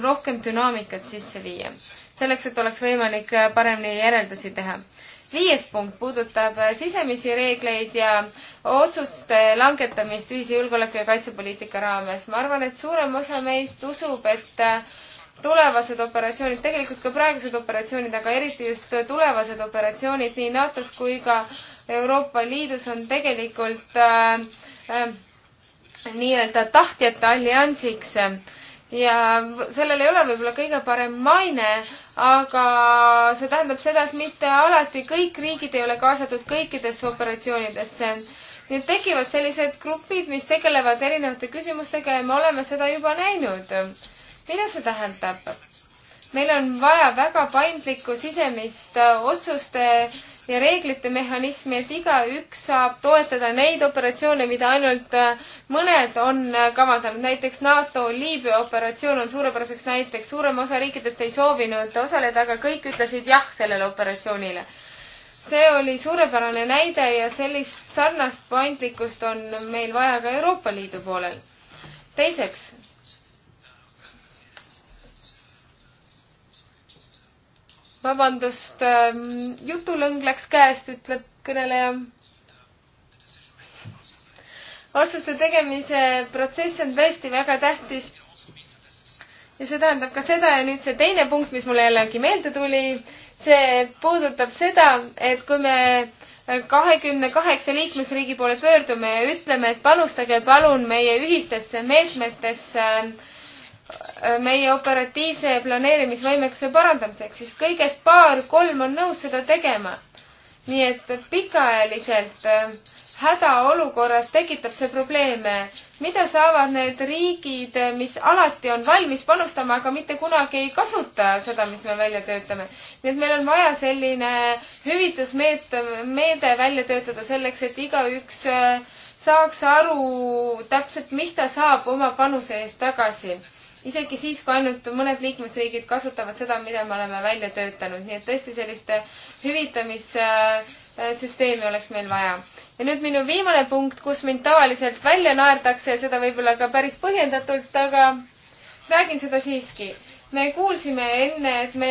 [SPEAKER 4] rohkem dünaamikat sisse viia. selleks, et oleks võimalik äh, paremini järeldusi teha viies punkt puudutab äh, sisemisi reegleid ja otsuste langetamist ühise julgeoleku ja kaitsepoliitika raames. ma arvan, et suurem osa meist usub, et tulevased operatsioonid, tegelikult ka praegused operatsioonid, aga eriti just tulevased operatsioonid nii NATO-s kui ka Euroopa Liidus on tegelikult äh, äh, nii-öelda tahtjate alliansiks ja sellel ei ole võib-olla kõige parem maine, aga see tähendab seda, et mitte alati kõik riigid ei ole kaasatud kõikidesse operatsioonidesse nüüd tekivad sellised grupid, mis tegelevad erinevate küsimustega ja me oleme seda juba näinud mida see tähendab? meil on vaja väga paindlikku sisemist äh, otsuste ja reeglite mehhanismi, et igaüks saab toetada neid operatsioone, mida ainult äh, mõned on äh, kavandanud. näiteks NATO Liibüa operatsioon on suurepäraseks näiteks. suurem osa riikidest ei soovinud osaleda, aga kõik ütlesid jah sellele operatsioonile. see oli suurepärane näide ja sellist sarnast paindlikkust on meil vaja ka Euroopa Liidu poolel. teiseks vabandust, ähm, jutulõng läks käest, ütleb kõneleja. otsuste tegemise protsess on tõesti väga tähtis. ja see tähendab ka seda ja nüüd see teine punkt, mis mulle jällegi meelde tuli, see puudutab seda, et kui me kahekümne kaheksa liikmesriigi poole pöördume ja ütleme, et panustage palun meie ühistesse meetmetesse äh, meie operatiivse planeerimisvõimekuse parandamiseks, siis kõigest paar-kolm on nõus seda tegema. nii et pikaajaliselt äh, hädaolukorras tekitab see probleeme, mida saavad need riigid, äh, mis alati on valmis panustama, aga mitte kunagi ei kasuta seda, mis me välja töötame. nii et meil on vaja selline hüvitusmeet-, meede välja töötada selleks, et igaüks äh, saaks aru täpselt, mis ta saab oma panuse eest tagasi. isegi siis, kui ainult mõned liikmesriigid kasutavad seda, mida me oleme välja töötanud, nii et tõesti sellist hüvitamissüsteemi oleks meil vaja. ja nüüd minu viimane punkt, kus mind tavaliselt välja naerdakse ja seda võib-olla ka päris põhjendatult, aga räägin seda siiski me kuulsime enne, et me,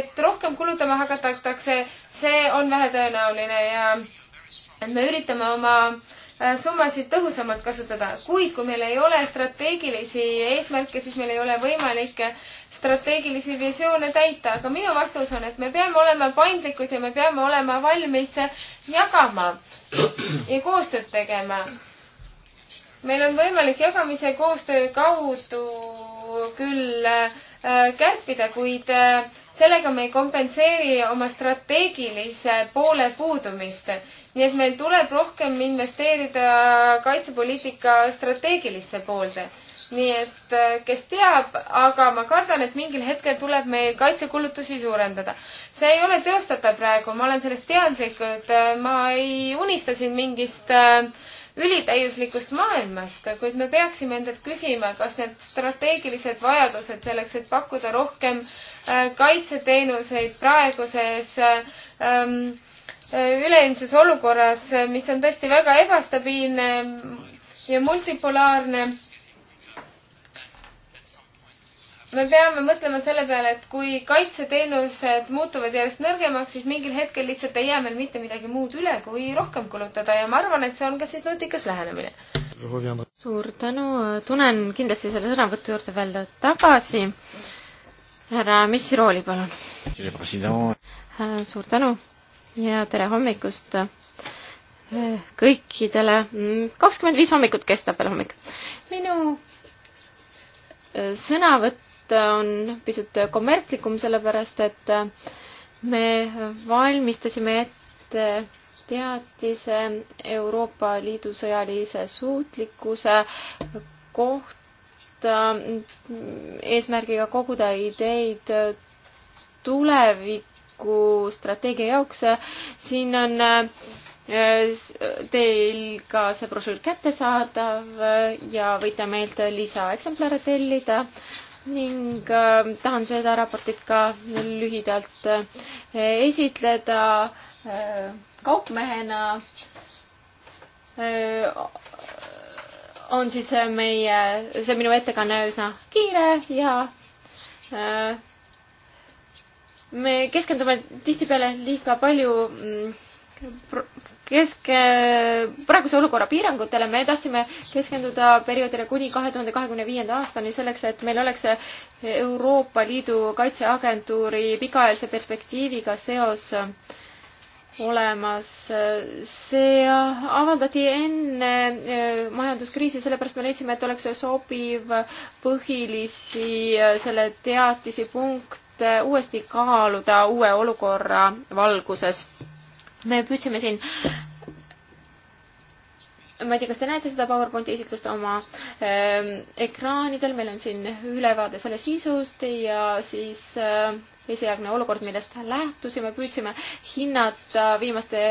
[SPEAKER 4] et rohkem kulutama hakatakse, see on vähetõenäoline ja me üritame oma äh, Äh, summasid tõhusamalt kasutada, kuid kui meil ei ole strateegilisi eesmärke, siis meil ei ole võimalik strateegilisi visioone täita, aga minu vastus on, et me peame olema paindlikud ja me peame olema valmis jagama ja koostööd tegema. meil on võimalik jagamise koostöö kaudu küll äh, kärpida, kuid äh, sellega me ei kompenseeri oma strateegilise poole puudumist nii et meil tuleb rohkem investeerida kaitsepoliitika strateegilisse poolde. nii et äh, kes teab, aga ma kardan, et mingil hetkel tuleb meil kaitsekulutusi suurendada. see ei ole teostatav praegu, ma olen sellest teadlikud, äh, ma ei unista siin mingist äh, ülitäiuslikust maailmast, kuid me peaksime endalt küsima, kas need strateegilised vajadused selleks, et pakkuda rohkem kaitseteenuseid praeguses ähm, üleilmses olukorras, mis on tõesti väga ebastabiilne ja multipolaarne. me peame mõtlema selle peale, et kui kaitseteenused muutuvad järjest nõrgemaks, siis mingil hetkel lihtsalt ei jää meil mitte midagi muud üle, kui rohkem kulutada ja ma
[SPEAKER 2] arvan, et see on ka siis nutikas lähenemine. suur tänu, tulen kindlasti selle sõnavõtu juurde veel tagasi. härra Missirooli, palun. suur tänu ja tere hommikust äh, kõikidele. Mm, kakskümmend viis hommikut kestab veel hommik. minu äh, sõnavõtt on pisut kommertslikum, sellepärast et äh, me valmistasime ette teatise Euroopa Liidu sõjalise suutlikkuse kohta mm, eesmärgiga koguda ideid tulevik, tulevikustrateegia jaoks. siin on äh, teil ka see brošüür kättesaadav äh, ja võite meilt lisaeksemplare tellida ning äh, tahan seda raportit ka lühidalt esitleda kaupmehena on siis meie, see minu ettekanne üsna kiire ja äh, me keskendume tihtipeale liiga palju mm, keske, praeguse olukorra piirangutele, me tahtsime keskenduda perioodile kuni kahe tuhande kahekümne viienda aastani selleks, et meil oleks Euroopa Liidu Kaitseagentuuri pikaajalise perspektiiviga seos olemas. see avaldati enne e, majanduskriisi, sellepärast me leidsime, et oleks sobiv põhilisi e, selle teatisi punkte saate äh, uuesti kaaluda uue olukorra valguses. me püüdsime siin ma ei tea, kas te näete seda PowerPointi esitlust oma ähm, ekraanidel, meil on siin ülevaade selle sisust ja siis äh, esialgne olukord, millest lähtusime, püüdsime hinnata viimaste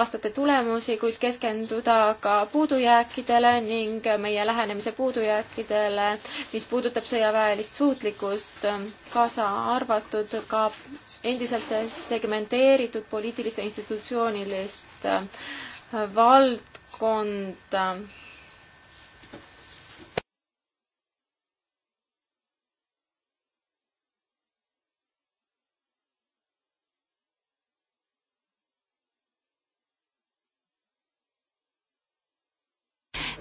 [SPEAKER 2] aastate tulemusi, kuid keskenduda ka puudujääkidele ning meie lähenemise puudujääkidele, mis puudutab sõjaväelist suutlikkust, ähm, kaasa arvatud ka endiselt segmenteeritud poliitilist ja institutsioonilist äh, valdkonda.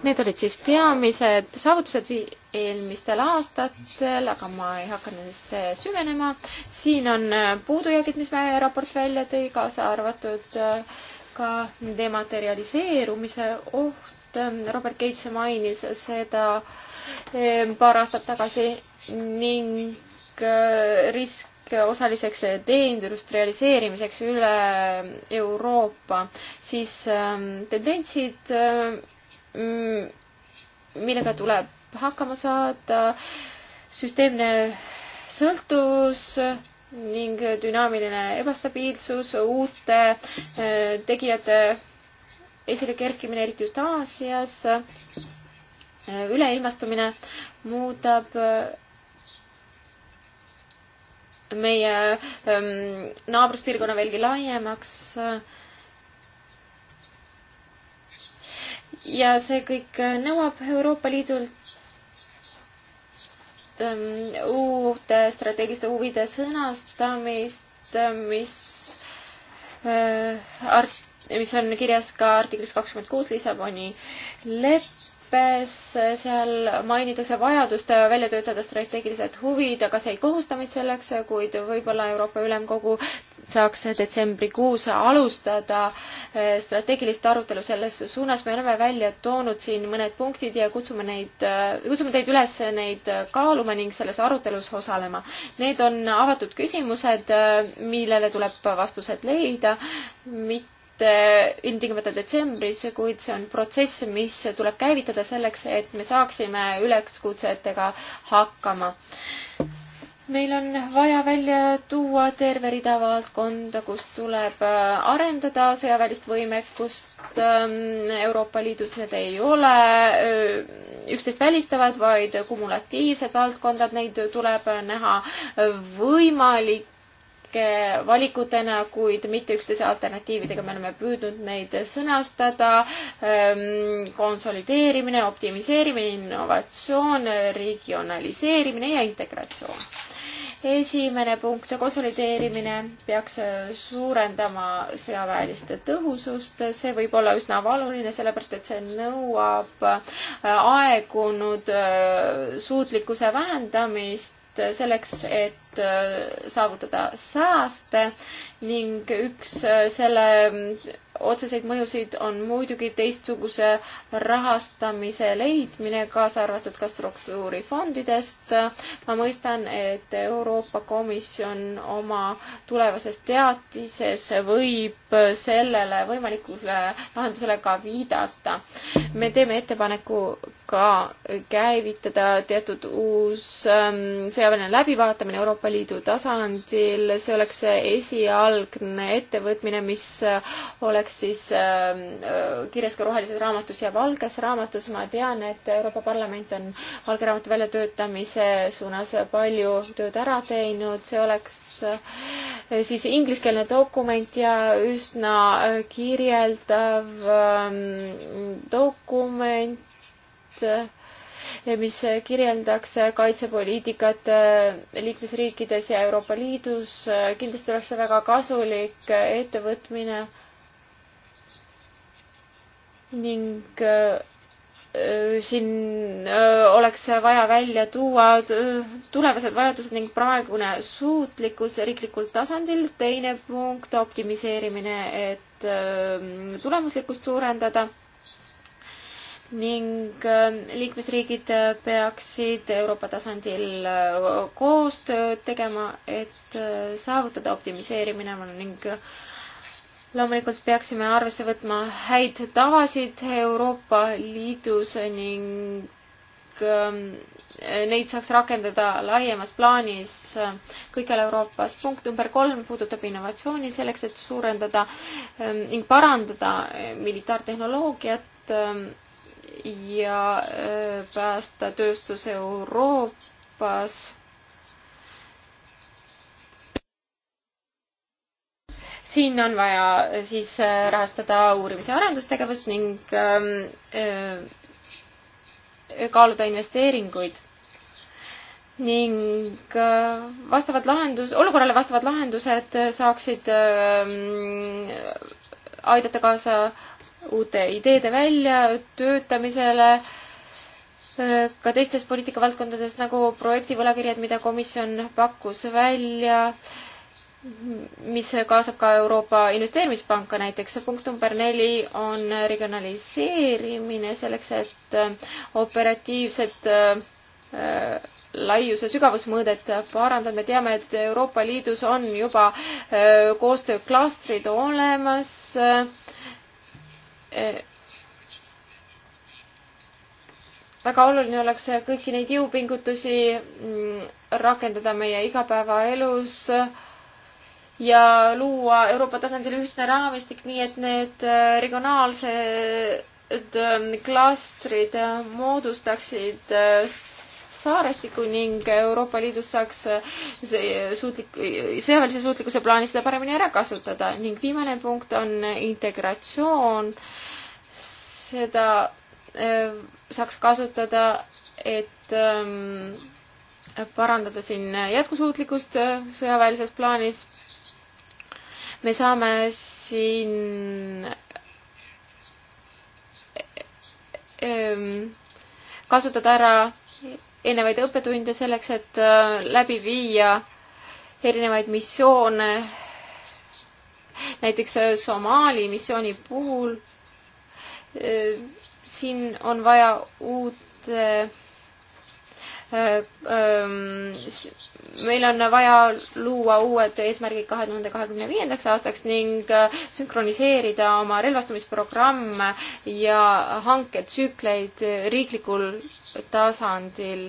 [SPEAKER 2] Need olid siis peamised saavutused eelmistel aastatel, aga ma ei hakka nendesse eh, süvenema. siin on eh, puudujäägid, mis meie raport välja tõi, kaasa arvatud äh, ka dematerialiseerumise oht. Robert Gates mainis seda eh, paar aastat tagasi ning eh, risk osaliseks deindustrialiseerimiseks üle Euroopa, siis eh, tendentsid, millega tuleb hakkama saada, süsteemne sõltuvus ning dünaamiline ebastabiilsus, uute äh, tegijate esile kerkimine, eriti just Aasias, äh, üleilmastumine muudab äh, meie ähm, naabruspiirkonna veelgi laiemaks. ja see kõik nõuab Euroopa Liidult Ähm, uute strateegiliste huvide sõnastamist, ähm, mis äh, art-, mis on kirjas ka artiklis kakskümmend kuus Lissaboni leppes leppes, seal mainitakse vajadust välja töötada strateegilised huvid, aga see ei kohusta meid selleks, kuid võib-olla Euroopa Ülemkogu saaks detsembrikuus alustada eh, strateegilist arutelu selles suunas. me oleme välja toonud siin mõned punktid ja kutsume neid, eh, kutsume teid üles neid kaaluma ning selles arutelus osalema. Need on avatud küsimused, eh, millele tuleb vastused leida, mitte mitte eh, ilmtingimata detsembris, kuid see on protsess, mis tuleb käivitada selleks, et me saaksime üleskutsetega hakkama meil on vaja välja tuua terve rida valdkonda, kus tuleb eh, arendada sõjaväelist võimekust. Ehm, Euroopa Liidus need ei ole eh, üksteist välistavad, vaid kumulatiivsed valdkondad, neid tuleb näha võimalik võimalike valikutena, kuid mitte üksteise alternatiividega. me oleme püüdnud neid sõnastada. Ehm, konsolideerimine, optimiseerimine, innovatsioon, regionaliseerimine ja integratsioon esimene punkt, see konsolideerimine peaks suurendama sõjaväeliste tõhusust, see võib olla üsna valuline, sellepärast et see nõuab äh, aegunud äh, suutlikkuse vähendamist eest selleks, et äh, saavutada sääste ning üks äh, selle otseseid mõjusid on muidugi teistsuguse rahastamise leidmine, kaasa arvatud ka struktuurifondidest. ma mõistan, et Euroopa Komisjon oma tulevases teatises võib sellele võimalikule lahendusele ka viidata. me teeme ettepaneku ka käivitada teatud uus ähm, sõjaväeline läbivaatamine Euroopa Liidu tasandil, see oleks esialgne ettevõtmine, mis oleks oleks siis ähm, äh, kirjas ka rohelises raamatus ja valges raamatus. ma tean, et Euroopa Parlament on valge raamatu väljatöötamise suunas palju tööd ära teinud, see oleks äh, siis ingliskeelne dokument ja üsna äh, kirjeldav ähm, dokument mis kirjeldaks kaitsepoliitikat liikmesriikides ja Euroopa Liidus. kindlasti oleks see väga kasulik ettevõtmine ning äh, siin äh, oleks vaja välja tuua äh, tulevased vajadused ning praegune suutlikkus riiklikul tasandil. teine punkt, optimiseerimine, et tulemuslikkust suurendada. ning liikmesriigid peaksid Euroopa tasandil koostööd tegema, et saavutada optimiseerimine ning loomulikult peaksime arvesse võtma häid tavasid Euroopa Liidus ning ähm, neid saaks rakendada laiemas plaanis äh, kõikjal Euroopas. punkt number kolm puudutab innovatsiooni selleks, et suurendada ähm, ning parandada äh, militaartehnoloogiat ähm, ja äh, päästa tööstus Euroopas siin on vaja siis äh, rahastada uurimise ja arendustegevust ning ähm, äh, kaaluda investeeringuid ning äh, vastavad lahendus, olukorrale vastavad lahendused saaksid ähm, aidata kaasa uute ideede väljatöötamisele, ka teistes poliitikavaldkondades nagu projektivõlakirjad, mida komisjon pakkus välja äh,, mis kaasab ka Euroopa Investeerimispanka näiteks. punkt number neli on regionaliseerimine selleks, et äh, operatiivset äh, laiuse sügavusmõõdet parandada. me teame, et Euroopa Liidus on juba äh, koostööklastrid olemas. väga oluline oleks kõiki neid jõupingutusi mm, rakendada meie igapäevaelus ja luua Euroopa tasandil ühtne raamistik, nii et need äh, regionaalsed ähm, klastrid äh, moodustaksid äh, saarestiku ning Euroopa Liidus saaks suutlik, sõjaväelise suutlikkuse plaani seda paremini ära kasutada ning viimane punkt on integratsioon. seda saaks kasutada, et ähm, parandada siin jätkusuutlikkust sõjaväelises plaanis, me saame siin ähm, kasutada ära erinevaid õppetunde selleks, et äh, läbi viia erinevaid missioone. näiteks äh, Somaali missiooni puhul. Äh, siin on vaja uut Äh, ähm, meil on vaja luua uued eesmärgid kahe tuhande kahekümne viiendaks aastaks ning äh, sünkroniseerida oma relvastumisprogramme ja hanketsükleid äh, riiklikul tasandil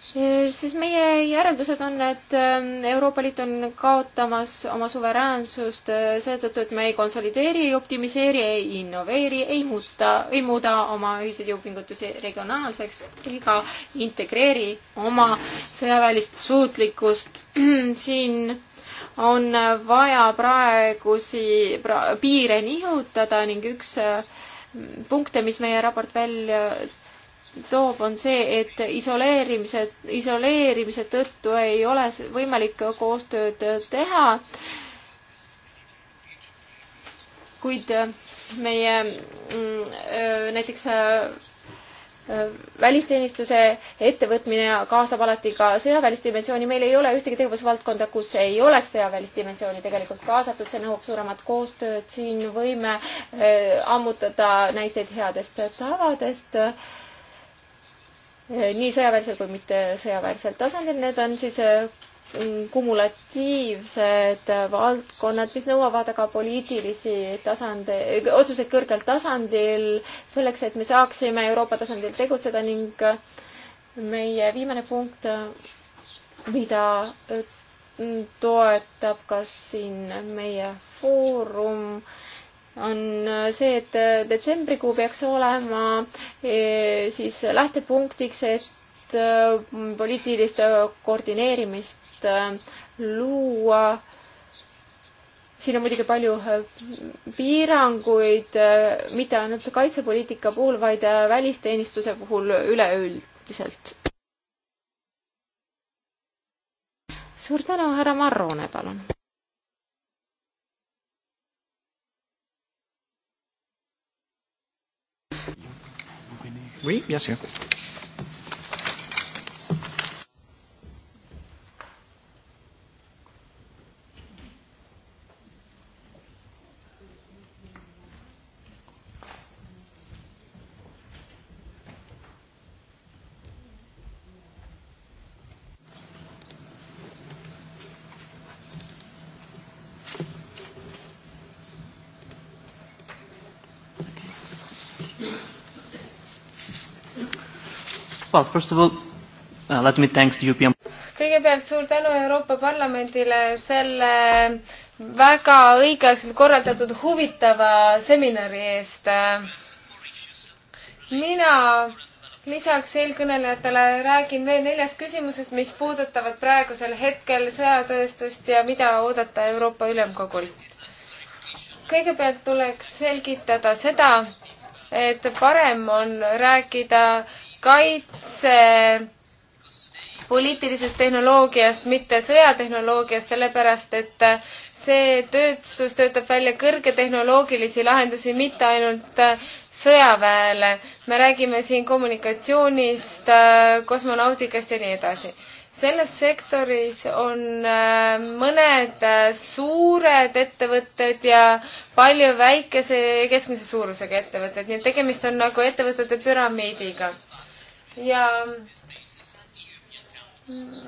[SPEAKER 2] siis meie järeldused on, et ähm, Euroopa Liit on kaotamas oma suveräänsust äh, seetõttu, et me ei konsolideeri, ei optimiseeri, ei innoveeri, ei muuta, ei muuda oma ühiseid jõupingutusi regionaalseks ega integreeri oma sõjaväelist suutlikkust. siin on vaja praegusi pra, piire nihutada ning üks äh, punkte, mis meie raport välja toob, on see, et isoleerimise, isoleerimise tõttu ei ole võimalik koostööd teha. kuid meie mm, näiteks välisteenistuse ettevõtmine kaasab alati ka sõjaväelist dimensiooni. meil ei ole ühtegi tegevusvaldkonda, kus ei oleks sõjaväelist dimensiooni tegelikult kaasatud, see nõuab suuremat koostööd. siin võime eh, ammutada näiteid headest tavadest äh, Eh, nii sõjaväelisel kui mitte sõjaväelisel tasandil, need on siis eh, mm, kumulatiivsed eh, valdkonnad, mis nõuavad aga poliitilisi tasande, otsuseid kõrgel tasandil selleks, et me saaksime Euroopa tasandil tegutseda ning meie viimane punkt, mida mm, toetab ka siin meie foorum äh, on äh, see, et äh, detsembrikuu peaks olema äh, siis lähtepunktiks, et poliitilist koordineerimist luua. siin on muidugi palju piiranguid, mitte ainult kaitsepoliitika puhul, vaid välisteenistuse puhul üleüldiselt. suur tänu, härra Marrone, palun
[SPEAKER 1] Oui, bien sûr. Well, first of all, uh, let me thank the European
[SPEAKER 4] kõigepealt suur tänu Euroopa Parlamendile selle väga õigeaegselt korraldatud huvitava seminari eest. mina lisaks eelkõnelejatele räägin veel neljast küsimusest, mis puudutavad praegusel hetkel sõjatööstust ja mida oodata Euroopa Ülemkogult. kõigepealt tuleks selgitada seda, et parem on rääkida kaitse poliitilisest tehnoloogiast, mitte sõjatehnoloogiast, sellepärast et see tööstus töötab välja kõrgetehnoloogilisi lahendusi mitte ainult sõjaväele. me räägime siin kommunikatsioonist, kosmonautikast ja nii edasi. selles sektoris on äh, mõned äh, suured ettevõtted ja palju väikese ja keskmise suurusega ettevõtted, nii et tegemist on nagu ettevõtete püramiidiga ja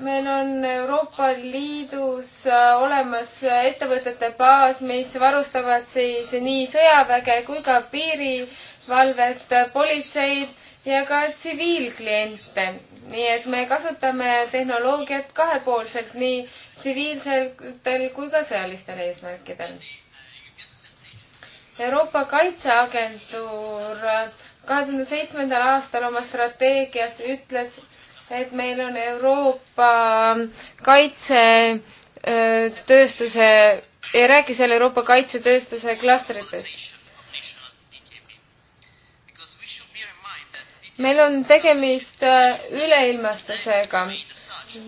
[SPEAKER 4] meil on Euroopa Liidus äh, olemas ettevõtete baas, mis varustavad siis nii sõjaväge kui ka piirivalvet, äh, politseid ja ka tsiviilkliente. nii et me kasutame tehnoloogiat kahepoolselt nii tsiviilsetel kui ka sõjalistel eesmärkidel. Euroopa Kaitseagentuur äh, kahe tuhande seitsmendal aastal oma strateegias ütles, et meil on Euroopa kaitsetööstuse, ei räägi seal Euroopa kaitsetööstuse klastritest. meil on tegemist üleilmastusega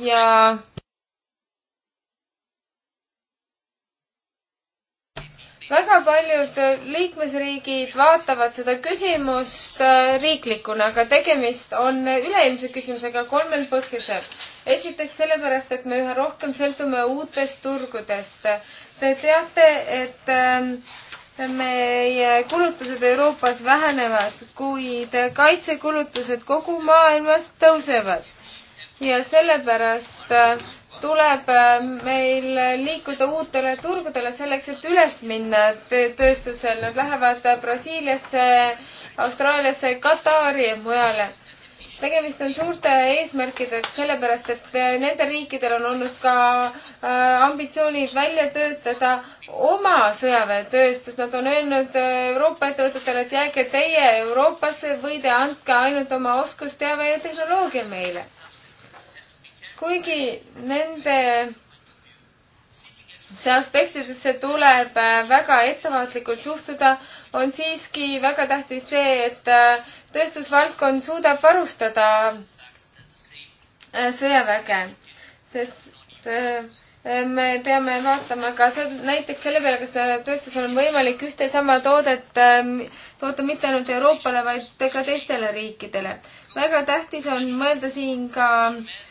[SPEAKER 4] ja väga paljud äh, liikmesriigid vaatavad seda küsimust äh, riiklikuna, aga tegemist on äh, üleilmse küsimusega kolmel põhjusel. esiteks sellepärast, et me üha rohkem sõltume uutest turgudest. Te teate, et ähm, meie kulutused Euroopas vähenevad, kuid kaitsekulutused kogu maailmas tõusevad ja sellepärast tuleb äh, meil liikuda uutele turgudele selleks, et üles minna tööstusel. Nad lähevad äh, Brasiiliasse, Austraaliasse, Katari ja mujale. tegemist on suurte eesmärkidega, sellepärast et äh, nendel riikidel on olnud ka ambitsioonid välja töötada oma sõjaväetööstus. Nad on öelnud Euroopa ettevõtetele, et jääge teie Euroopasse või te andke ainult oma oskusteave ja tehnoloogia meile kuigi nende see aspektidesse tuleb äh, väga ettevaatlikult suhtuda, on siiski väga tähtis see, et äh, tööstusvaldkond suudab varustada äh, sõjaväge, sest me peame vaatama ka seda, näiteks selle peale, kas tööstusel on võimalik ühte sama toodet ähm, toota mitte ainult Euroopale, vaid ka teistele riikidele. väga tähtis on mõelda siin ka äh,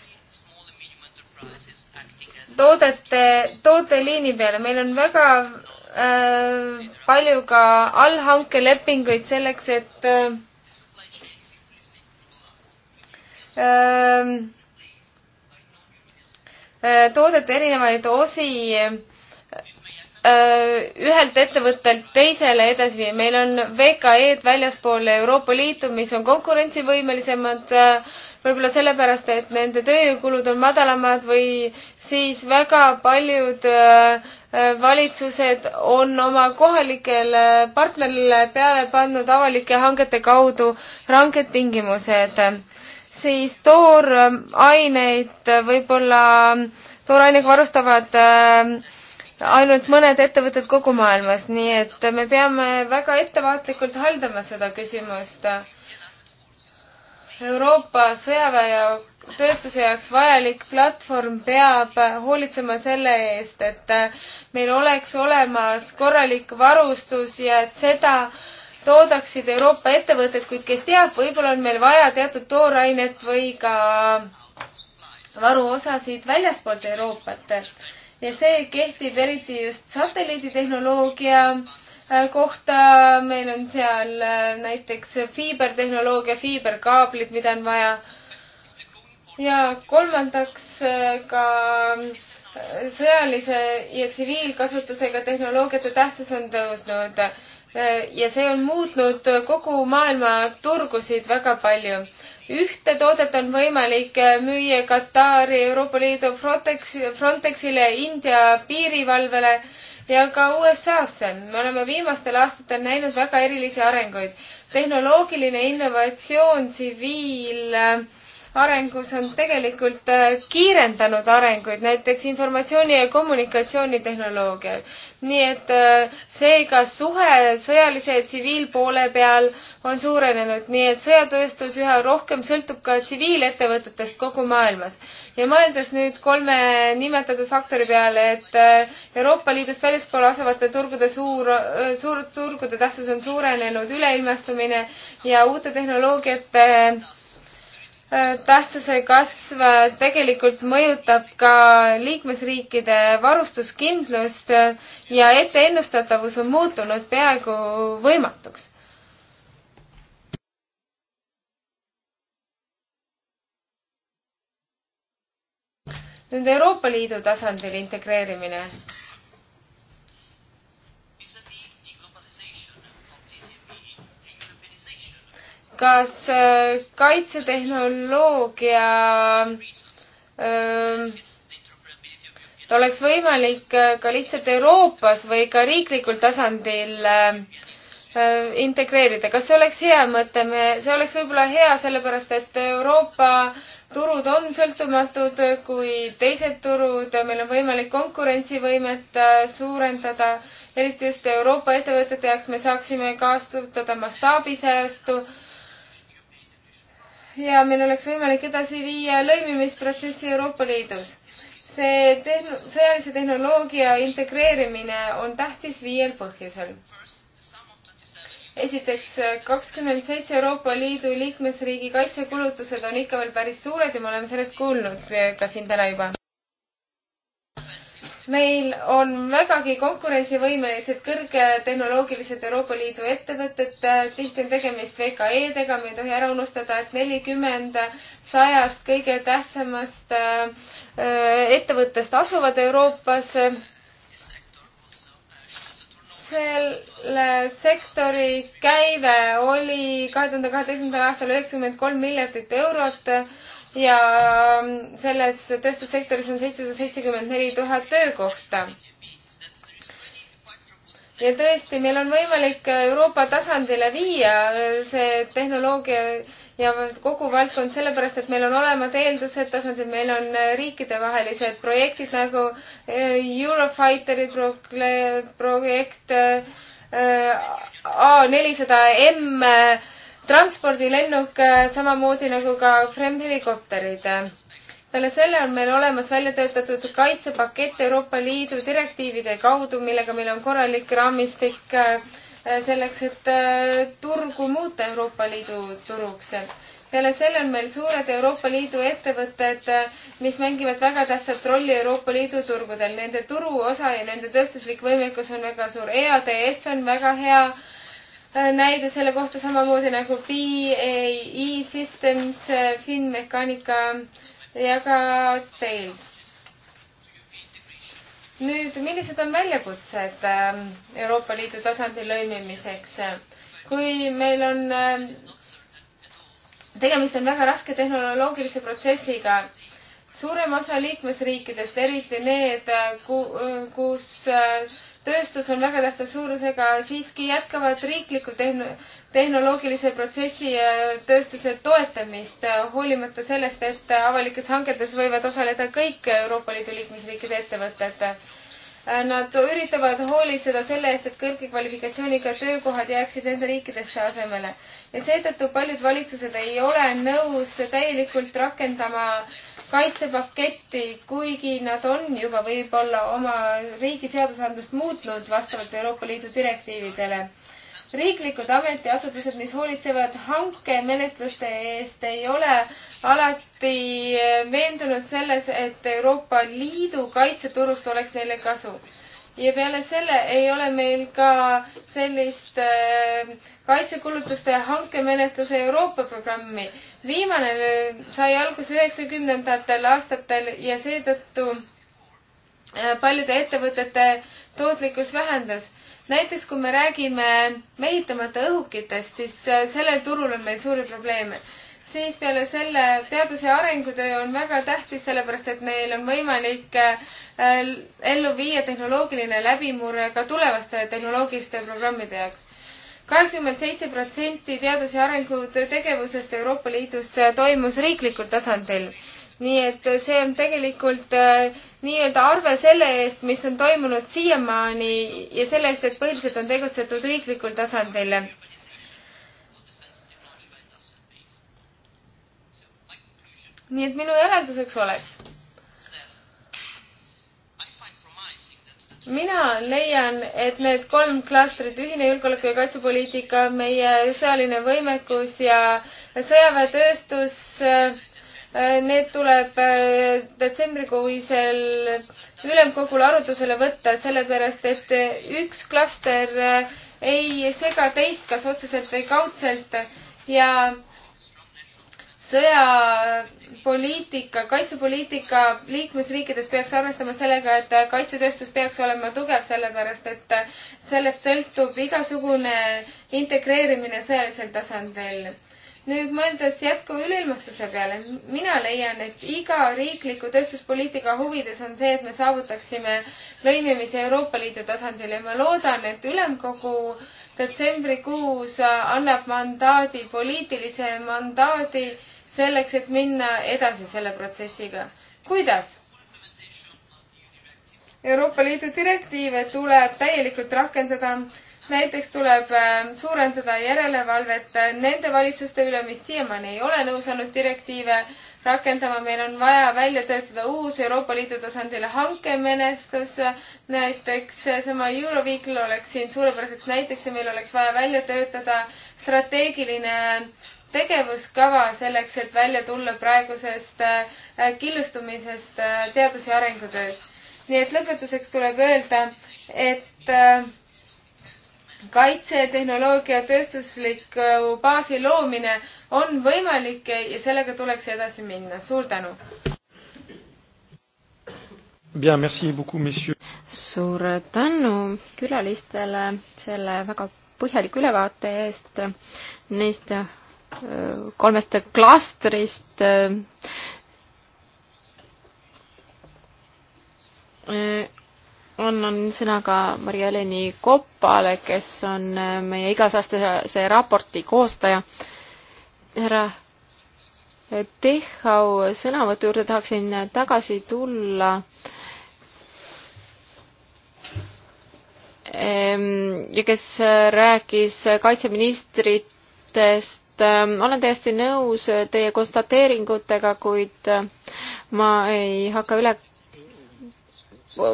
[SPEAKER 4] toodete, tooteliini peale, meil on väga äh, palju ka allhankelepinguid selleks, et äh, äh, äh toodete erinevaid osi äh, ühelt ettevõttelt teisele edasi viia. meil on VKE-d väljaspool Euroopa Liitu, mis on konkurentsivõimelisemad äh, võib-olla sellepärast, et nende tööjõukulud on madalamad või siis väga paljud äh, äh, valitsused on oma kohalikele partnerile peale pannud avalike hangete kaudu ranged tingimused. siis tooraineid äh, võib-olla, toorainega varustavad ainult mõned ettevõtted kogu maailmas, nii et me peame väga ettevaatlikult haldama seda küsimust Euroopa sõjaväe ja tööstuse jaoks vajalik platvorm peab hoolitsema selle eest, et meil oleks olemas korralik varustus ja et seda toodaksid Euroopa ettevõtted, kuid kes teab, võib-olla on meil vaja teatud toorainet või ka varuosasid väljaspoolt Euroopat. ja see kehtib eriti just satelliiditehnoloogia äh, Äh, kohta, meil on seal äh, näiteks fiibertehnoloogia, fiiberkaablid, mida on vaja. ja kolmandaks äh, ka sõjalise ja tsiviilkasutusega tehnoloogiate tähtsus on tõusnud ja see on muutnud kogu maailma turgusid väga palju. ühte toodet on võimalik müüa Katari, Euroopa Liidu Frontex, Frontexile, India piirivalvele ja ka USA-sse. me oleme viimastel aastatel näinud väga erilisi arenguid. tehnoloogiline innovatsioon tsiviilarengus on tegelikult äh, kiirendanud arenguid, näiteks informatsiooni ja kommunikatsioonitehnoloogiad nii et äh, seega suhe sõjalise ja tsiviilpoole peal on suurenenud, nii et sõjatööstus üha rohkem sõltub ka tsiviilettevõtetest kogu maailmas. ja mõeldes nüüd kolme nimetatud faktori peale, et äh, Euroopa Liidust väljaspool asuvate turgude suur, äh, suur turgude tähtsus on suurenenud, üleilmastumine ja uute tehnoloogiate tähtsuse kasv tegelikult mõjutab ka liikmesriikide varustuskindlust ja etteennustatavus on muutunud peaaegu võimatuks. nüüd Euroopa Liidu tasandil integreerimine kas äh, kaitsetehnoloogia öö, ähm, oleks võimalik äh, ka lihtsalt Euroopas või ka riiklikul tasandil äh, integreerida, kas see oleks hea mõte, me, see oleks võib-olla hea sellepärast, et Euroopa turud on sõltumatud kui teised turud, meil on võimalik konkurentsivõimet suurendada, eriti just Euroopa ettevõtete jaoks me saaksime kasutada mastaabisäästu äh, ja meil oleks võimalik edasi viia lõimimisprotsessi Euroopa Liidus. see tehn-, sõjalise tehnoloogia integreerimine on tähtis viiel põhjusel. esiteks, kakskümmend seitse Euroopa Liidu liikmesriigi kaitsekulutused on ikka veel päris suured ja me oleme sellest kuulnud ka siin täna juba meil on vägagi konkurentsivõimelised kõrgetehnoloogilised Euroopa Liidu ettevõtted, tihti on tegemist VKE-dega, me ei tohi ära unustada, et nelikümmend sajast kõige tähtsamast äh, ettevõttest asuvad Euroopas. selle sektori käive oli kahe tuhande kaheteistkümnendal aastal üheksakümmend kolm miljardit eurot ja mm, selles tööstussektoris on seitsesada seitsekümmend neli tuhat töökohta. ja tõesti, meil on võimalik Euroopa tasandile viia see tehnoloogia ja kogu valdkond sellepärast, et meil on olemas eeldused, tasandid, meil on riikidevahelised projektid nagu eh, Eurofighteri projekt eh, A400M transpordilennuk äh, samamoodi nagu ka Fremm helikopterid. peale selle on meil olemas välja töötatud kaitsepakett Euroopa Liidu direktiivide kaudu, millega meil on korralik raamistik äh, selleks, et äh, turgu muuta Euroopa Liidu turuks. peale selle on meil suured Euroopa Liidu ettevõtted, mis mängivad väga tähtsat rolli Euroopa Liidu turgudel. Nende turuosa ja nende tööstuslik võimekus on väga suur. EATS on väga hea äh, Äh, näide selle kohta samamoodi nagu BAE Systems, äh, Finmechaanika ja ka Tails. nüüd, millised on väljakutsed ähm, Euroopa Liidu tasandil lõimimiseks? kui meil on, äh, tegemist on väga raske tehnoloogilise protsessiga, suurem osa liikmesriikidest, eriti need, kus tööstus on väga tähtsa suurusega, siiski jätkavad riikliku tehn-, tehnoloogilise protsessi ja tööstuse toetamist, hoolimata sellest, et avalikes hangetes võivad osaleda kõik Euroopa Liidu liikmesriikide ettevõtted. Nad üritavad hoolitseda selle eest, et kõrge kvalifikatsiooniga töökohad jääksid nende riikidesse asemele ja seetõttu paljud valitsused ei ole nõus täielikult rakendama äh, kaitsepaketti, kuigi nad on juba võib-olla oma riigi seadusandlust muutnud vastavalt Euroopa Liidu direktiividele. riiklikud ametiasutused, mis hoolitsevad hankemenetluste eest, ei ole alati veendunud selles, et Euroopa Liidu kaitseturust oleks neile kasu ja peale selle ei ole meil ka sellist äh, kaitsekulutuste hankemenetluse Euroopa programmi, viimane äh, sai alguse üheksakümnendatel aastatel ja seetõttu äh, paljude ettevõtete tootlikkus vähendas näiteks kui me räägime mehitamata õhukitest, siis äh, sellel turul on meil suuri probleeme. siis peale selle teadus- ja arengutöö on väga tähtis, sellepärast et neil on võimalik ellu viia tehnoloogiline läbimurre ka tulevaste tehnoloogiliste programmide jaoks kaheksakümmend seitse protsenti teadus- ja arengutegevusest Euroopa Liidus äh, toimus riiklikul tasandil. nii et äh, see on tegelikult äh, nii-öelda arve selle eest, mis on toimunud siiamaani ja selle eest, et põhiliselt on tegutsetud riiklikul tasandil. nii et minu järelduseks oleks, mina leian, et need kolm klastrit, ühine julgeoleku ja kaitsepoliitika, meie sõjaline võimekus ja sõjaväetööstus, äh, need tuleb äh, detsembrikuisel ülemkogul arutusele võtta, sellepärast et äh, üks klaster ei sega teist kas otseselt või kaudselt ja sõjapoliitika, kaitsepoliitika liikmesriikides peaks arvestama sellega, et kaitsetööstus peaks olema tugev, sellepärast et sellest sõltub igasugune integreerimine sõjalisel tasandil. nüüd mõeldes jätku üleilmastuse peale, mina leian, et iga riikliku tööstuspoliitika huvides on see, et me saavutaksime lõimimise Euroopa Liidu tasandil ja ma loodan, et ülemkogu detsembrikuus annab mandaadi, poliitilise mandaadi selleks, et minna edasi selle protsessiga. kuidas? Euroopa Liidu direktiive tuleb täielikult rakendada. näiteks tuleb äh, suurendada järelevalvet nende valitsuste üle, mis siiamaani ei ole nõus olnud direktiive rakendama. meil on vaja välja töötada uus Euroopa Liidu tasandil hankemenestus. näiteks seesama Eurovehicle oleks siin suurepäraseks näiteks ja meil oleks vaja välja töötada strateegiline tegevuskava selleks, et välja tulla praegusest äh, killustumisest äh, teadus- ja arengutööst. nii et lõpetuseks tuleb öelda, et äh, kaitsetehnoloogia tööstusliku baasi loomine on võimalik ja sellega tuleks edasi minna. suur tänu!
[SPEAKER 2] Bien, merci beaucoup, messieurs. suur tänu külalistele selle väga põhjaliku ülevaate eest neist kolmest klastrist. annan äh, sõna ka Marieleni Kopale, kes on äh, meie igasaastase raporti koostaja. härra Tehau sõnavõtu juurde tahaksin tagasi tulla ja kes rääkis kaitseministritest Ähm, olen täiesti nõus äh, teie konstateeringutega, kuid äh, ma ei hakka üle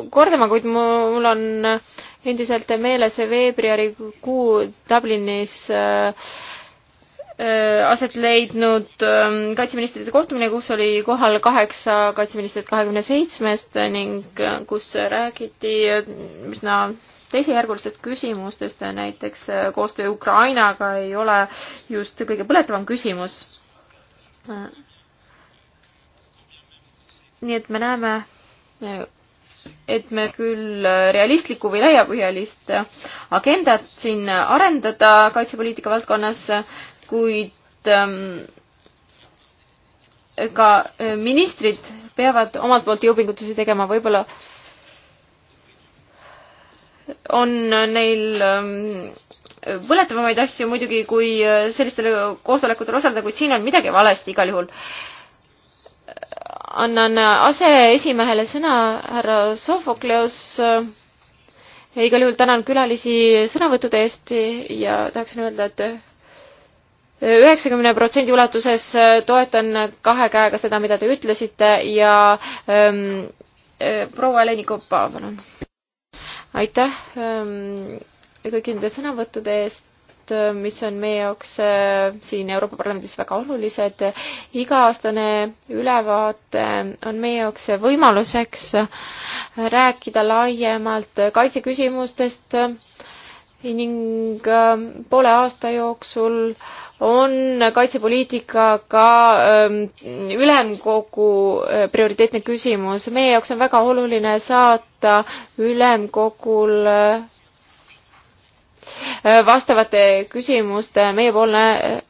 [SPEAKER 2] kordama, kuid mul on äh, endiselt meeles veebruarikuu Dublinis aset leidnud ähm, kaitseministrite kohtumine, kus oli kohal kaheksa kaitseministrit kahekümne seitsmest ning kus räägiti üsna no, teisejärgulistest küsimustest, näiteks äh, koostöö Ukrainaga ei ole just kõige põletavam küsimus. nii et me näeme, et me küll realistlikku või laiapõhjalist agendat siin arendada kaitsepoliitika valdkonnas, kuid ähm, ka ministrid peavad omalt poolt jõupingutusi tegema, võib-olla on neil ähm, põletavamaid asju muidugi, kui äh, sellistel koosolekutel osaleda, kuid siin on midagi valesti igal juhul. annan aseesimehele sõna, härra Sofokleos. Äh, igal juhul tänan külalisi sõnavõttude eest ja tahaksin öelda, et äh, üheksakümne protsendi ulatuses toetan kahe käega seda, mida te ütlesite ja ähm, proua Eleni Kopa, palun aitäh ähm, kõigi nende sõnavõttude eest äh, mis on meie jaoks äh, siin Euroopa Parlamendis väga olulised. iga-aastane ülevaate on meie jaoks võimaluseks rääkida laiemalt kaitseküsimustest ning äh, poole aasta jooksul on kaitsepoliitika ka ähm, ülemkogu äh, prioriteetne küsimus. meie jaoks on väga oluline saata ülemkogul äh, vastavate küsimuste meiepoolne, äh,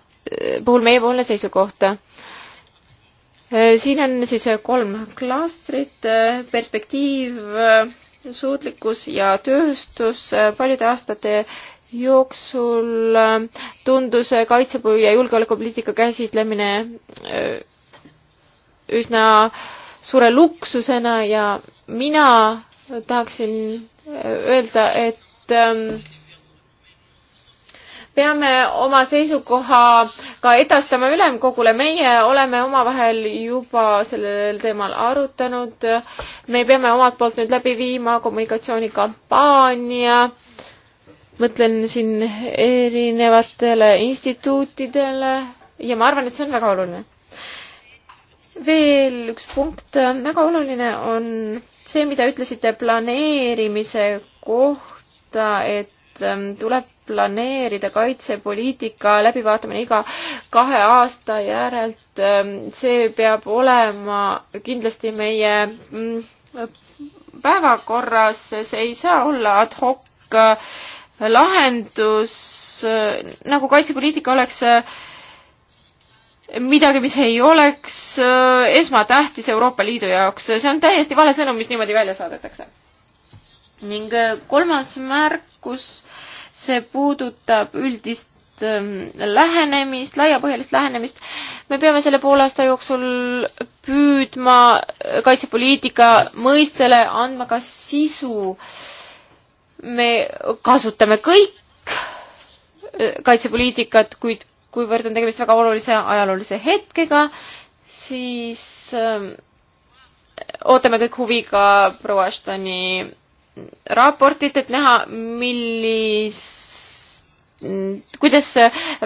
[SPEAKER 2] puhul meiepoolne seisukoht. siin on siis kolm klastrit, perspektiiv, suutlikkus ja tööstus paljude aastate jooksul äh, tundus äh, kaitse- ja julgeolekupoliitika käsitlemine äh, üsna suure luksusena ja mina tahaksin öelda, et ähm, peame oma seisukoha ka edastama ülemkogule, meie oleme omavahel juba sellel teemal arutanud. me peame omalt poolt nüüd läbi viima kommunikatsioonikampaania äh, mõtlen siin erinevatele instituutidele ja ma arvan, et see on väga oluline. veel üks punkt, väga oluline on see, mida ütlesite planeerimise kohta, et ähm, tuleb planeerida kaitsepoliitika läbivaatamine iga kahe aasta järelt. Ähm, see peab olema kindlasti meie mm, päevakorras, see ei saa olla ad hoc äh, lahendus, nagu kaitsepoliitika oleks midagi, mis ei oleks äh, esmatähtis Euroopa Liidu jaoks. see on täiesti vale sõnum, mis niimoodi välja saadetakse. ning äh, kolmas märkus, see puudutab üldist ähm, lähenemist, laiapõhjalist lähenemist. me peame selle poole aasta jooksul püüdma kaitsepoliitika mõistele andma ka sisu äh, me kasutame kõik äh, kaitsepoliitikat, kuid kuivõrd on tegemist väga olulise ajaloolise hetkega, siis öö, ähm, ootame kõik huviga proua Ashtoni raportit, et näha, millis, kuidas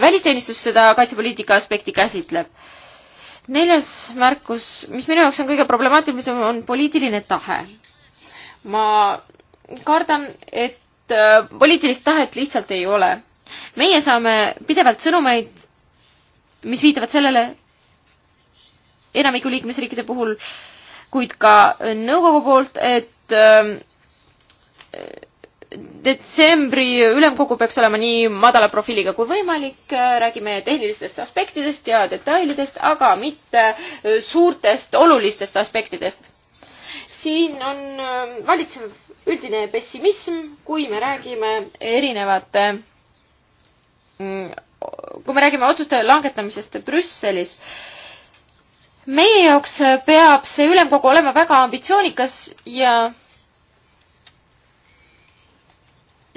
[SPEAKER 2] välisteenistus seda kaitsepoliitika aspekti käsitleb. neljas märkus, mis minu jaoks on kõige problemaatilisem, on poliitiline tahe. ma kardan, et äh, poliitilist tahet lihtsalt ei ole. meie saame pidevalt sõnumeid, mis viitavad sellele enamiku liikmesriikide puhul, kuid ka nõukogu poolt, et äh, detsembri ülemkogu peaks olema nii madala profiiliga kui võimalik, räägime tehnilistest aspektidest ja detailidest, aga mitte suurtest olulistest aspektidest siin on ähm, valitsev üldine pessimism, kui me räägime erinevate, mm, kui me räägime otsuste langetamisest Brüsselis. meie jaoks peab see ülemkogu olema väga ambitsioonikas ja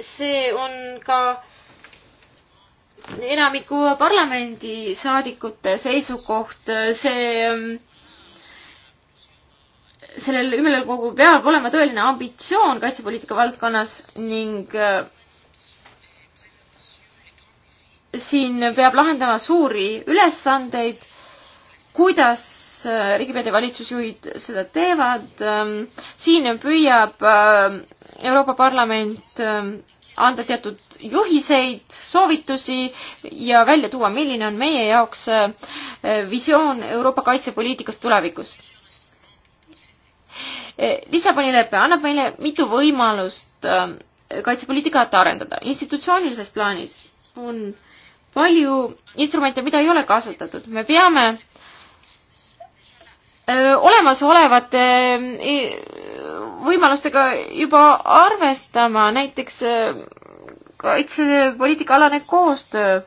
[SPEAKER 2] see on ka enamiku parlamendisaadikute seisukoht, see ähm, sellel ümarlakogu peab olema tõeline ambitsioon kaitsepoliitika valdkonnas ning äh, siin peab lahendama suuri ülesandeid, kuidas äh, riigipead ja valitsusjuhid seda teevad. Ähm, siin püüab äh, Euroopa Parlament anda teatud juhiseid, soovitusi ja välja tuua, milline on meie jaoks visioon Euroopa kaitsepoliitikast tulevikus Eh, Lissaboni lepe annab meile mitu võimalust ähm, kaitsepoliitikat arendada. institutsioonilises plaanis on palju instrumente, mida ei ole kasutatud. me peame äh, olemasolevate äh, võimalustega juba arvestama, näiteks äh, kaitsepoliitika alane koostöö,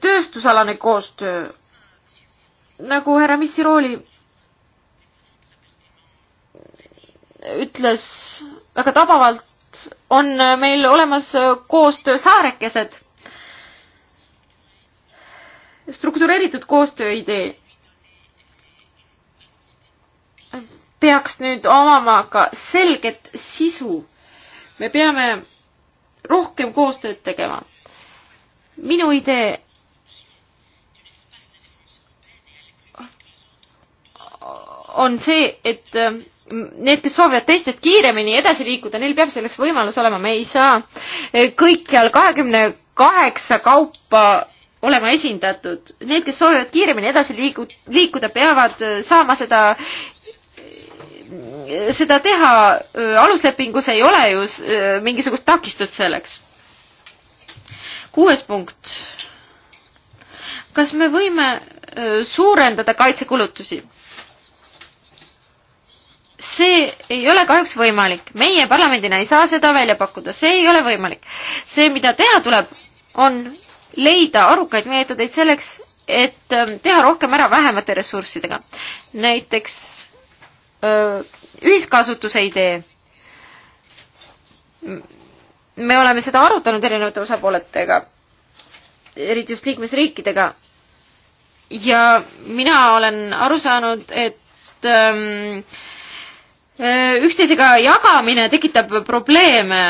[SPEAKER 2] tööstusalane koostöö, nagu härra Missirooli ütles väga tabavalt, on meil olemas koostöö saarekesed. struktureeritud koostöö idee peaks nüüd omama ka selget sisu. me peame rohkem koostööd tegema. minu idee on see, et need, kes soovivad teistest kiiremini edasi liikuda, neil peab selleks võimalus olema, me ei saa kõikjal kahekümne kaheksa kaupa olema esindatud. Need, kes soovivad kiiremini edasi liigu-, liikuda, peavad äh, saama seda, äh, seda teha. Äh, aluslepingus ei ole ju mingisugust takistust selleks. kuues punkt. kas me võime suurendada kaitsekulutusi? see ei ole kahjuks võimalik. meie parlamendina ei saa seda välja pakkuda, see ei ole võimalik. see, mida teha tuleb, on leida arukaid meetodeid selleks, et ähm, teha rohkem ära vähemate ressurssidega. näiteks äh, ühiskasutuse idee. me oleme seda arutanud erinevate osapooletega, eriti just liikmesriikidega. ja mina olen aru saanud, et ähm, Äh, üksteisega jagamine tekitab probleeme.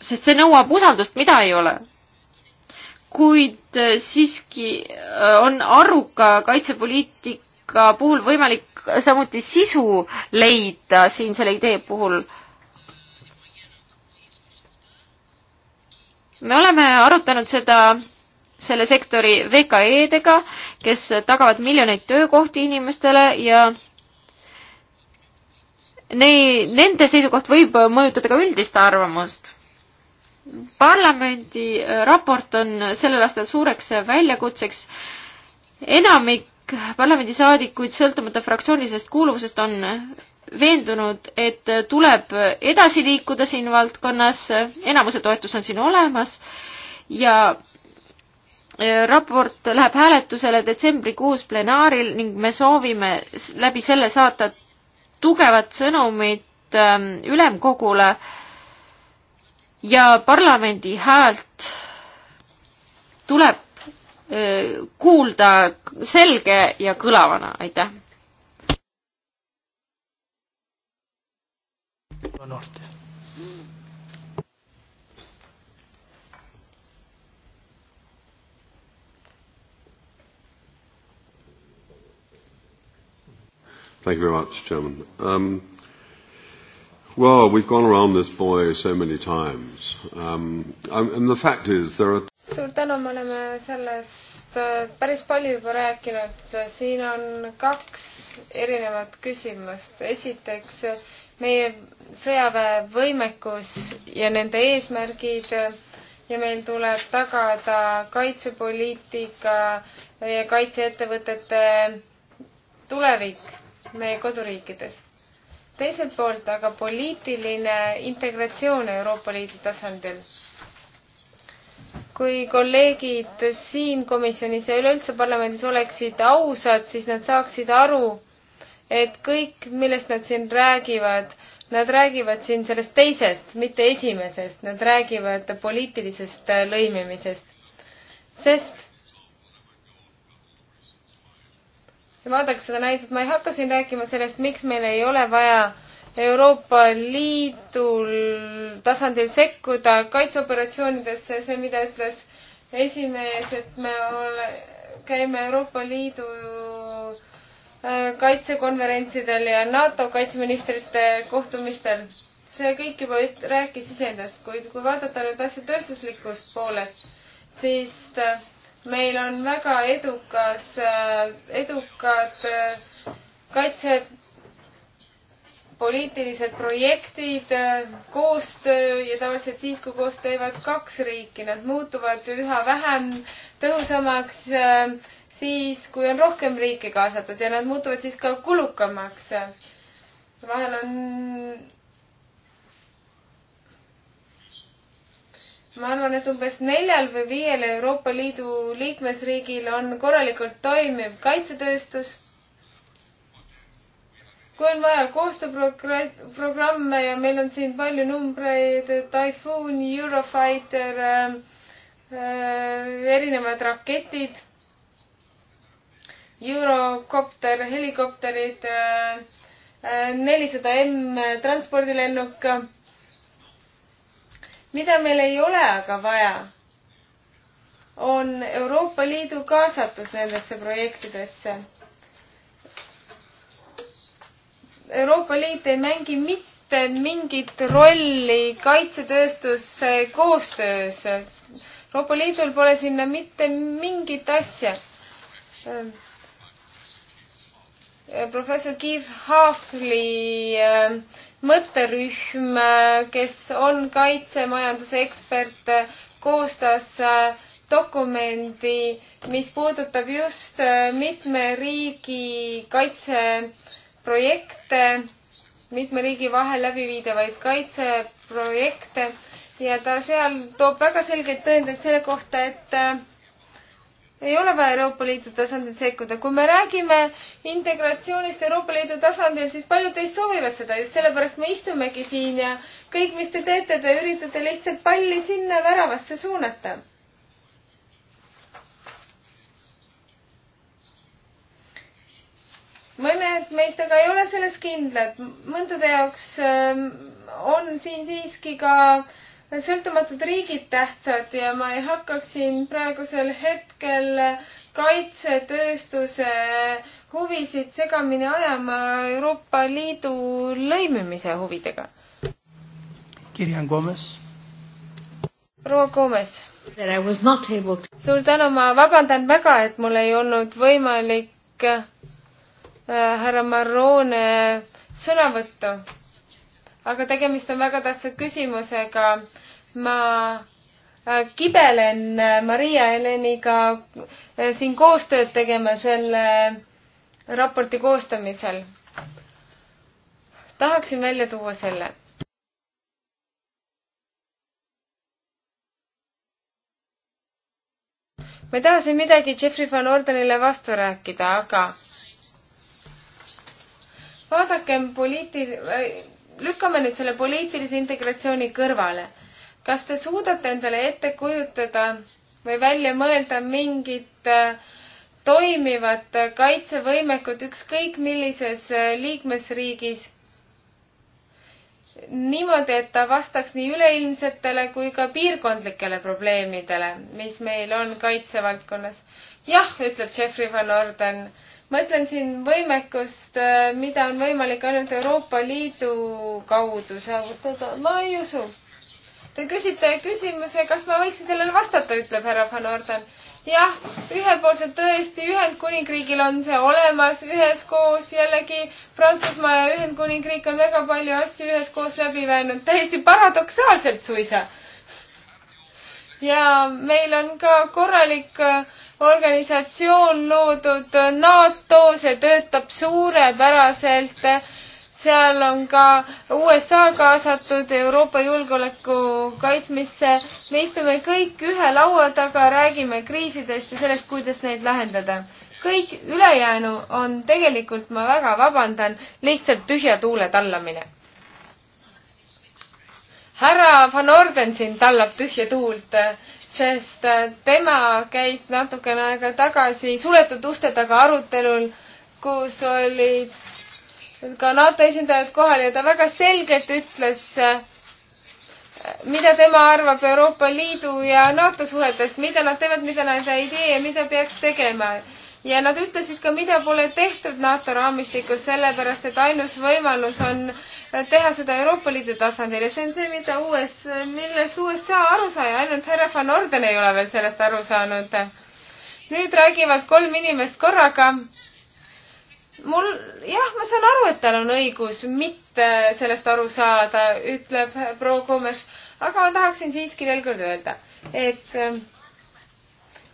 [SPEAKER 2] sest see nõuab usaldust, mida ei ole. kuid äh, siiski äh, on aruka kaitsepoliitika puhul võimalik samuti sisu leida siin selle idee puhul. me oleme arutanud seda selle sektori VKE-dega, kes tagavad miljoneid töökohti inimestele ja Nei, nende seisukoht võib mõjutada ka üldist arvamust. parlamendi äh, raport on sellel aastal suureks väljakutseks. enamik parlamendisaadikuid, sõltumata fraktsioonilisest kuuluvusest, on veendunud, et tuleb edasi liikuda siin valdkonnas, enamuse toetus on siin olemas ja äh, raport läheb hääletusele detsembrikuus plenaaril ning me soovime läbi selle saata tugevat sõnumit ähm, ülemkogule ja parlamendi häält tuleb äh, kuulda selge ja kõlavana, aitäh.
[SPEAKER 4] Norte.
[SPEAKER 3] Thank you very much, Chairman. Um,
[SPEAKER 4] well, we've gone around this boy so many times um,. um and
[SPEAKER 1] the fact is there are
[SPEAKER 4] suur tänu, me oleme sellest äh, päris palju juba rääkinud. siin on kaks erinevat küsimust. esiteks meie sõjaväe võimekus ja nende eesmärgid ja meil tuleb tagada kaitsepoliitika ja kaitseettevõtete tulevik meie koduriikides. teiselt poolt aga poliitiline integratsioon Euroopa Liidu tasandil. kui kolleegid siin komisjonis ja üleüldse parlamendis oleksid ausad, siis nad saaksid aru, et kõik, millest nad siin räägivad, nad räägivad siin sellest teisest, mitte esimesest, nad räägivad poliitilisest lõimimisest. sest vaadake seda näidet, ma ei hakka siin rääkima sellest, miks meil ei ole vaja Euroopa Liidul tasandil sekkuda kaitseoperatsioonidesse, see, mida ütles esimees, et me ole, käime Euroopa Liidu äh, kaitsekonverentsidel ja NATO kaitseministrite kohtumistel. see kõik juba üt-, rääkis iseendast, kuid kui vaadata nüüd asja tööstuslikust poolest, siis äh, meil on väga edukas, edukad äh, kaitsepoliitilised projektid, äh, koostöö ja tavaliselt siis, kui koos teevad kaks riiki, nad muutuvad üha vähem tõhusamaks äh, siis, kui on rohkem riike kaasatud ja nad muutuvad siis ka kulukamaks. vahel on ma arvan, et umbes neljal või viiel Euroopa Liidu liikmesriigil on korralikult toimiv kaitsetööstus. kui on vaja koostööprogramme ja meil on siin palju numbreid, Typhoon, Eurofighter äh,, äh, erinevad raketid, Eurocopter, helikopterid äh,, äh nelisada M transpordilennuk mida meil ei ole aga vaja, on Euroopa Liidu kaasatus nendesse projektidesse. Euroopa Liit ei mängi mitte mingit rolli kaitsetööstuse koostöös. Euroopa Liidul pole sinna mitte mingit asja. professor Keith Hafli äh, mõtterühm, kes on kaitsemajanduse ekspert, koostas äh, dokumendi, mis puudutab just äh, mitme riigi kaitseprojekte, mitme riigi vahel läbiviidavaid kaitseprojekte ja ta seal toob väga selgeid tõendeid selle kohta, et äh, ei ole vaja Euroopa Liidu tasandil sekkuda. kui me räägime integratsioonist Euroopa Liidu tasandil, siis paljud teist soovivad seda, just sellepärast me istumegi siin ja kõik, mis te teete, te üritate lihtsalt palli sinna väravasse suunata. mõned meist aga ei ole selles kindlad, mõndade jaoks ähm, on siin siiski ka äh, sõltumatud riigid tähtsad ja ma ei hakkaks siin praegusel hetkel kaitsetööstuse huvisid segamini ajama Euroopa Liidu lõimimise huvidega.
[SPEAKER 2] Kirjan Gomes.
[SPEAKER 4] proua Gomes. suur tänu, ma vabandan väga, et mul ei olnud võimalik äh, härra Marone sõnavõttu aga tegemist on väga tähtsa küsimusega. ma äh, kibelen äh, Maria Heleniga äh, siin koostööd tegema selle raporti koostamisel. tahaksin välja tuua selle. ma ei taha siin midagi Jeffrey Van Ordenile vastu rääkida, aga vaadakem poliiti-, lükkame nüüd selle poliitilise integratsiooni kõrvale. kas te suudate endale ette kujutada või välja mõelda mingit äh, toimivat äh, kaitsevõimekut ükskõik millises äh, liikmesriigis niimoodi, et ta vastaks nii üleilmsetele kui ka piirkondlikele probleemidele, mis meil on kaitsevaldkonnas. jah, ütleb Jeffrey Van Orden ma ütlen siin võimekust, äh, mida on võimalik ainult Euroopa Liidu kaudu saavutada, ma ei usu. Te küsite küsimuse, kas ma võiksin sellele vastata, ütleb härra Van Orden. jah, ühepoolselt tõesti, Ühendkuningriigil on see olemas üheskoos, jällegi Prantsusmaa ja Ühendkuningriik on väga palju asju üheskoos läbi väinud, täiesti paradoksaalselt suisa. ja meil on ka korralik äh, organisatsioon loodud NATO, see töötab suurepäraselt. seal on ka USA kaasatud Euroopa julgeoleku kaitsmisse. me istume kõik ühe laua taga, räägime kriisidest ja sellest, kuidas neid lahendada. kõik ülejäänu on tegelikult, ma väga vabandan, lihtsalt tühja tuule tallamine härra Van Orden siin tallab tühja tuult sest äh, tema käis natukene aega tagasi suletud uste taga arutelul, kus olid ka NATO esindajad kohal ja ta väga selgelt ütles, äh, mida tema arvab Euroopa Liidu ja NATO suhetest, mida nad teevad, mida nad ei tee ja mida peaks tegema ja nad ütlesid ka, mida pole tehtud NATO raamistikus, sellepärast et ainus võimalus on teha seda Euroopa Liidu tasandil ja see on see, mida US, millest USA aru sai, ainult härra Van Orden ei ole veel sellest aru saanud. nüüd räägivad kolm inimest korraga. mul, jah, ma saan aru, et tal on õigus mitte sellest aru saada, ütleb proua Kumes, aga ma tahaksin siiski veel kord öelda, et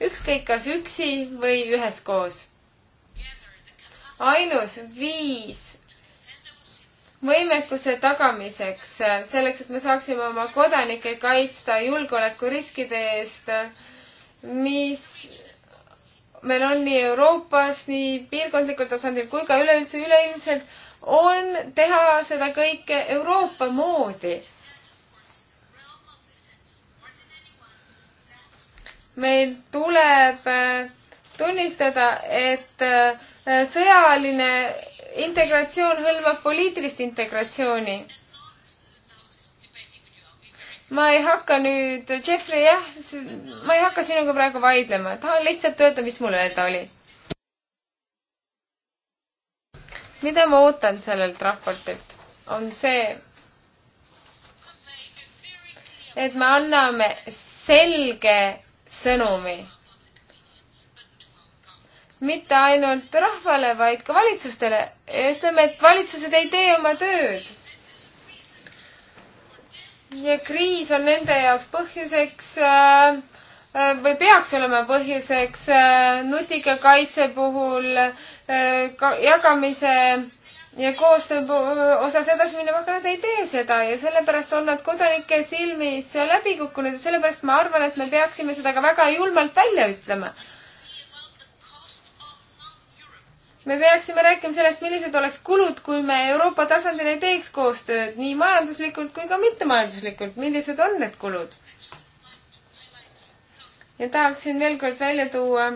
[SPEAKER 4] ükskõik kas üksi või üheskoos. ainus viis võimekuse tagamiseks, selleks, et me saaksime oma kodanikke kaitsta julgeolekuriskide eest, mis meil on nii Euroopas, nii piirkondlikul tasandil kui ka üleüldse üleilmselt, on teha seda kõike Euroopa moodi meil tuleb äh, tunnistada, et äh, sõjaline integratsioon hõlmab poliitilist integratsiooni. ma ei hakka nüüd, Jeffrey, jah, ma ei hakka sinuga praegu vaidlema, tahan lihtsalt öelda, mis mul öelda oli. mida ma ootan sellelt raportilt, on see, et me anname selge sõnumi. mitte ainult rahvale, vaid ka valitsustele. ütleme, et valitsused ei tee oma tööd. ja kriis on nende jaoks põhjuseks äh, äh või peaks olema põhjuseks äh, nutika kaitse puhul äh, jagamise ja koostöö osas edasi minema, aga nad ei tee seda ja sellepärast on nad kodanike silmis läbi kukkunud ja sellepärast ma arvan, et me peaksime seda ka väga julmalt välja ütlema. me peaksime rääkima sellest, millised oleks kulud, kui me Euroopa tasandil ei teeks koostööd nii majanduslikult kui ka mittemajanduslikult, millised on need kulud? ja tahaksin veel kord välja tuua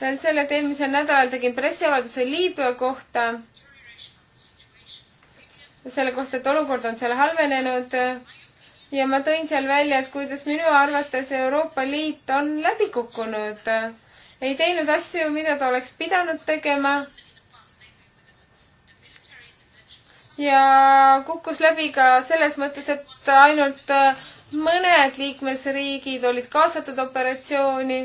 [SPEAKER 4] veel selle, et eelmisel nädalal tegin pressiavalduse Liibüa kohta selle kohta, et olukord on seal halvenenud ja ma tõin seal välja, et kuidas minu arvates Euroopa Liit on läbi kukkunud. ei teinud asju, mida ta oleks pidanud tegema. ja kukkus läbi ka selles mõttes, et ainult mõned liikmesriigid olid kaasatud operatsiooni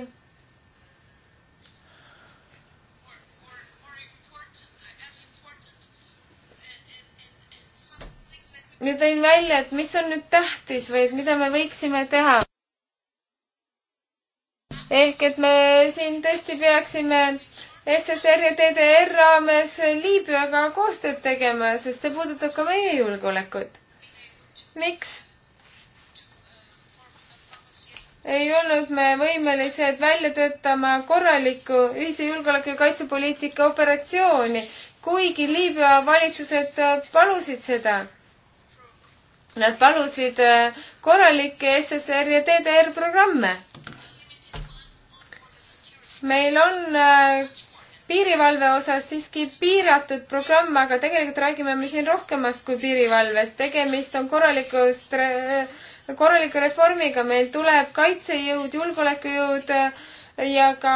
[SPEAKER 4] ma tõin välja, et mis on nüüd tähtis või et mida me võiksime teha. ehk et me siin tõesti peaksime SSR ja DDR raames Liibüaga koostööd tegema, sest see puudutab ka meie julgeolekut. miks? ei olnud me võimelised välja töötama korralikku ühise julgeoleku ja kaitsepoliitika operatsiooni, kuigi Liibüa valitsused palusid seda Nad palusid äh, korralikke SSR ja DDR programme. meil on äh, piirivalve osas siiski piiratud programm, aga tegelikult räägime me siin rohkemast kui piirivalvest. tegemist on korralikust, äh, korraliku reformiga, meil tuleb kaitsejõud, julgeolekujõud ja ka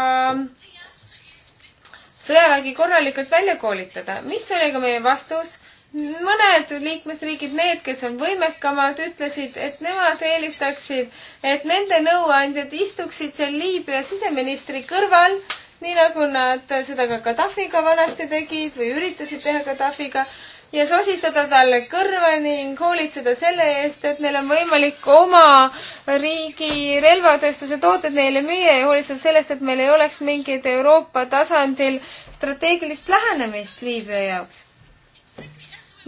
[SPEAKER 4] sõjavägi korralikult välja koolitada. mis oli ka meie vastus? mõned liikmesriigid, need, kes on võimekamad, ütlesid, et nemad eelistaksid, et nende nõuandjad istuksid seal Liibüa siseministri kõrval, nii nagu nad seda ka Gaddafiga vanasti tegid või üritasid teha Gaddafiga ja sosistada talle kõrva ning hoolitseda selle eest, et neil on võimalik oma riigi relvatööstuse tooted neile müüa ja hoolitseda sellest, et meil ei oleks mingit Euroopa tasandil strateegilist lähenemist Liibüa jaoks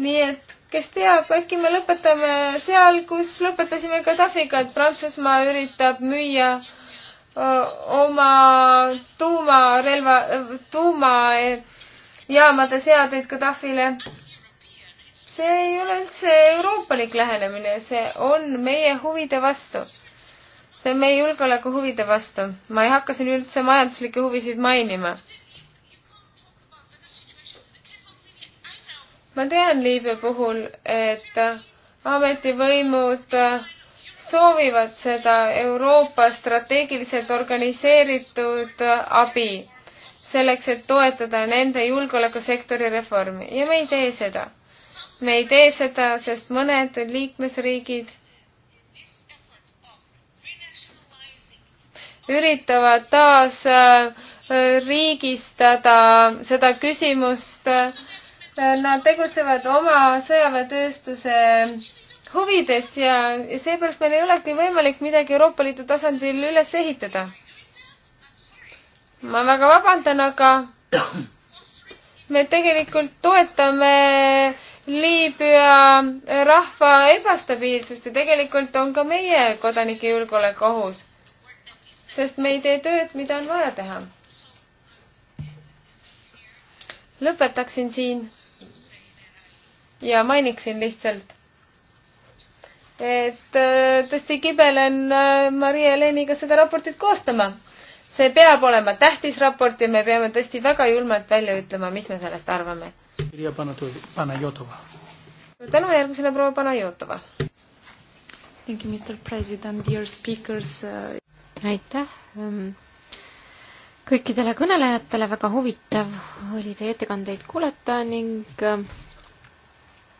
[SPEAKER 4] nii et kes teab, äkki me lõpetame seal, kus lõpetasime Gaddafiga, et Prantsusmaa üritab müüa oma tuumarelva, tuumajaamade seadeid Gaddafile. see ei ole üldse euroopalik lähenemine, see on meie huvide vastu. see on meie julgeoleku huvide vastu. ma ei hakka siin üldse majanduslikke huvisid mainima ma tean Liibüa puhul, et ametivõimud soovivad seda Euroopa strateegiliselt organiseeritud abi selleks, et toetada nende julgeolekusektori reformi ja me ei tee seda. me ei tee seda, sest mõned liikmesriigid üritavad taas äh, riigistada seda küsimust äh, Nad tegutsevad oma sõjaväetööstuse huvides ja, ja seepärast meil ei olegi võimalik midagi Euroopa Liidu tasandil üles ehitada. ma väga vabandan, aga me tegelikult toetame Liibüa rahva ebastabiilsust ja tegelikult on ka meie kodanike julgeolek ohus. sest me ei tee tööd, mida on vaja teha. lõpetaksin siin ja mainiksin lihtsalt, et äh, tõesti kibelen äh, Maria-Heleniga seda raportit koostama. see peab olema tähtis raport ja me peame tõesti väga julmalt välja ütlema, mis me sellest arvame. tänu järgmisele proua Panajotova. Thank you, Mr President, dear speakers. Äh.
[SPEAKER 2] aitäh ähm, kõikidele kõnelejatele, väga huvitav oli teie ettekandeid kuulata ning ähm,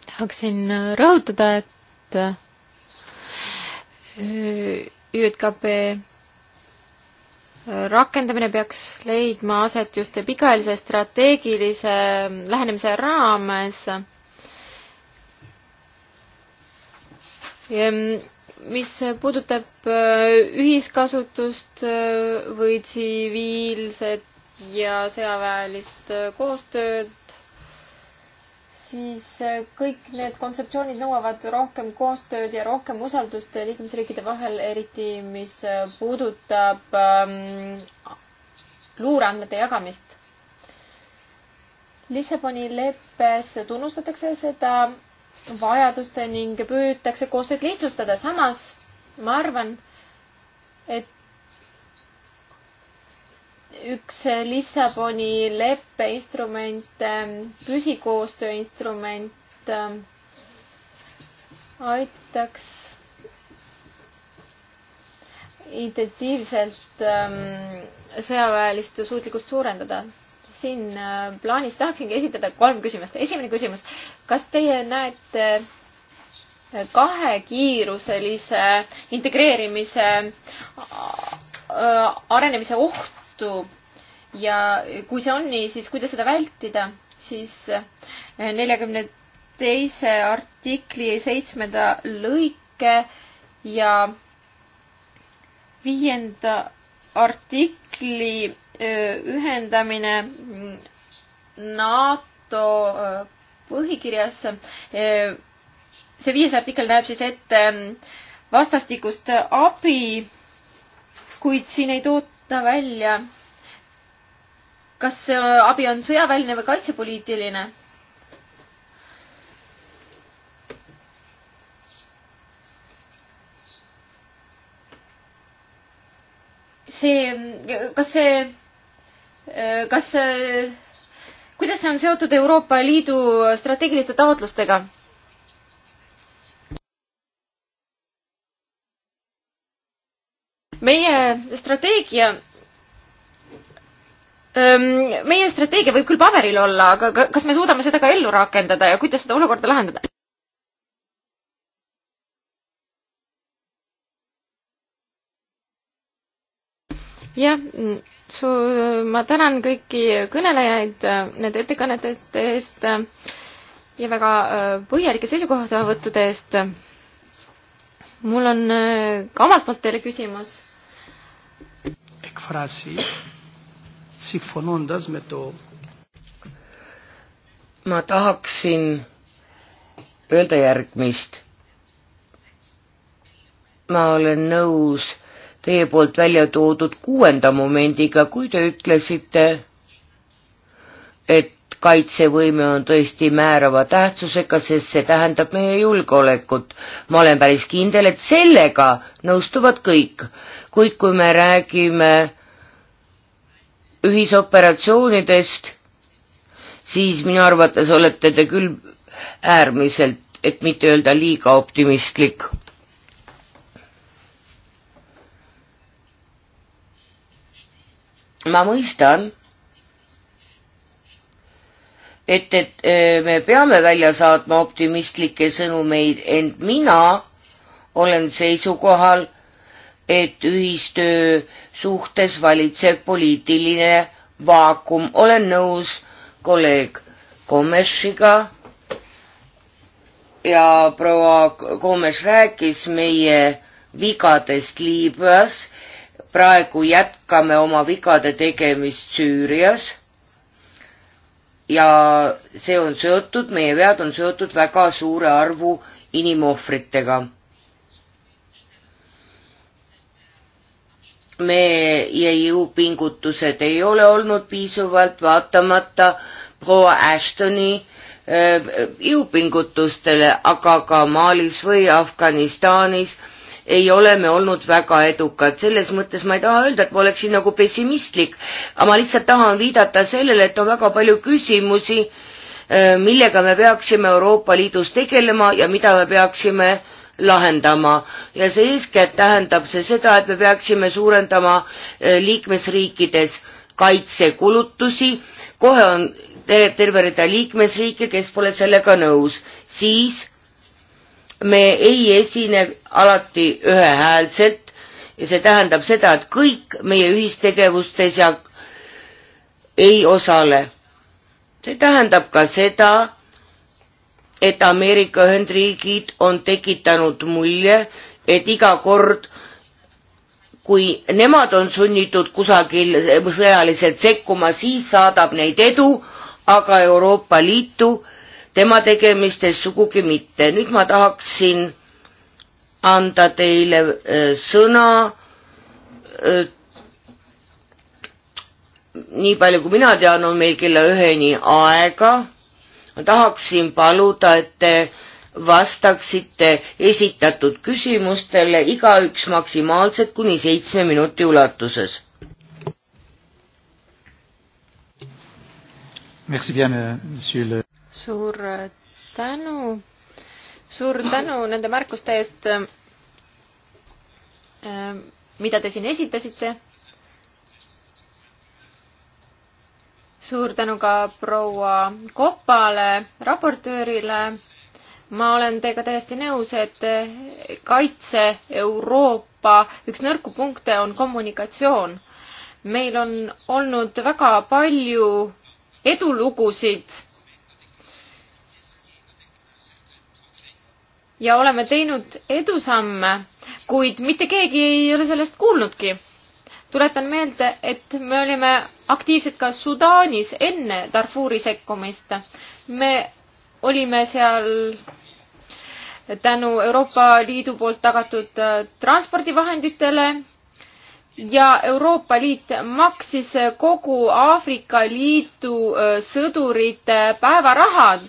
[SPEAKER 2] tahaksin äh, rõhutada, et äh, ÜKP äh, rakendamine peaks leidma aset just pikaajalise strateegilise lähenemise raames. Mm, mis puudutab ühiskasutust või tsiviilset ja sõjaväelist koostööd, siis äh, kõik need kontseptsioonid nõuavad rohkem koostööd ja rohkem usaldust liikmesriikide vahel, eriti mis äh, puudutab ähm, luureandmete jagamist. Lissaboni leppes tunnustatakse seda vajadust ning püütakse koostööd lihtsustada, samas ma arvan, et üks Lissaboni leppe instrument, ähm, püsikoostöö instrument ähm, aitaks intensiivselt ähm, sõjaväelist suutlikkust suurendada. siin äh, plaanis tahaksingi esitada kolm küsimust. esimene küsimus, kas teie näete äh, kahekiiruselise integreerimise äh, arenemise ohtu? vastu ja kui see on nii, siis kuidas seda vältida, siis eh, neljakümne teise artikli seitsmenda lõike ja viienda artikli eh, ühendamine mm, NATO eh, põhikirjas. see viies artikkel näeb siis ette mm, vastastikust abi, kuid siin ei toodud jätta välja, kas see abi on sõjaväeline või kaitsepoliitiline. see, kas see, kas, kuidas see on seotud Euroopa Liidu strateegiliste taotlustega? meie strateegia ähm, meie strateegia võib küll paberil olla, aga kas me suudame seda ka ellu rakendada ja kuidas seda olukorda lahendada? jah, su, ma tänan kõiki kõnelejaid äh, nende ettekannete eest äh, ja väga äh, põhjalike seisukohavõttude eest. mul on ka omalt poolt teile küsimus
[SPEAKER 1] εκφράσει συμφωνώντας με το...
[SPEAKER 3] Ma tahaksin öelda järgmist. Ma olen nõus teie poolt välja toodud kuuenda momendiga, kui te ütlesite, et kaitsevõime on tõesti määrava tähtsusega, sest see tähendab meie julgeolekut. ma olen päris kindel, et sellega nõustuvad kõik, kuid kui me räägime ühisoperatsioonidest, siis minu arvates olete te küll äärmiselt, et mitte öelda liiga optimistlik. ma mõistan et, et eh, me peame välja saatma optimistlikke sõnumeid, ent mina olen seisukohal, et ühistöö suhtes valitseb poliitiline vaakum. olen nõus kolleeg Komešiga ja proua Komes rääkis meie vigadest Liibüas, praegu jätkame oma vigade tegemist Süürias ja see on seotud, meie vead on seotud väga suure arvu inimohvritega. meie jõupingutused ei ole olnud piisavalt, vaatamata proua Ashtoni äh, jõupingutustele, aga ka Malis või Afganistanis äh, ei ole me olnud väga edukad, selles mõttes ma ei taha öelda, et ma oleksin nagu pessimistlik, aga ma lihtsalt tahan viidata sellele, et on väga palju küsimusi, äh, millega me peaksime Euroopa Liidus tegelema ja mida me peaksime lahendama ja see eeskätt tähendab see seda, et me peaksime suurendama äh, liikmesriikides kaitsekulutusi, kohe on terve rida liikmesriike, kes pole sellega nõus, siis me ei esine alati ühehäälselt ja see tähendab seda, et kõik meie ühistegevustes ja ei osale. see tähendab ka seda, et Ameerika Ühendriigid on tekitanud mulje, et iga kord, kui nemad on sunnitud kusagil sõjaliselt sekkuma, siis saadab neid edu, aga Euroopa Liitu äh, tema tegemistes sugugi mitte. nüüd ma tahaksin anda teile äh, sõna äh, nii palju kui mina tean, on meil kella üheni aega. ma tahaksin paluda, et te vastaksite esitatud küsimustele igaüks maksimaalselt kuni seitsme minuti ulatuses
[SPEAKER 2] suur äh, tänu, suur tänu nende märkuste eest, äh, mida te siin esitasite. suur tänu ka proua Kopale, raportöörile. ma olen teiega täiesti nõus, et kaitse Euroopa üks nõrku punkte on kommunikatsioon. meil on olnud väga palju edulugusid ja oleme teinud edusamme, kuid mitte keegi ei ole sellest kuulnudki. tuletan meelde, et me olime aktiivsed ka Sudaanis enne Darfuri sekkumist. me olime seal tänu Euroopa Liidu poolt tagatud äh, transpordivahenditele ja Euroopa Liit maksis kogu Aafrika Liidu äh, sõdurite päevarahad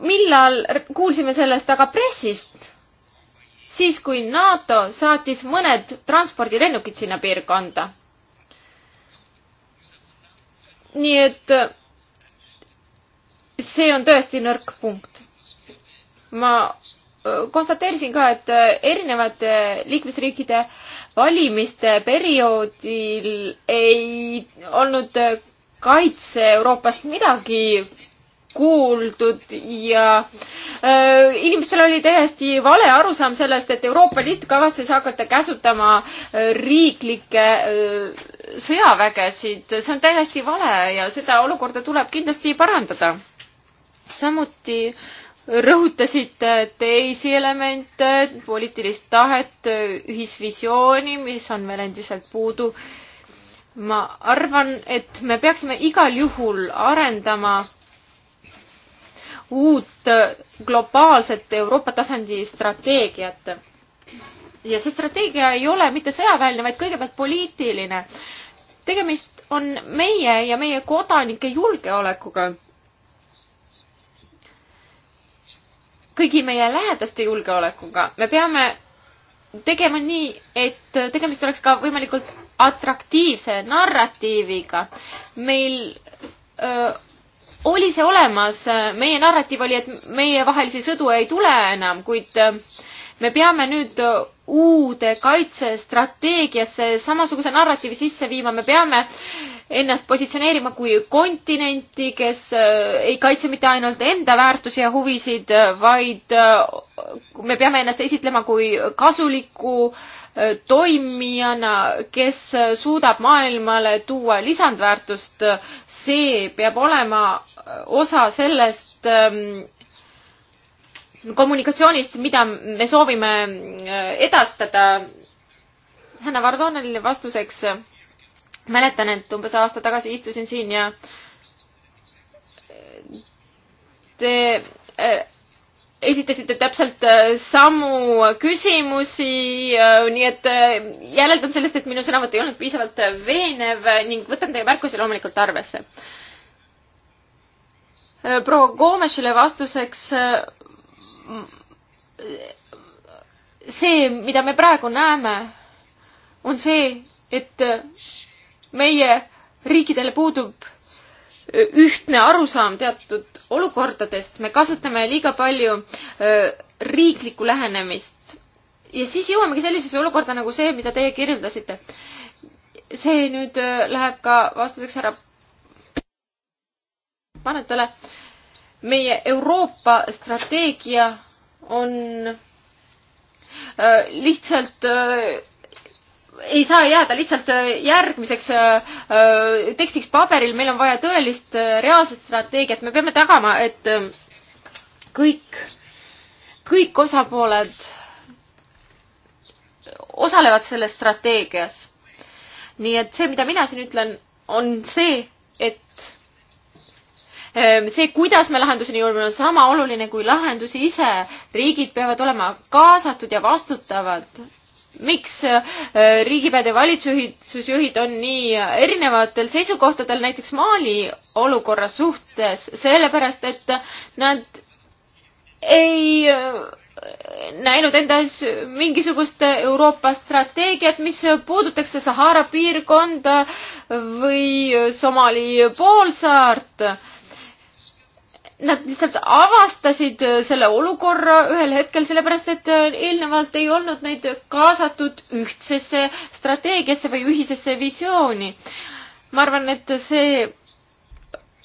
[SPEAKER 2] millal kuulsime sellest aga pressist? siis, kui NATO saatis mõned transpordilennukid sinna piirkonda. nii et see on tõesti nõrk punkt. ma konstateerisin ka, et äh, erinevate liikmesriikide valimiste perioodil ei olnud äh, kaitse Euroopast midagi kuuldud ja äh, inimestel oli täiesti vale arusaam sellest, et Euroopa Liit kavatses hakata käsutama äh, riiklikke äh, sõjavägesid. see on täiesti vale ja seda olukorda tuleb kindlasti parandada. samuti rõhutasite teisi elemente, poliitilist tahet, ühisvisiooni, mis on meil endiselt puudu ma arvan, et me peaksime igal juhul arendama uut globaalset Euroopa tasandi strateegiat. ja see strateegia ei ole mitte sõjaväeline, vaid kõigepealt poliitiline. tegemist on meie ja meie kodanike julgeolekuga. kõigi meie lähedaste julgeolekuga. me peame tegema nii, et tegemist oleks ka võimalikult atraktiivse narratiiviga. meil öö, oli see olemas, meie narratiiv oli, et meievahelisi sõdu ei tule enam, kuid äh, me peame nüüd äh, uude kaitsestrateegiasse samasuguse narratiivi sisse viima, me peame ennast positsioneerima kui kontinenti, kes äh, ei kaitse mitte ainult enda väärtusi ja huvisid, vaid me peame ennast esitlema kui kasulikku äh, Äh, toimijana, kes suudab maailmale tuua lisandväärtust, see peab olema äh, osa sellest ähm, kommunikatsioonist, mida me soovime äh, edastada. Hanna Vardonelile vastuseks mäletan, et umbes aasta tagasi istusin siin ja te esitasite täpselt äh, samu küsimusi, äh, nii et äh, järeldan sellest, et minu sõnavõtt ei olnud piisavalt veenev ning võtan teie märkusi loomulikult arvesse. proua Koomešile vastuseks see, mida me praegu näeme, on see, et meie riikidel puudub ühtne arusaam teatud olukordadest, me kasutame liiga palju riiklikku lähenemist. ja siis jõuamegi sellisesse olukorda nagu see, mida teie kirjeldasite. see nüüd läheb ka vastuseks härra Panetale. meie Euroopa strateegia on lihtsalt ei saa jääda lihtsalt äh, järgmiseks äh, äh, tekstiks paberil, meil on vaja tõelist reaalset strateegiat, me peame tagama, et kõik, kõik osapooled osalevad selles strateegias. nii et see, mida mina siin ütlen, on see, et ähm, see, kuidas me lahenduseni jõuame, on sama oluline kui lahendus ise. riigid peavad olema kaasatud ja vastutavad miks äh, riigipead ja valitsusjuhid on nii erinevatel seisukohtadel näiteks Mali olukorra suhtes, sellepärast et nad ei äh, näinud endas mingisugust Euroopa strateegiat, mis puudutaks Sahara piirkonda või Somali poolsaart nad lihtsalt avastasid äh, selle olukorra ühel hetkel, sellepärast et äh, eelnevalt ei olnud neid kaasatud ühtsesse strateegiasse või ühisesse visiooni. ma arvan, et see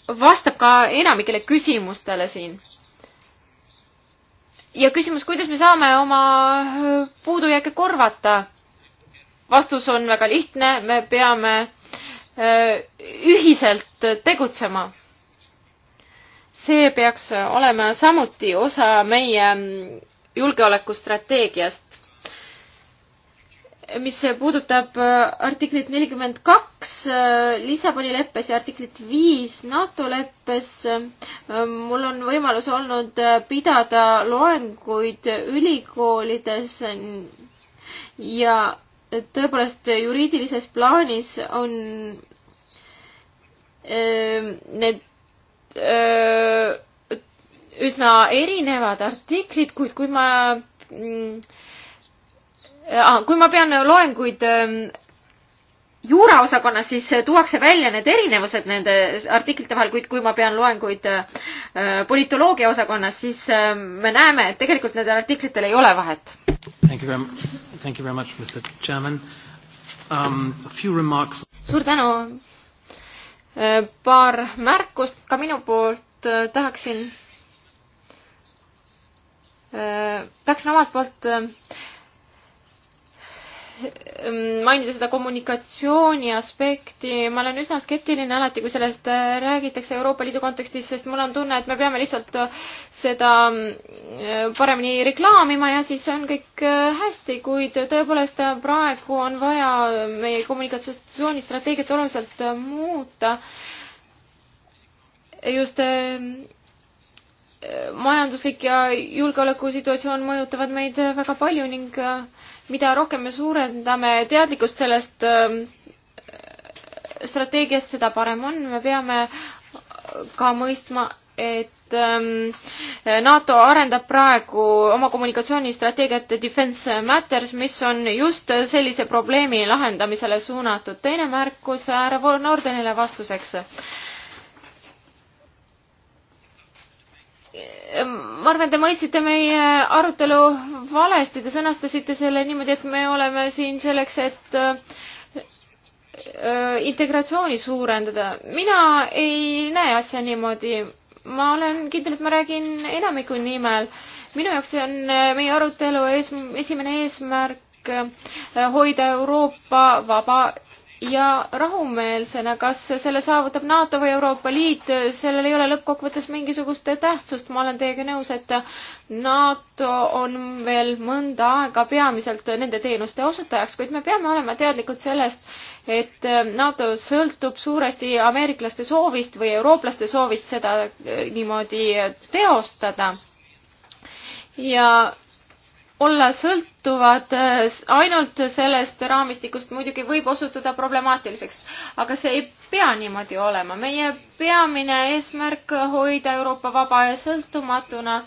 [SPEAKER 2] vastab ka enamikele küsimustele siin. ja küsimus, kuidas me saame oma äh, puudujääke korvata? vastus on väga lihtne, me peame ühiselt tegutsema see peaks olema samuti osa meie julgeolekustrateegiast. mis puudutab äh, artiklit nelikümmend kaks äh, Lissaboni leppes ja artiklit viis NATO leppes, äh, mul on võimalus olnud pidada loenguid ülikoolides ja tõepoolest juriidilises plaanis on need Äh, üsna erinevad artiklid, kuid kui ma, mm, äh, ah, kui ma pean äh, loenguid ähm, juuraosakonnas, siis tuuakse välja need erinevused nende artiklite vahel, kuid kui ma pean loenguid politoloogia osakonnas, siis ähm, me näeme, et tegelikult nendel artiklitel ei ole vahet. Um, suur tänu, Äh, paar märkust ka minu poolt äh, tahaksin, äh, tahaksin omalt poolt Ehm, mainida seda kommunikatsiooni aspekti, ma olen üsna skeptiline alati, kui sellest äh, räägitakse Euroopa Liidu kontekstis, sest mul on tunne, et me peame lihtsalt äh, seda äh, paremini reklaamima ja siis on kõik hästi, kuid tõepoolest praegu on vaja meie kommunikatsioonistrateegiat oluliselt muuta. just majanduslik ja julgeolekusituatsioon mõjutavad meid väga palju ning äh, mida rohkem me suurendame teadlikkust sellest ähm, strateegiast, seda parem on, me peame ka mõistma, et ähm, NATO arendab praegu oma kommunikatsioonistrateegiat Defense Matters, mis on just sellise probleemi lahendamisele suunatud. teine märkus härra Nordenile vastuseks ma arvan, te mõistsite meie arutelu valesti, te sõnastasite selle niimoodi, et me oleme siin selleks, et äh, integratsiooni suurendada. mina ei näe asja niimoodi. ma olen kindel, et ma räägin enamiku nimel. minu jaoks on äh, meie arutelu ees, esimene eesmärk äh, hoida Euroopa vaba ja rahumeelsena, kas selle saavutab NATO või Euroopa Liit, sellel ei ole lõppkokkuvõttes mingisugust tähtsust, ma olen teiega nõus, et NATO on veel mõnda aega peamiselt nende teenuste osutajaks, kuid me peame olema teadlikud sellest, et NATO sõltub suuresti ameeriklaste soovist või eurooplaste soovist seda niimoodi teostada. ja olla sõltuvad äh, ainult sellest raamistikust muidugi võib osutuda problemaatiliseks, aga see ei pea niimoodi olema. meie peamine eesmärk hoida Euroopa vaba ja sõltumatuna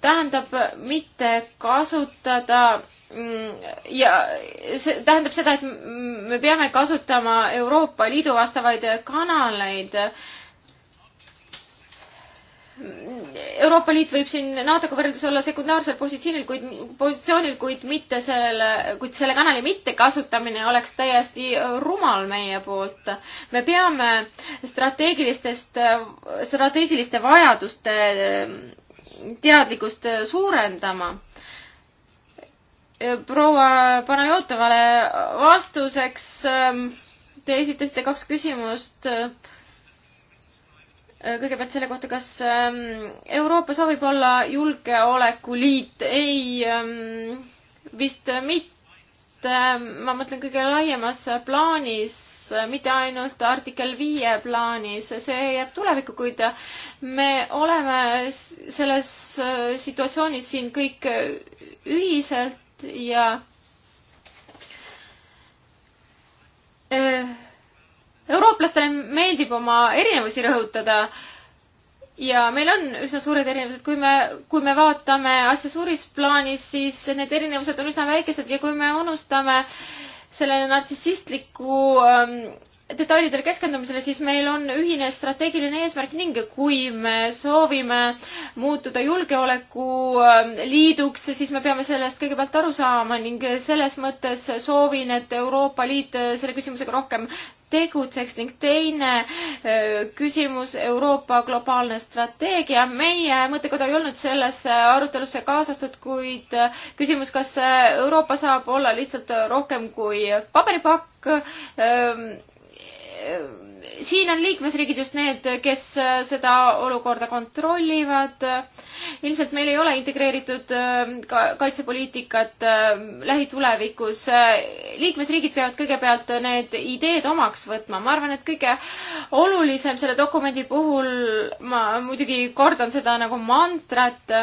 [SPEAKER 2] tähendab mitte kasutada mm, ja see tähendab seda, et me peame kasutama Euroopa Liidu vastavaid kanaleid Euroopa Liit võib siin NATO-ga võrreldes olla sekundaarsel positsioonil, kuid, positsioonil, kuid mitte selle, kuid selle kanali mittekasutamine oleks täiesti rumal meie poolt. me peame strateegilistest, strateegiliste vajaduste teadlikkust suurendama. proua Panajotovale vastuseks, ähm, te esitasite kaks küsimust äh, Äh, kõigepealt selle kohta, kas ähm, Euroopa soovib olla julgeolekuliit? ei, ähm, vist mitte. ma mõtlen kõige laiemas plaanis, äh, mitte ainult artikkel viie plaanis, see jääb tulevikku, kuid me oleme selles äh, situatsioonis siin kõik ühiselt ja öö, eurooplastele meeldib oma erinevusi rõhutada ja meil on üsna suured erinevused, kui me, kui me vaatame asja suures plaanis, siis need erinevused on üsna väikesed ja kui me unustame selle nartsissistliku ähm, detailidele keskendumisele, siis meil on ühine strateegiline eesmärk ning kui me soovime muutuda julgeolekuliiduks, ähm, siis me peame sellest kõigepealt aru saama ning selles mõttes soovin, et Euroopa Liit äh, selle küsimusega rohkem tegutseks ning teine äh, küsimus, Euroopa globaalne strateegia. meie mõttekoda ei olnud sellesse arutelusse kaasatud, kuid äh, küsimus, kas Euroopa saab olla lihtsalt rohkem kui paberipakk ähm, siin on liikmesriigid just need, kes äh, seda olukorda kontrollivad. ilmselt meil ei ole integreeritud äh, kaitsepoliitikat äh, lähitulevikus. liikmesriigid peavad kõigepealt need ideed omaks võtma. ma arvan, et kõige olulisem selle dokumendi puhul, ma muidugi kordan seda nagu mantrat,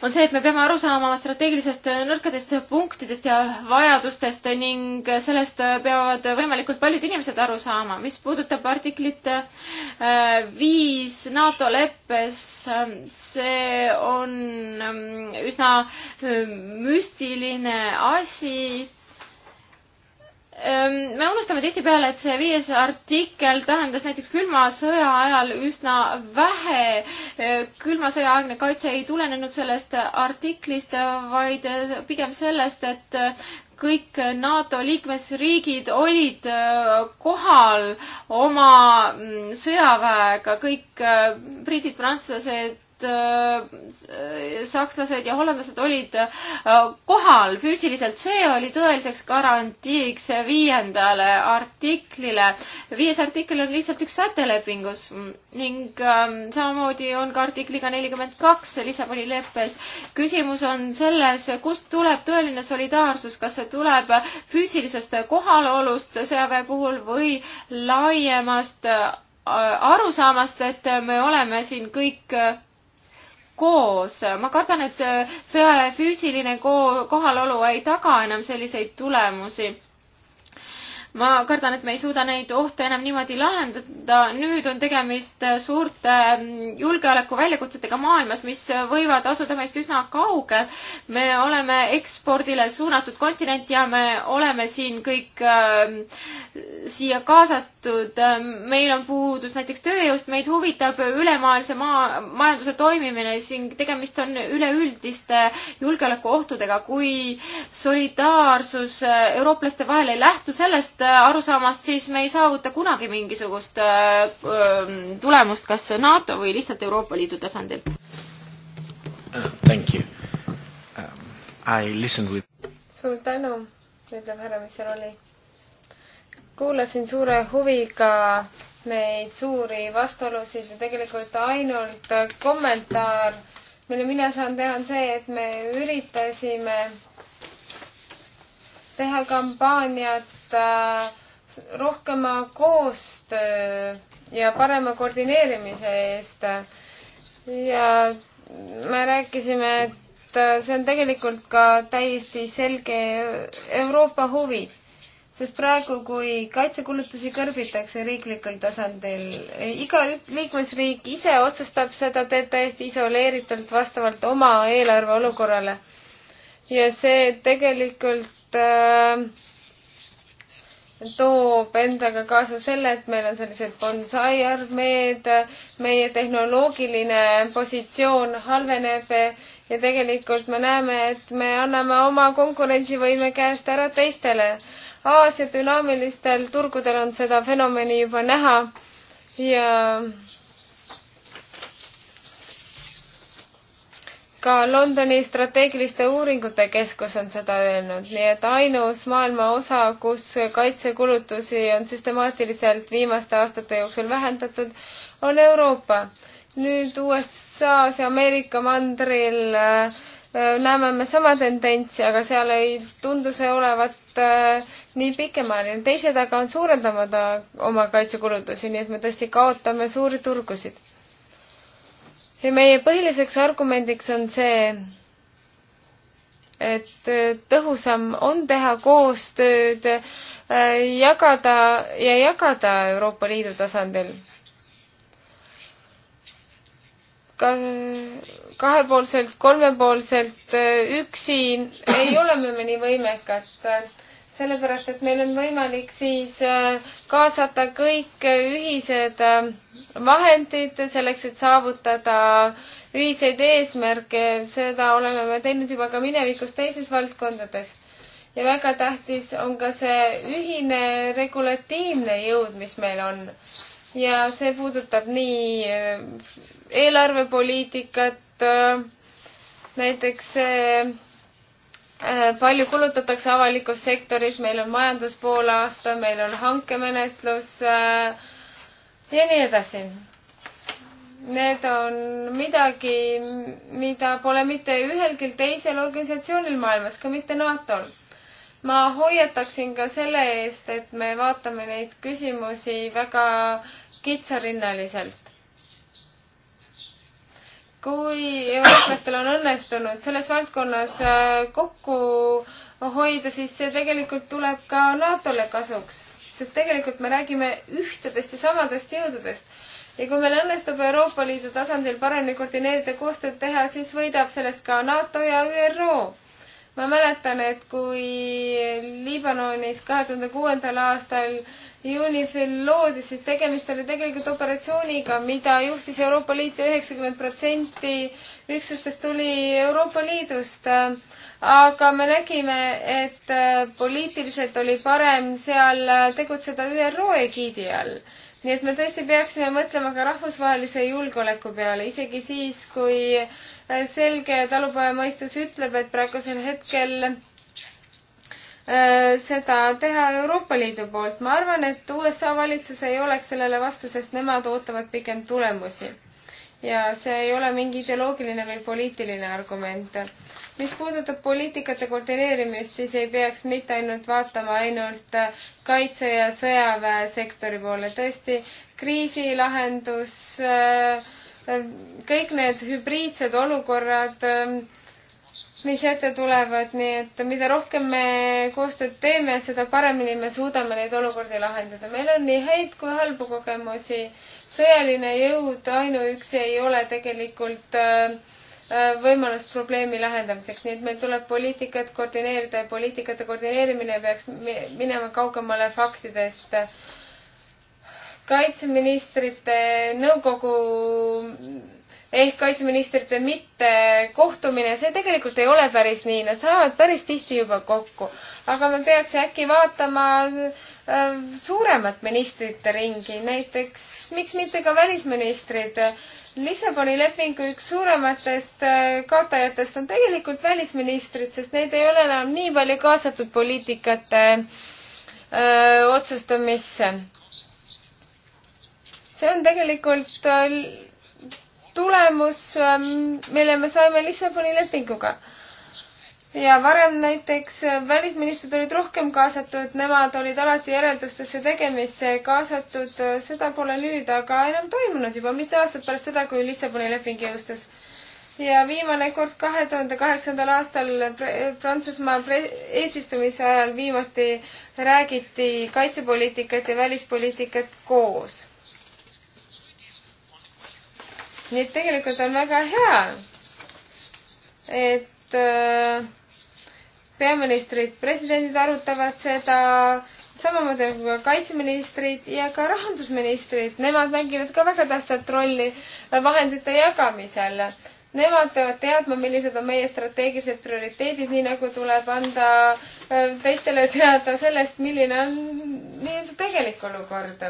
[SPEAKER 2] on see, et me peame aru saama oma strateegilisest nõrkadest punktidest ja vajadustest ning sellest peavad võimalikult paljud inimesed aru saama. mis puudutab artiklit äh, viis NATO leppes, see on ähm, üsna äh, müstiline asi me unustame tihtipeale, et see viies artikkel tähendas näiteks külma sõja ajal üsna vähe. külma sõja aegne kaitse ei tulenenud sellest artiklist, vaid pigem sellest, et kõik NATO liikmesriigid olid kohal oma mm, sõjaväega, kõik britid, prantslased, sest äh, sakslased ja hollandlased olid äh, kohal füüsiliselt, see oli tõeliseks garantiiks viiendale artiklile. viies artikkel on lihtsalt üks säte lepingus ning ähm, samamoodi on ka artikliga nelikümmend kaks Lissaboni leppes. küsimus on selles, kust tuleb tõeline solidaarsus, kas see tuleb füüsilisest kohalolust sõjaväe puhul või laiemast äh, arusaamast, et me oleme siin kõik koos. ma kardan, et äh, sõjaväe füüsiline kohalolu ei taga enam selliseid tulemusi ma kardan, et me ei suuda neid ohte enam niimoodi lahendada. nüüd on tegemist suurte mm, julgeolekuväljakutsetega maailmas, mis võivad asuda meist üsna kaugel. me oleme ekspordile suunatud kontinent ja me oleme siin kõik äh, siia kaasatud. meil on puudus näiteks tööjõust, meid huvitab ülemaailmse maa, majanduse toimimine. siin tegemist on üleüldiste julgeolekuohtudega, kui solidaarsus eurooplaste vahel ei lähtu sellest, Äh, arusaamast, siis me ei saavuta kunagi mingisugust äh, ähm, tulemust, kas NATO või lihtsalt Euroopa Liidu tasandil.
[SPEAKER 1] Thank you um,. I listened with.
[SPEAKER 4] suur tänu, ütleb härra Misseroli. kuulasin suure huviga neid suuri vastuolusid ja tegelikult ainult kommentaar, mille mina saan teha, on see, et me üritasime teha kampaaniat kohta rohkema koostöö ja parema koordineerimise eest. ja me rääkisime, et see on tegelikult ka täiesti selge Euroopa huvi, sest praegu, kui kaitsekulutusi kõrbitakse riiklikul tasandil, iga liikmesriik ise otsustab seda, teeb täiesti isoleeritult vastavalt oma eelarve olukorrale. ja see tegelikult äh, toob endaga kaasa selle, et meil on sellised bonsai armeed, meie tehnoloogiline positsioon halveneb ja tegelikult me näeme, et me anname oma konkurentsivõime käest ära teistele. Aasia dünaamilistel turgudel on seda fenomeni juba näha ja ka Londoni strateegiliste uuringute keskus on seda öelnud, nii et ainus maailma osa, kus kaitsekulutusi on süstemaatiliselt viimaste aastate jooksul vähendatud, on Euroopa. nüüd USA-s ja Ameerika mandril äh, näeme me sama tendentsi, aga seal ei tundu see olevat äh, nii pikemaajaline. teised aga on suurendanud äh, oma kaitsekulutusi, nii et me tõesti kaotame suuri turgusid meie põhiliseks argumendiks on see, et tõhusam on teha koostööd, äh, jagada ja jagada Euroopa Liidu tasandil. ka kahepoolselt, kolmepoolselt, äh, üksi ei ole me nii võimekad sellepärast et meil on võimalik siis äh, kaasata kõik äh, ühised äh, vahendid selleks, et saavutada ühiseid eesmärke, seda oleme me teinud juba ka minevikus teistes valdkondades. ja väga tähtis on ka see ühine regulatiivne jõud, mis meil on. ja see puudutab nii eelarvepoliitikat, näiteks Äh, palju kulutatakse avalikus sektoris, meil on majandus poole aasta, meil on hankemenetlus äh, ja nii edasi. Need on midagi, mida pole mitte ühelgi teisel organisatsioonil maailmas, ka mitte NATO-l. ma hoiataksin ka selle eest, et me vaatame neid küsimusi väga kitsarinnaliselt kui eurooplastel on õnnestunud selles valdkonnas äh, kokku hoida, siis see tegelikult tuleb ka NATO-le kasuks, sest tegelikult me räägime ühtedest ja samadest jõududest ja kui meil õnnestub Euroopa Liidu tasandil paremini koordineerida, koostööd teha, siis võidab sellest ka NATO ja ÜRO ma mäletan, et kui Liibanonis kahe tuhande kuuendal aastal UNIFIL loodi, siis tegemist oli tegelikult operatsiooniga, mida juhtis Euroopa Liit ja üheksakümmend protsenti üksustest tuli Euroopa Liidust. aga me nägime, et poliitiliselt oli parem seal tegutseda ÜRO egiidi all nii et me tõesti peaksime mõtlema ka rahvusvahelise julgeoleku peale, isegi siis, kui selge talupojamõistus ütleb, et praegusel hetkel äh, seda teha Euroopa Liidu poolt. ma arvan, et USA valitsus ei oleks sellele vastu, sest nemad ootavad pigem tulemusi. ja see ei ole mingi ideoloogiline või poliitiline argument. mis puudutab poliitikate koordineerimist, siis ei peaks mitte ainult vaatama ainult äh, kaitse- ja sõjaväesektori poole. tõesti, kriisilahendus äh, kõik need hübriidsed olukorrad, ähm, mis ette tulevad, nii et mida rohkem me koostööd teeme, seda paremini me suudame neid olukordi lahendada. meil on nii häid kui halbu kogemusi. sõjaline jõud ainuüksi ei ole tegelikult äh, äh, võimalus probleemi lahendamiseks, nii et meil tuleb poliitikat koordineerida ja poliitikate koordineerimine peaks minema kaugemale faktidest kaitseministrite nõukogu ehk kaitseministrite mittekohtumine, see tegelikult ei ole päris nii, nad saavad päris tihti juba kokku. aga me peaks äkki vaatama äh, suuremat ministrite ringi, näiteks miks mitte ka välisministrid. Lissaboni lepingu üks suurematest äh, kaotajatest on tegelikult välisministrid, sest neid ei ole enam nii palju kaasatud poliitikate öö, äh, otsustamisse see on tegelikult äh, tulemus, ähm, mille me saime Lissaboni lepinguga. ja varem näiteks äh, välisministrid olid rohkem kaasatud, nemad olid alati järeldustesse tegemisse kaasatud, äh, seda pole nüüd aga enam toimunud juba mitu aastat pärast seda, kui Lissaboni leping jõustus. ja viimane kord kahe tuhande kaheksandal aastal Prantsusmaa eesistumise ajal viimati räägiti kaitsepoliitikat ja välispoliitikat koos nii et tegelikult on väga hea, et äh, peaministrid, presidendid arutavad seda, samamoodi nagu ka kaitseministrid ja ka rahandusministrid, nemad mängivad ka väga tähtsat rolli vahendite jagamisel. Nemad peavad teadma, millised on meie strateegilised prioriteedid, nii nagu tuleb anda äh, teistele teada sellest, milline on nii-öelda tegelik olukord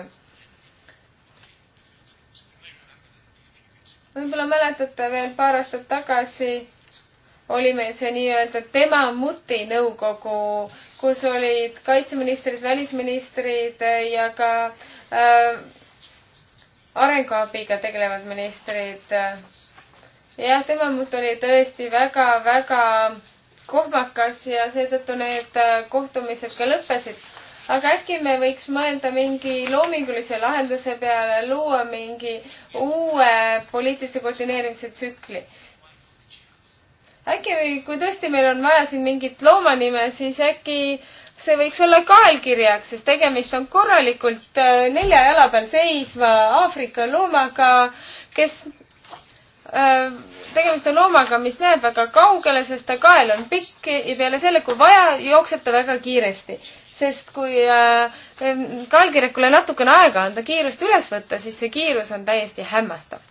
[SPEAKER 4] võib-olla mäletate veel paar aastat tagasi oli meil see nii-öelda tema muti nõukogu, kus olid kaitseministrid, välisministrid ja ka äh, arenguabiga tegelevad ministrid. jah, tema mutt oli tõesti väga-väga kohmakas ja seetõttu need kohtumised ka lõppesid aga äkki me võiks mõelda mingi loomingulise lahenduse peale, luua mingi uue poliitilise koordineerimise tsükli. äkki, kui tõesti meil on vaja siin mingit loomanime, siis äkki see võiks olla kaelkirjaks, sest tegemist on korralikult äh, nelja jala peal seisva Aafrika loomaga, kes äh, tegemist on loomaga, mis näeb väga kaugele, sest ta kael on pikk ja peale selle, kui vaja, jookseb ta väga kiiresti sest kui äh, kalgirekule natukene aega anda kiirust üles võtta, siis see kiirus on täiesti hämmastav.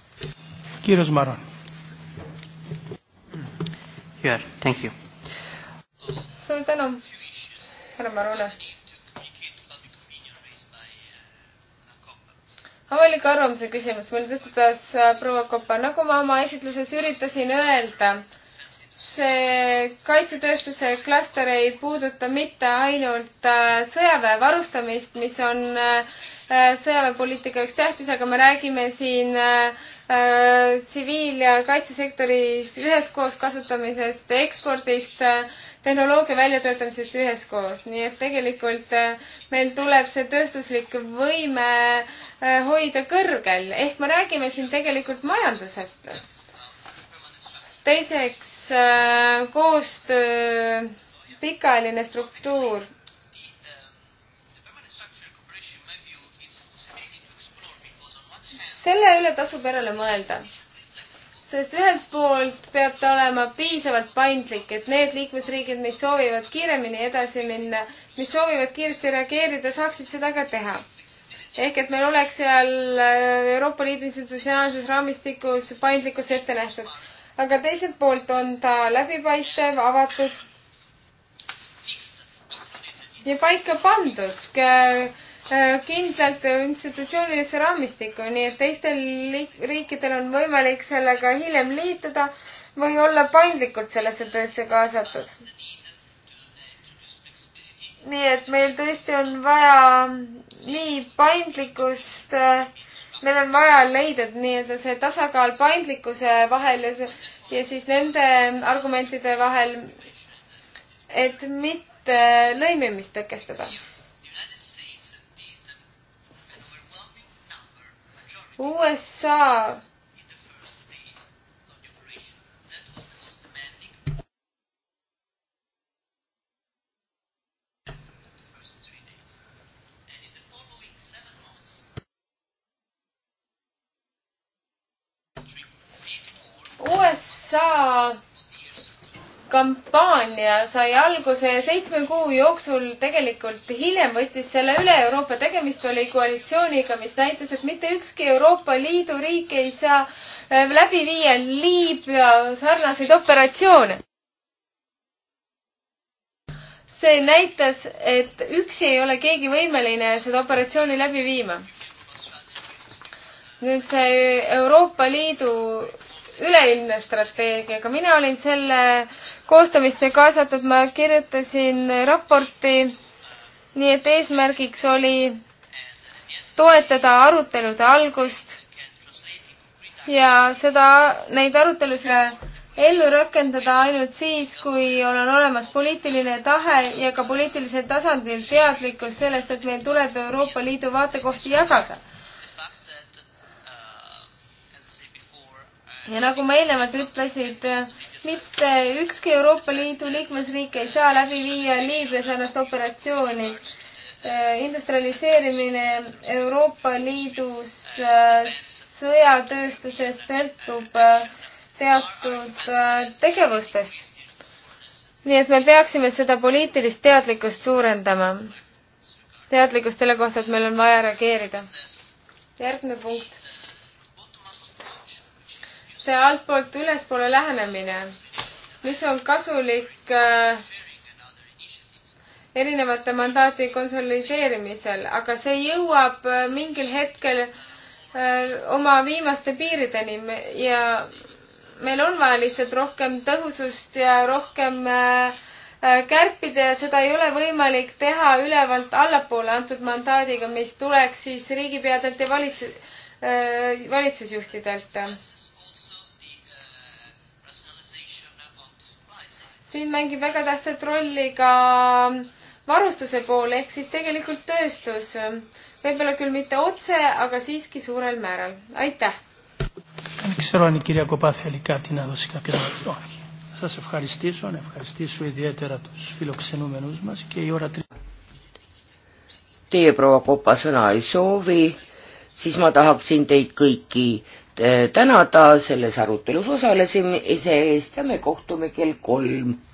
[SPEAKER 2] kiirus, ma arvan. Here, thank you.
[SPEAKER 4] suur tänu, härra Marone. avaliku arvamuse küsimus, mul tõstatas äh, proua Kopa, nagu ma oma esitluses üritasin öelda see kaitsetööstuse klaster ei puuduta mitte ainult äh, sõjaväe varustamist, mis on äh, äh, sõjaväepoliitika üks tähtis, aga me räägime siin tsiviil- ja kaitsesektoris üheskoos kasutamisest, ekspordist, tehnoloogia väljatöötamisest üheskoos, nii et tegelikult meil tuleb see tööstuslik võime hoida kõrgel, ehk me räägime siin tegelikult majandusest teiseks, äh, koostöö pikaajaline struktuur. selle üle tasub järele mõelda, sest ühelt poolt peab ta olema piisavalt paindlik, et need liikmesriigid, mis soovivad kiiremini edasi minna, mis soovivad kiiresti reageerida, saaksid seda ka teha ehk et meil oleks seal äh, Euroopa Liidu institutsionaalses raamistikus paindlikkus ette nähtud aga teiselt poolt on ta läbipaistev, avatud ja paika pandud äh, kindlalt institutsioonilisse raamistikku, nii et teistel riikidel on võimalik sellega hiljem liituda või olla paindlikult sellesse töösse kaasatud. nii et meil tõesti on vaja nii paindlikkust äh, meil on vaja leida nii-öelda see tasakaal paindlikkuse vahel ja, ja siis nende argumentide vahel, et mitte lõimimist tõkestada. USA USA kampaania sai alguse ja seitsme kuu jooksul tegelikult hiljem võttis selle üle Euroopa. tegemist oli koalitsiooniga, mis näitas, et mitte ükski Euroopa Liidu riik ei saa eh, läbi viia Liibüa sarnaseid operatsioone. see näitas, et üksi ei ole keegi võimeline seda operatsiooni läbi viima. nüüd see Euroopa Liidu üleilmne strateegia, aga mina olin selle koostamisse kaasatud, ma kirjutasin raporti, nii et eesmärgiks oli toetada arutelude algust ja seda, neid arutelusid ellu rakendada ainult siis, kui on olemas poliitiline tahe ja ka poliitilisel tasandil teadlikkus sellest, et meil tuleb Euroopa Liidu vaatekohti jagada ja nagu ma eelnevalt ütlesin, mitte ükski Euroopa Liidu liikmesriik ei saa läbi viia liibüasarnast operatsiooni. Äh, industrialiseerimine Euroopa Liidus äh, sõjatööstusest sõltub äh, teatud tegevustest. nii et me peaksime seda poliitilist teadlikkust suurendama. teadlikkust selle kohta, et meil on vaja reageerida. järgmine punkt see altpoolt ülespoole lähenemine, mis on kasulik äh, erinevate mandaati konsolideerimisel, aga see jõuab äh, mingil hetkel äh, oma viimaste piirideni ja meil on vaja lihtsalt rohkem tõhusust ja rohkem kärpida ja seda ei ole võimalik teha ülevalt allapoole antud mandaadiga, mis tuleks siis riigipeadelt ja valitsus, valitsusjuhtidelt siin mängib väga tähtsat rolli ka varustuse pool ehk siis tegelikult tööstus. võib-olla küll mitte otse, aga siiski suurel määral. aitäh. Ξέρω αν η κυρία Κοπά θέλει κάτι να δώσει κάποια ερώτηση. Όχι. Σας ευχαριστήσω, να ευχαριστήσω ιδιαίτερα τους φιλοξενούμενους μας και η ώρα τρία.
[SPEAKER 3] Teie proua Kopa sõna ei soovi, siis ma tahaksin teid kõiki eh, tänada selles arutelus osalemise eest ja me kohtume kell kolm.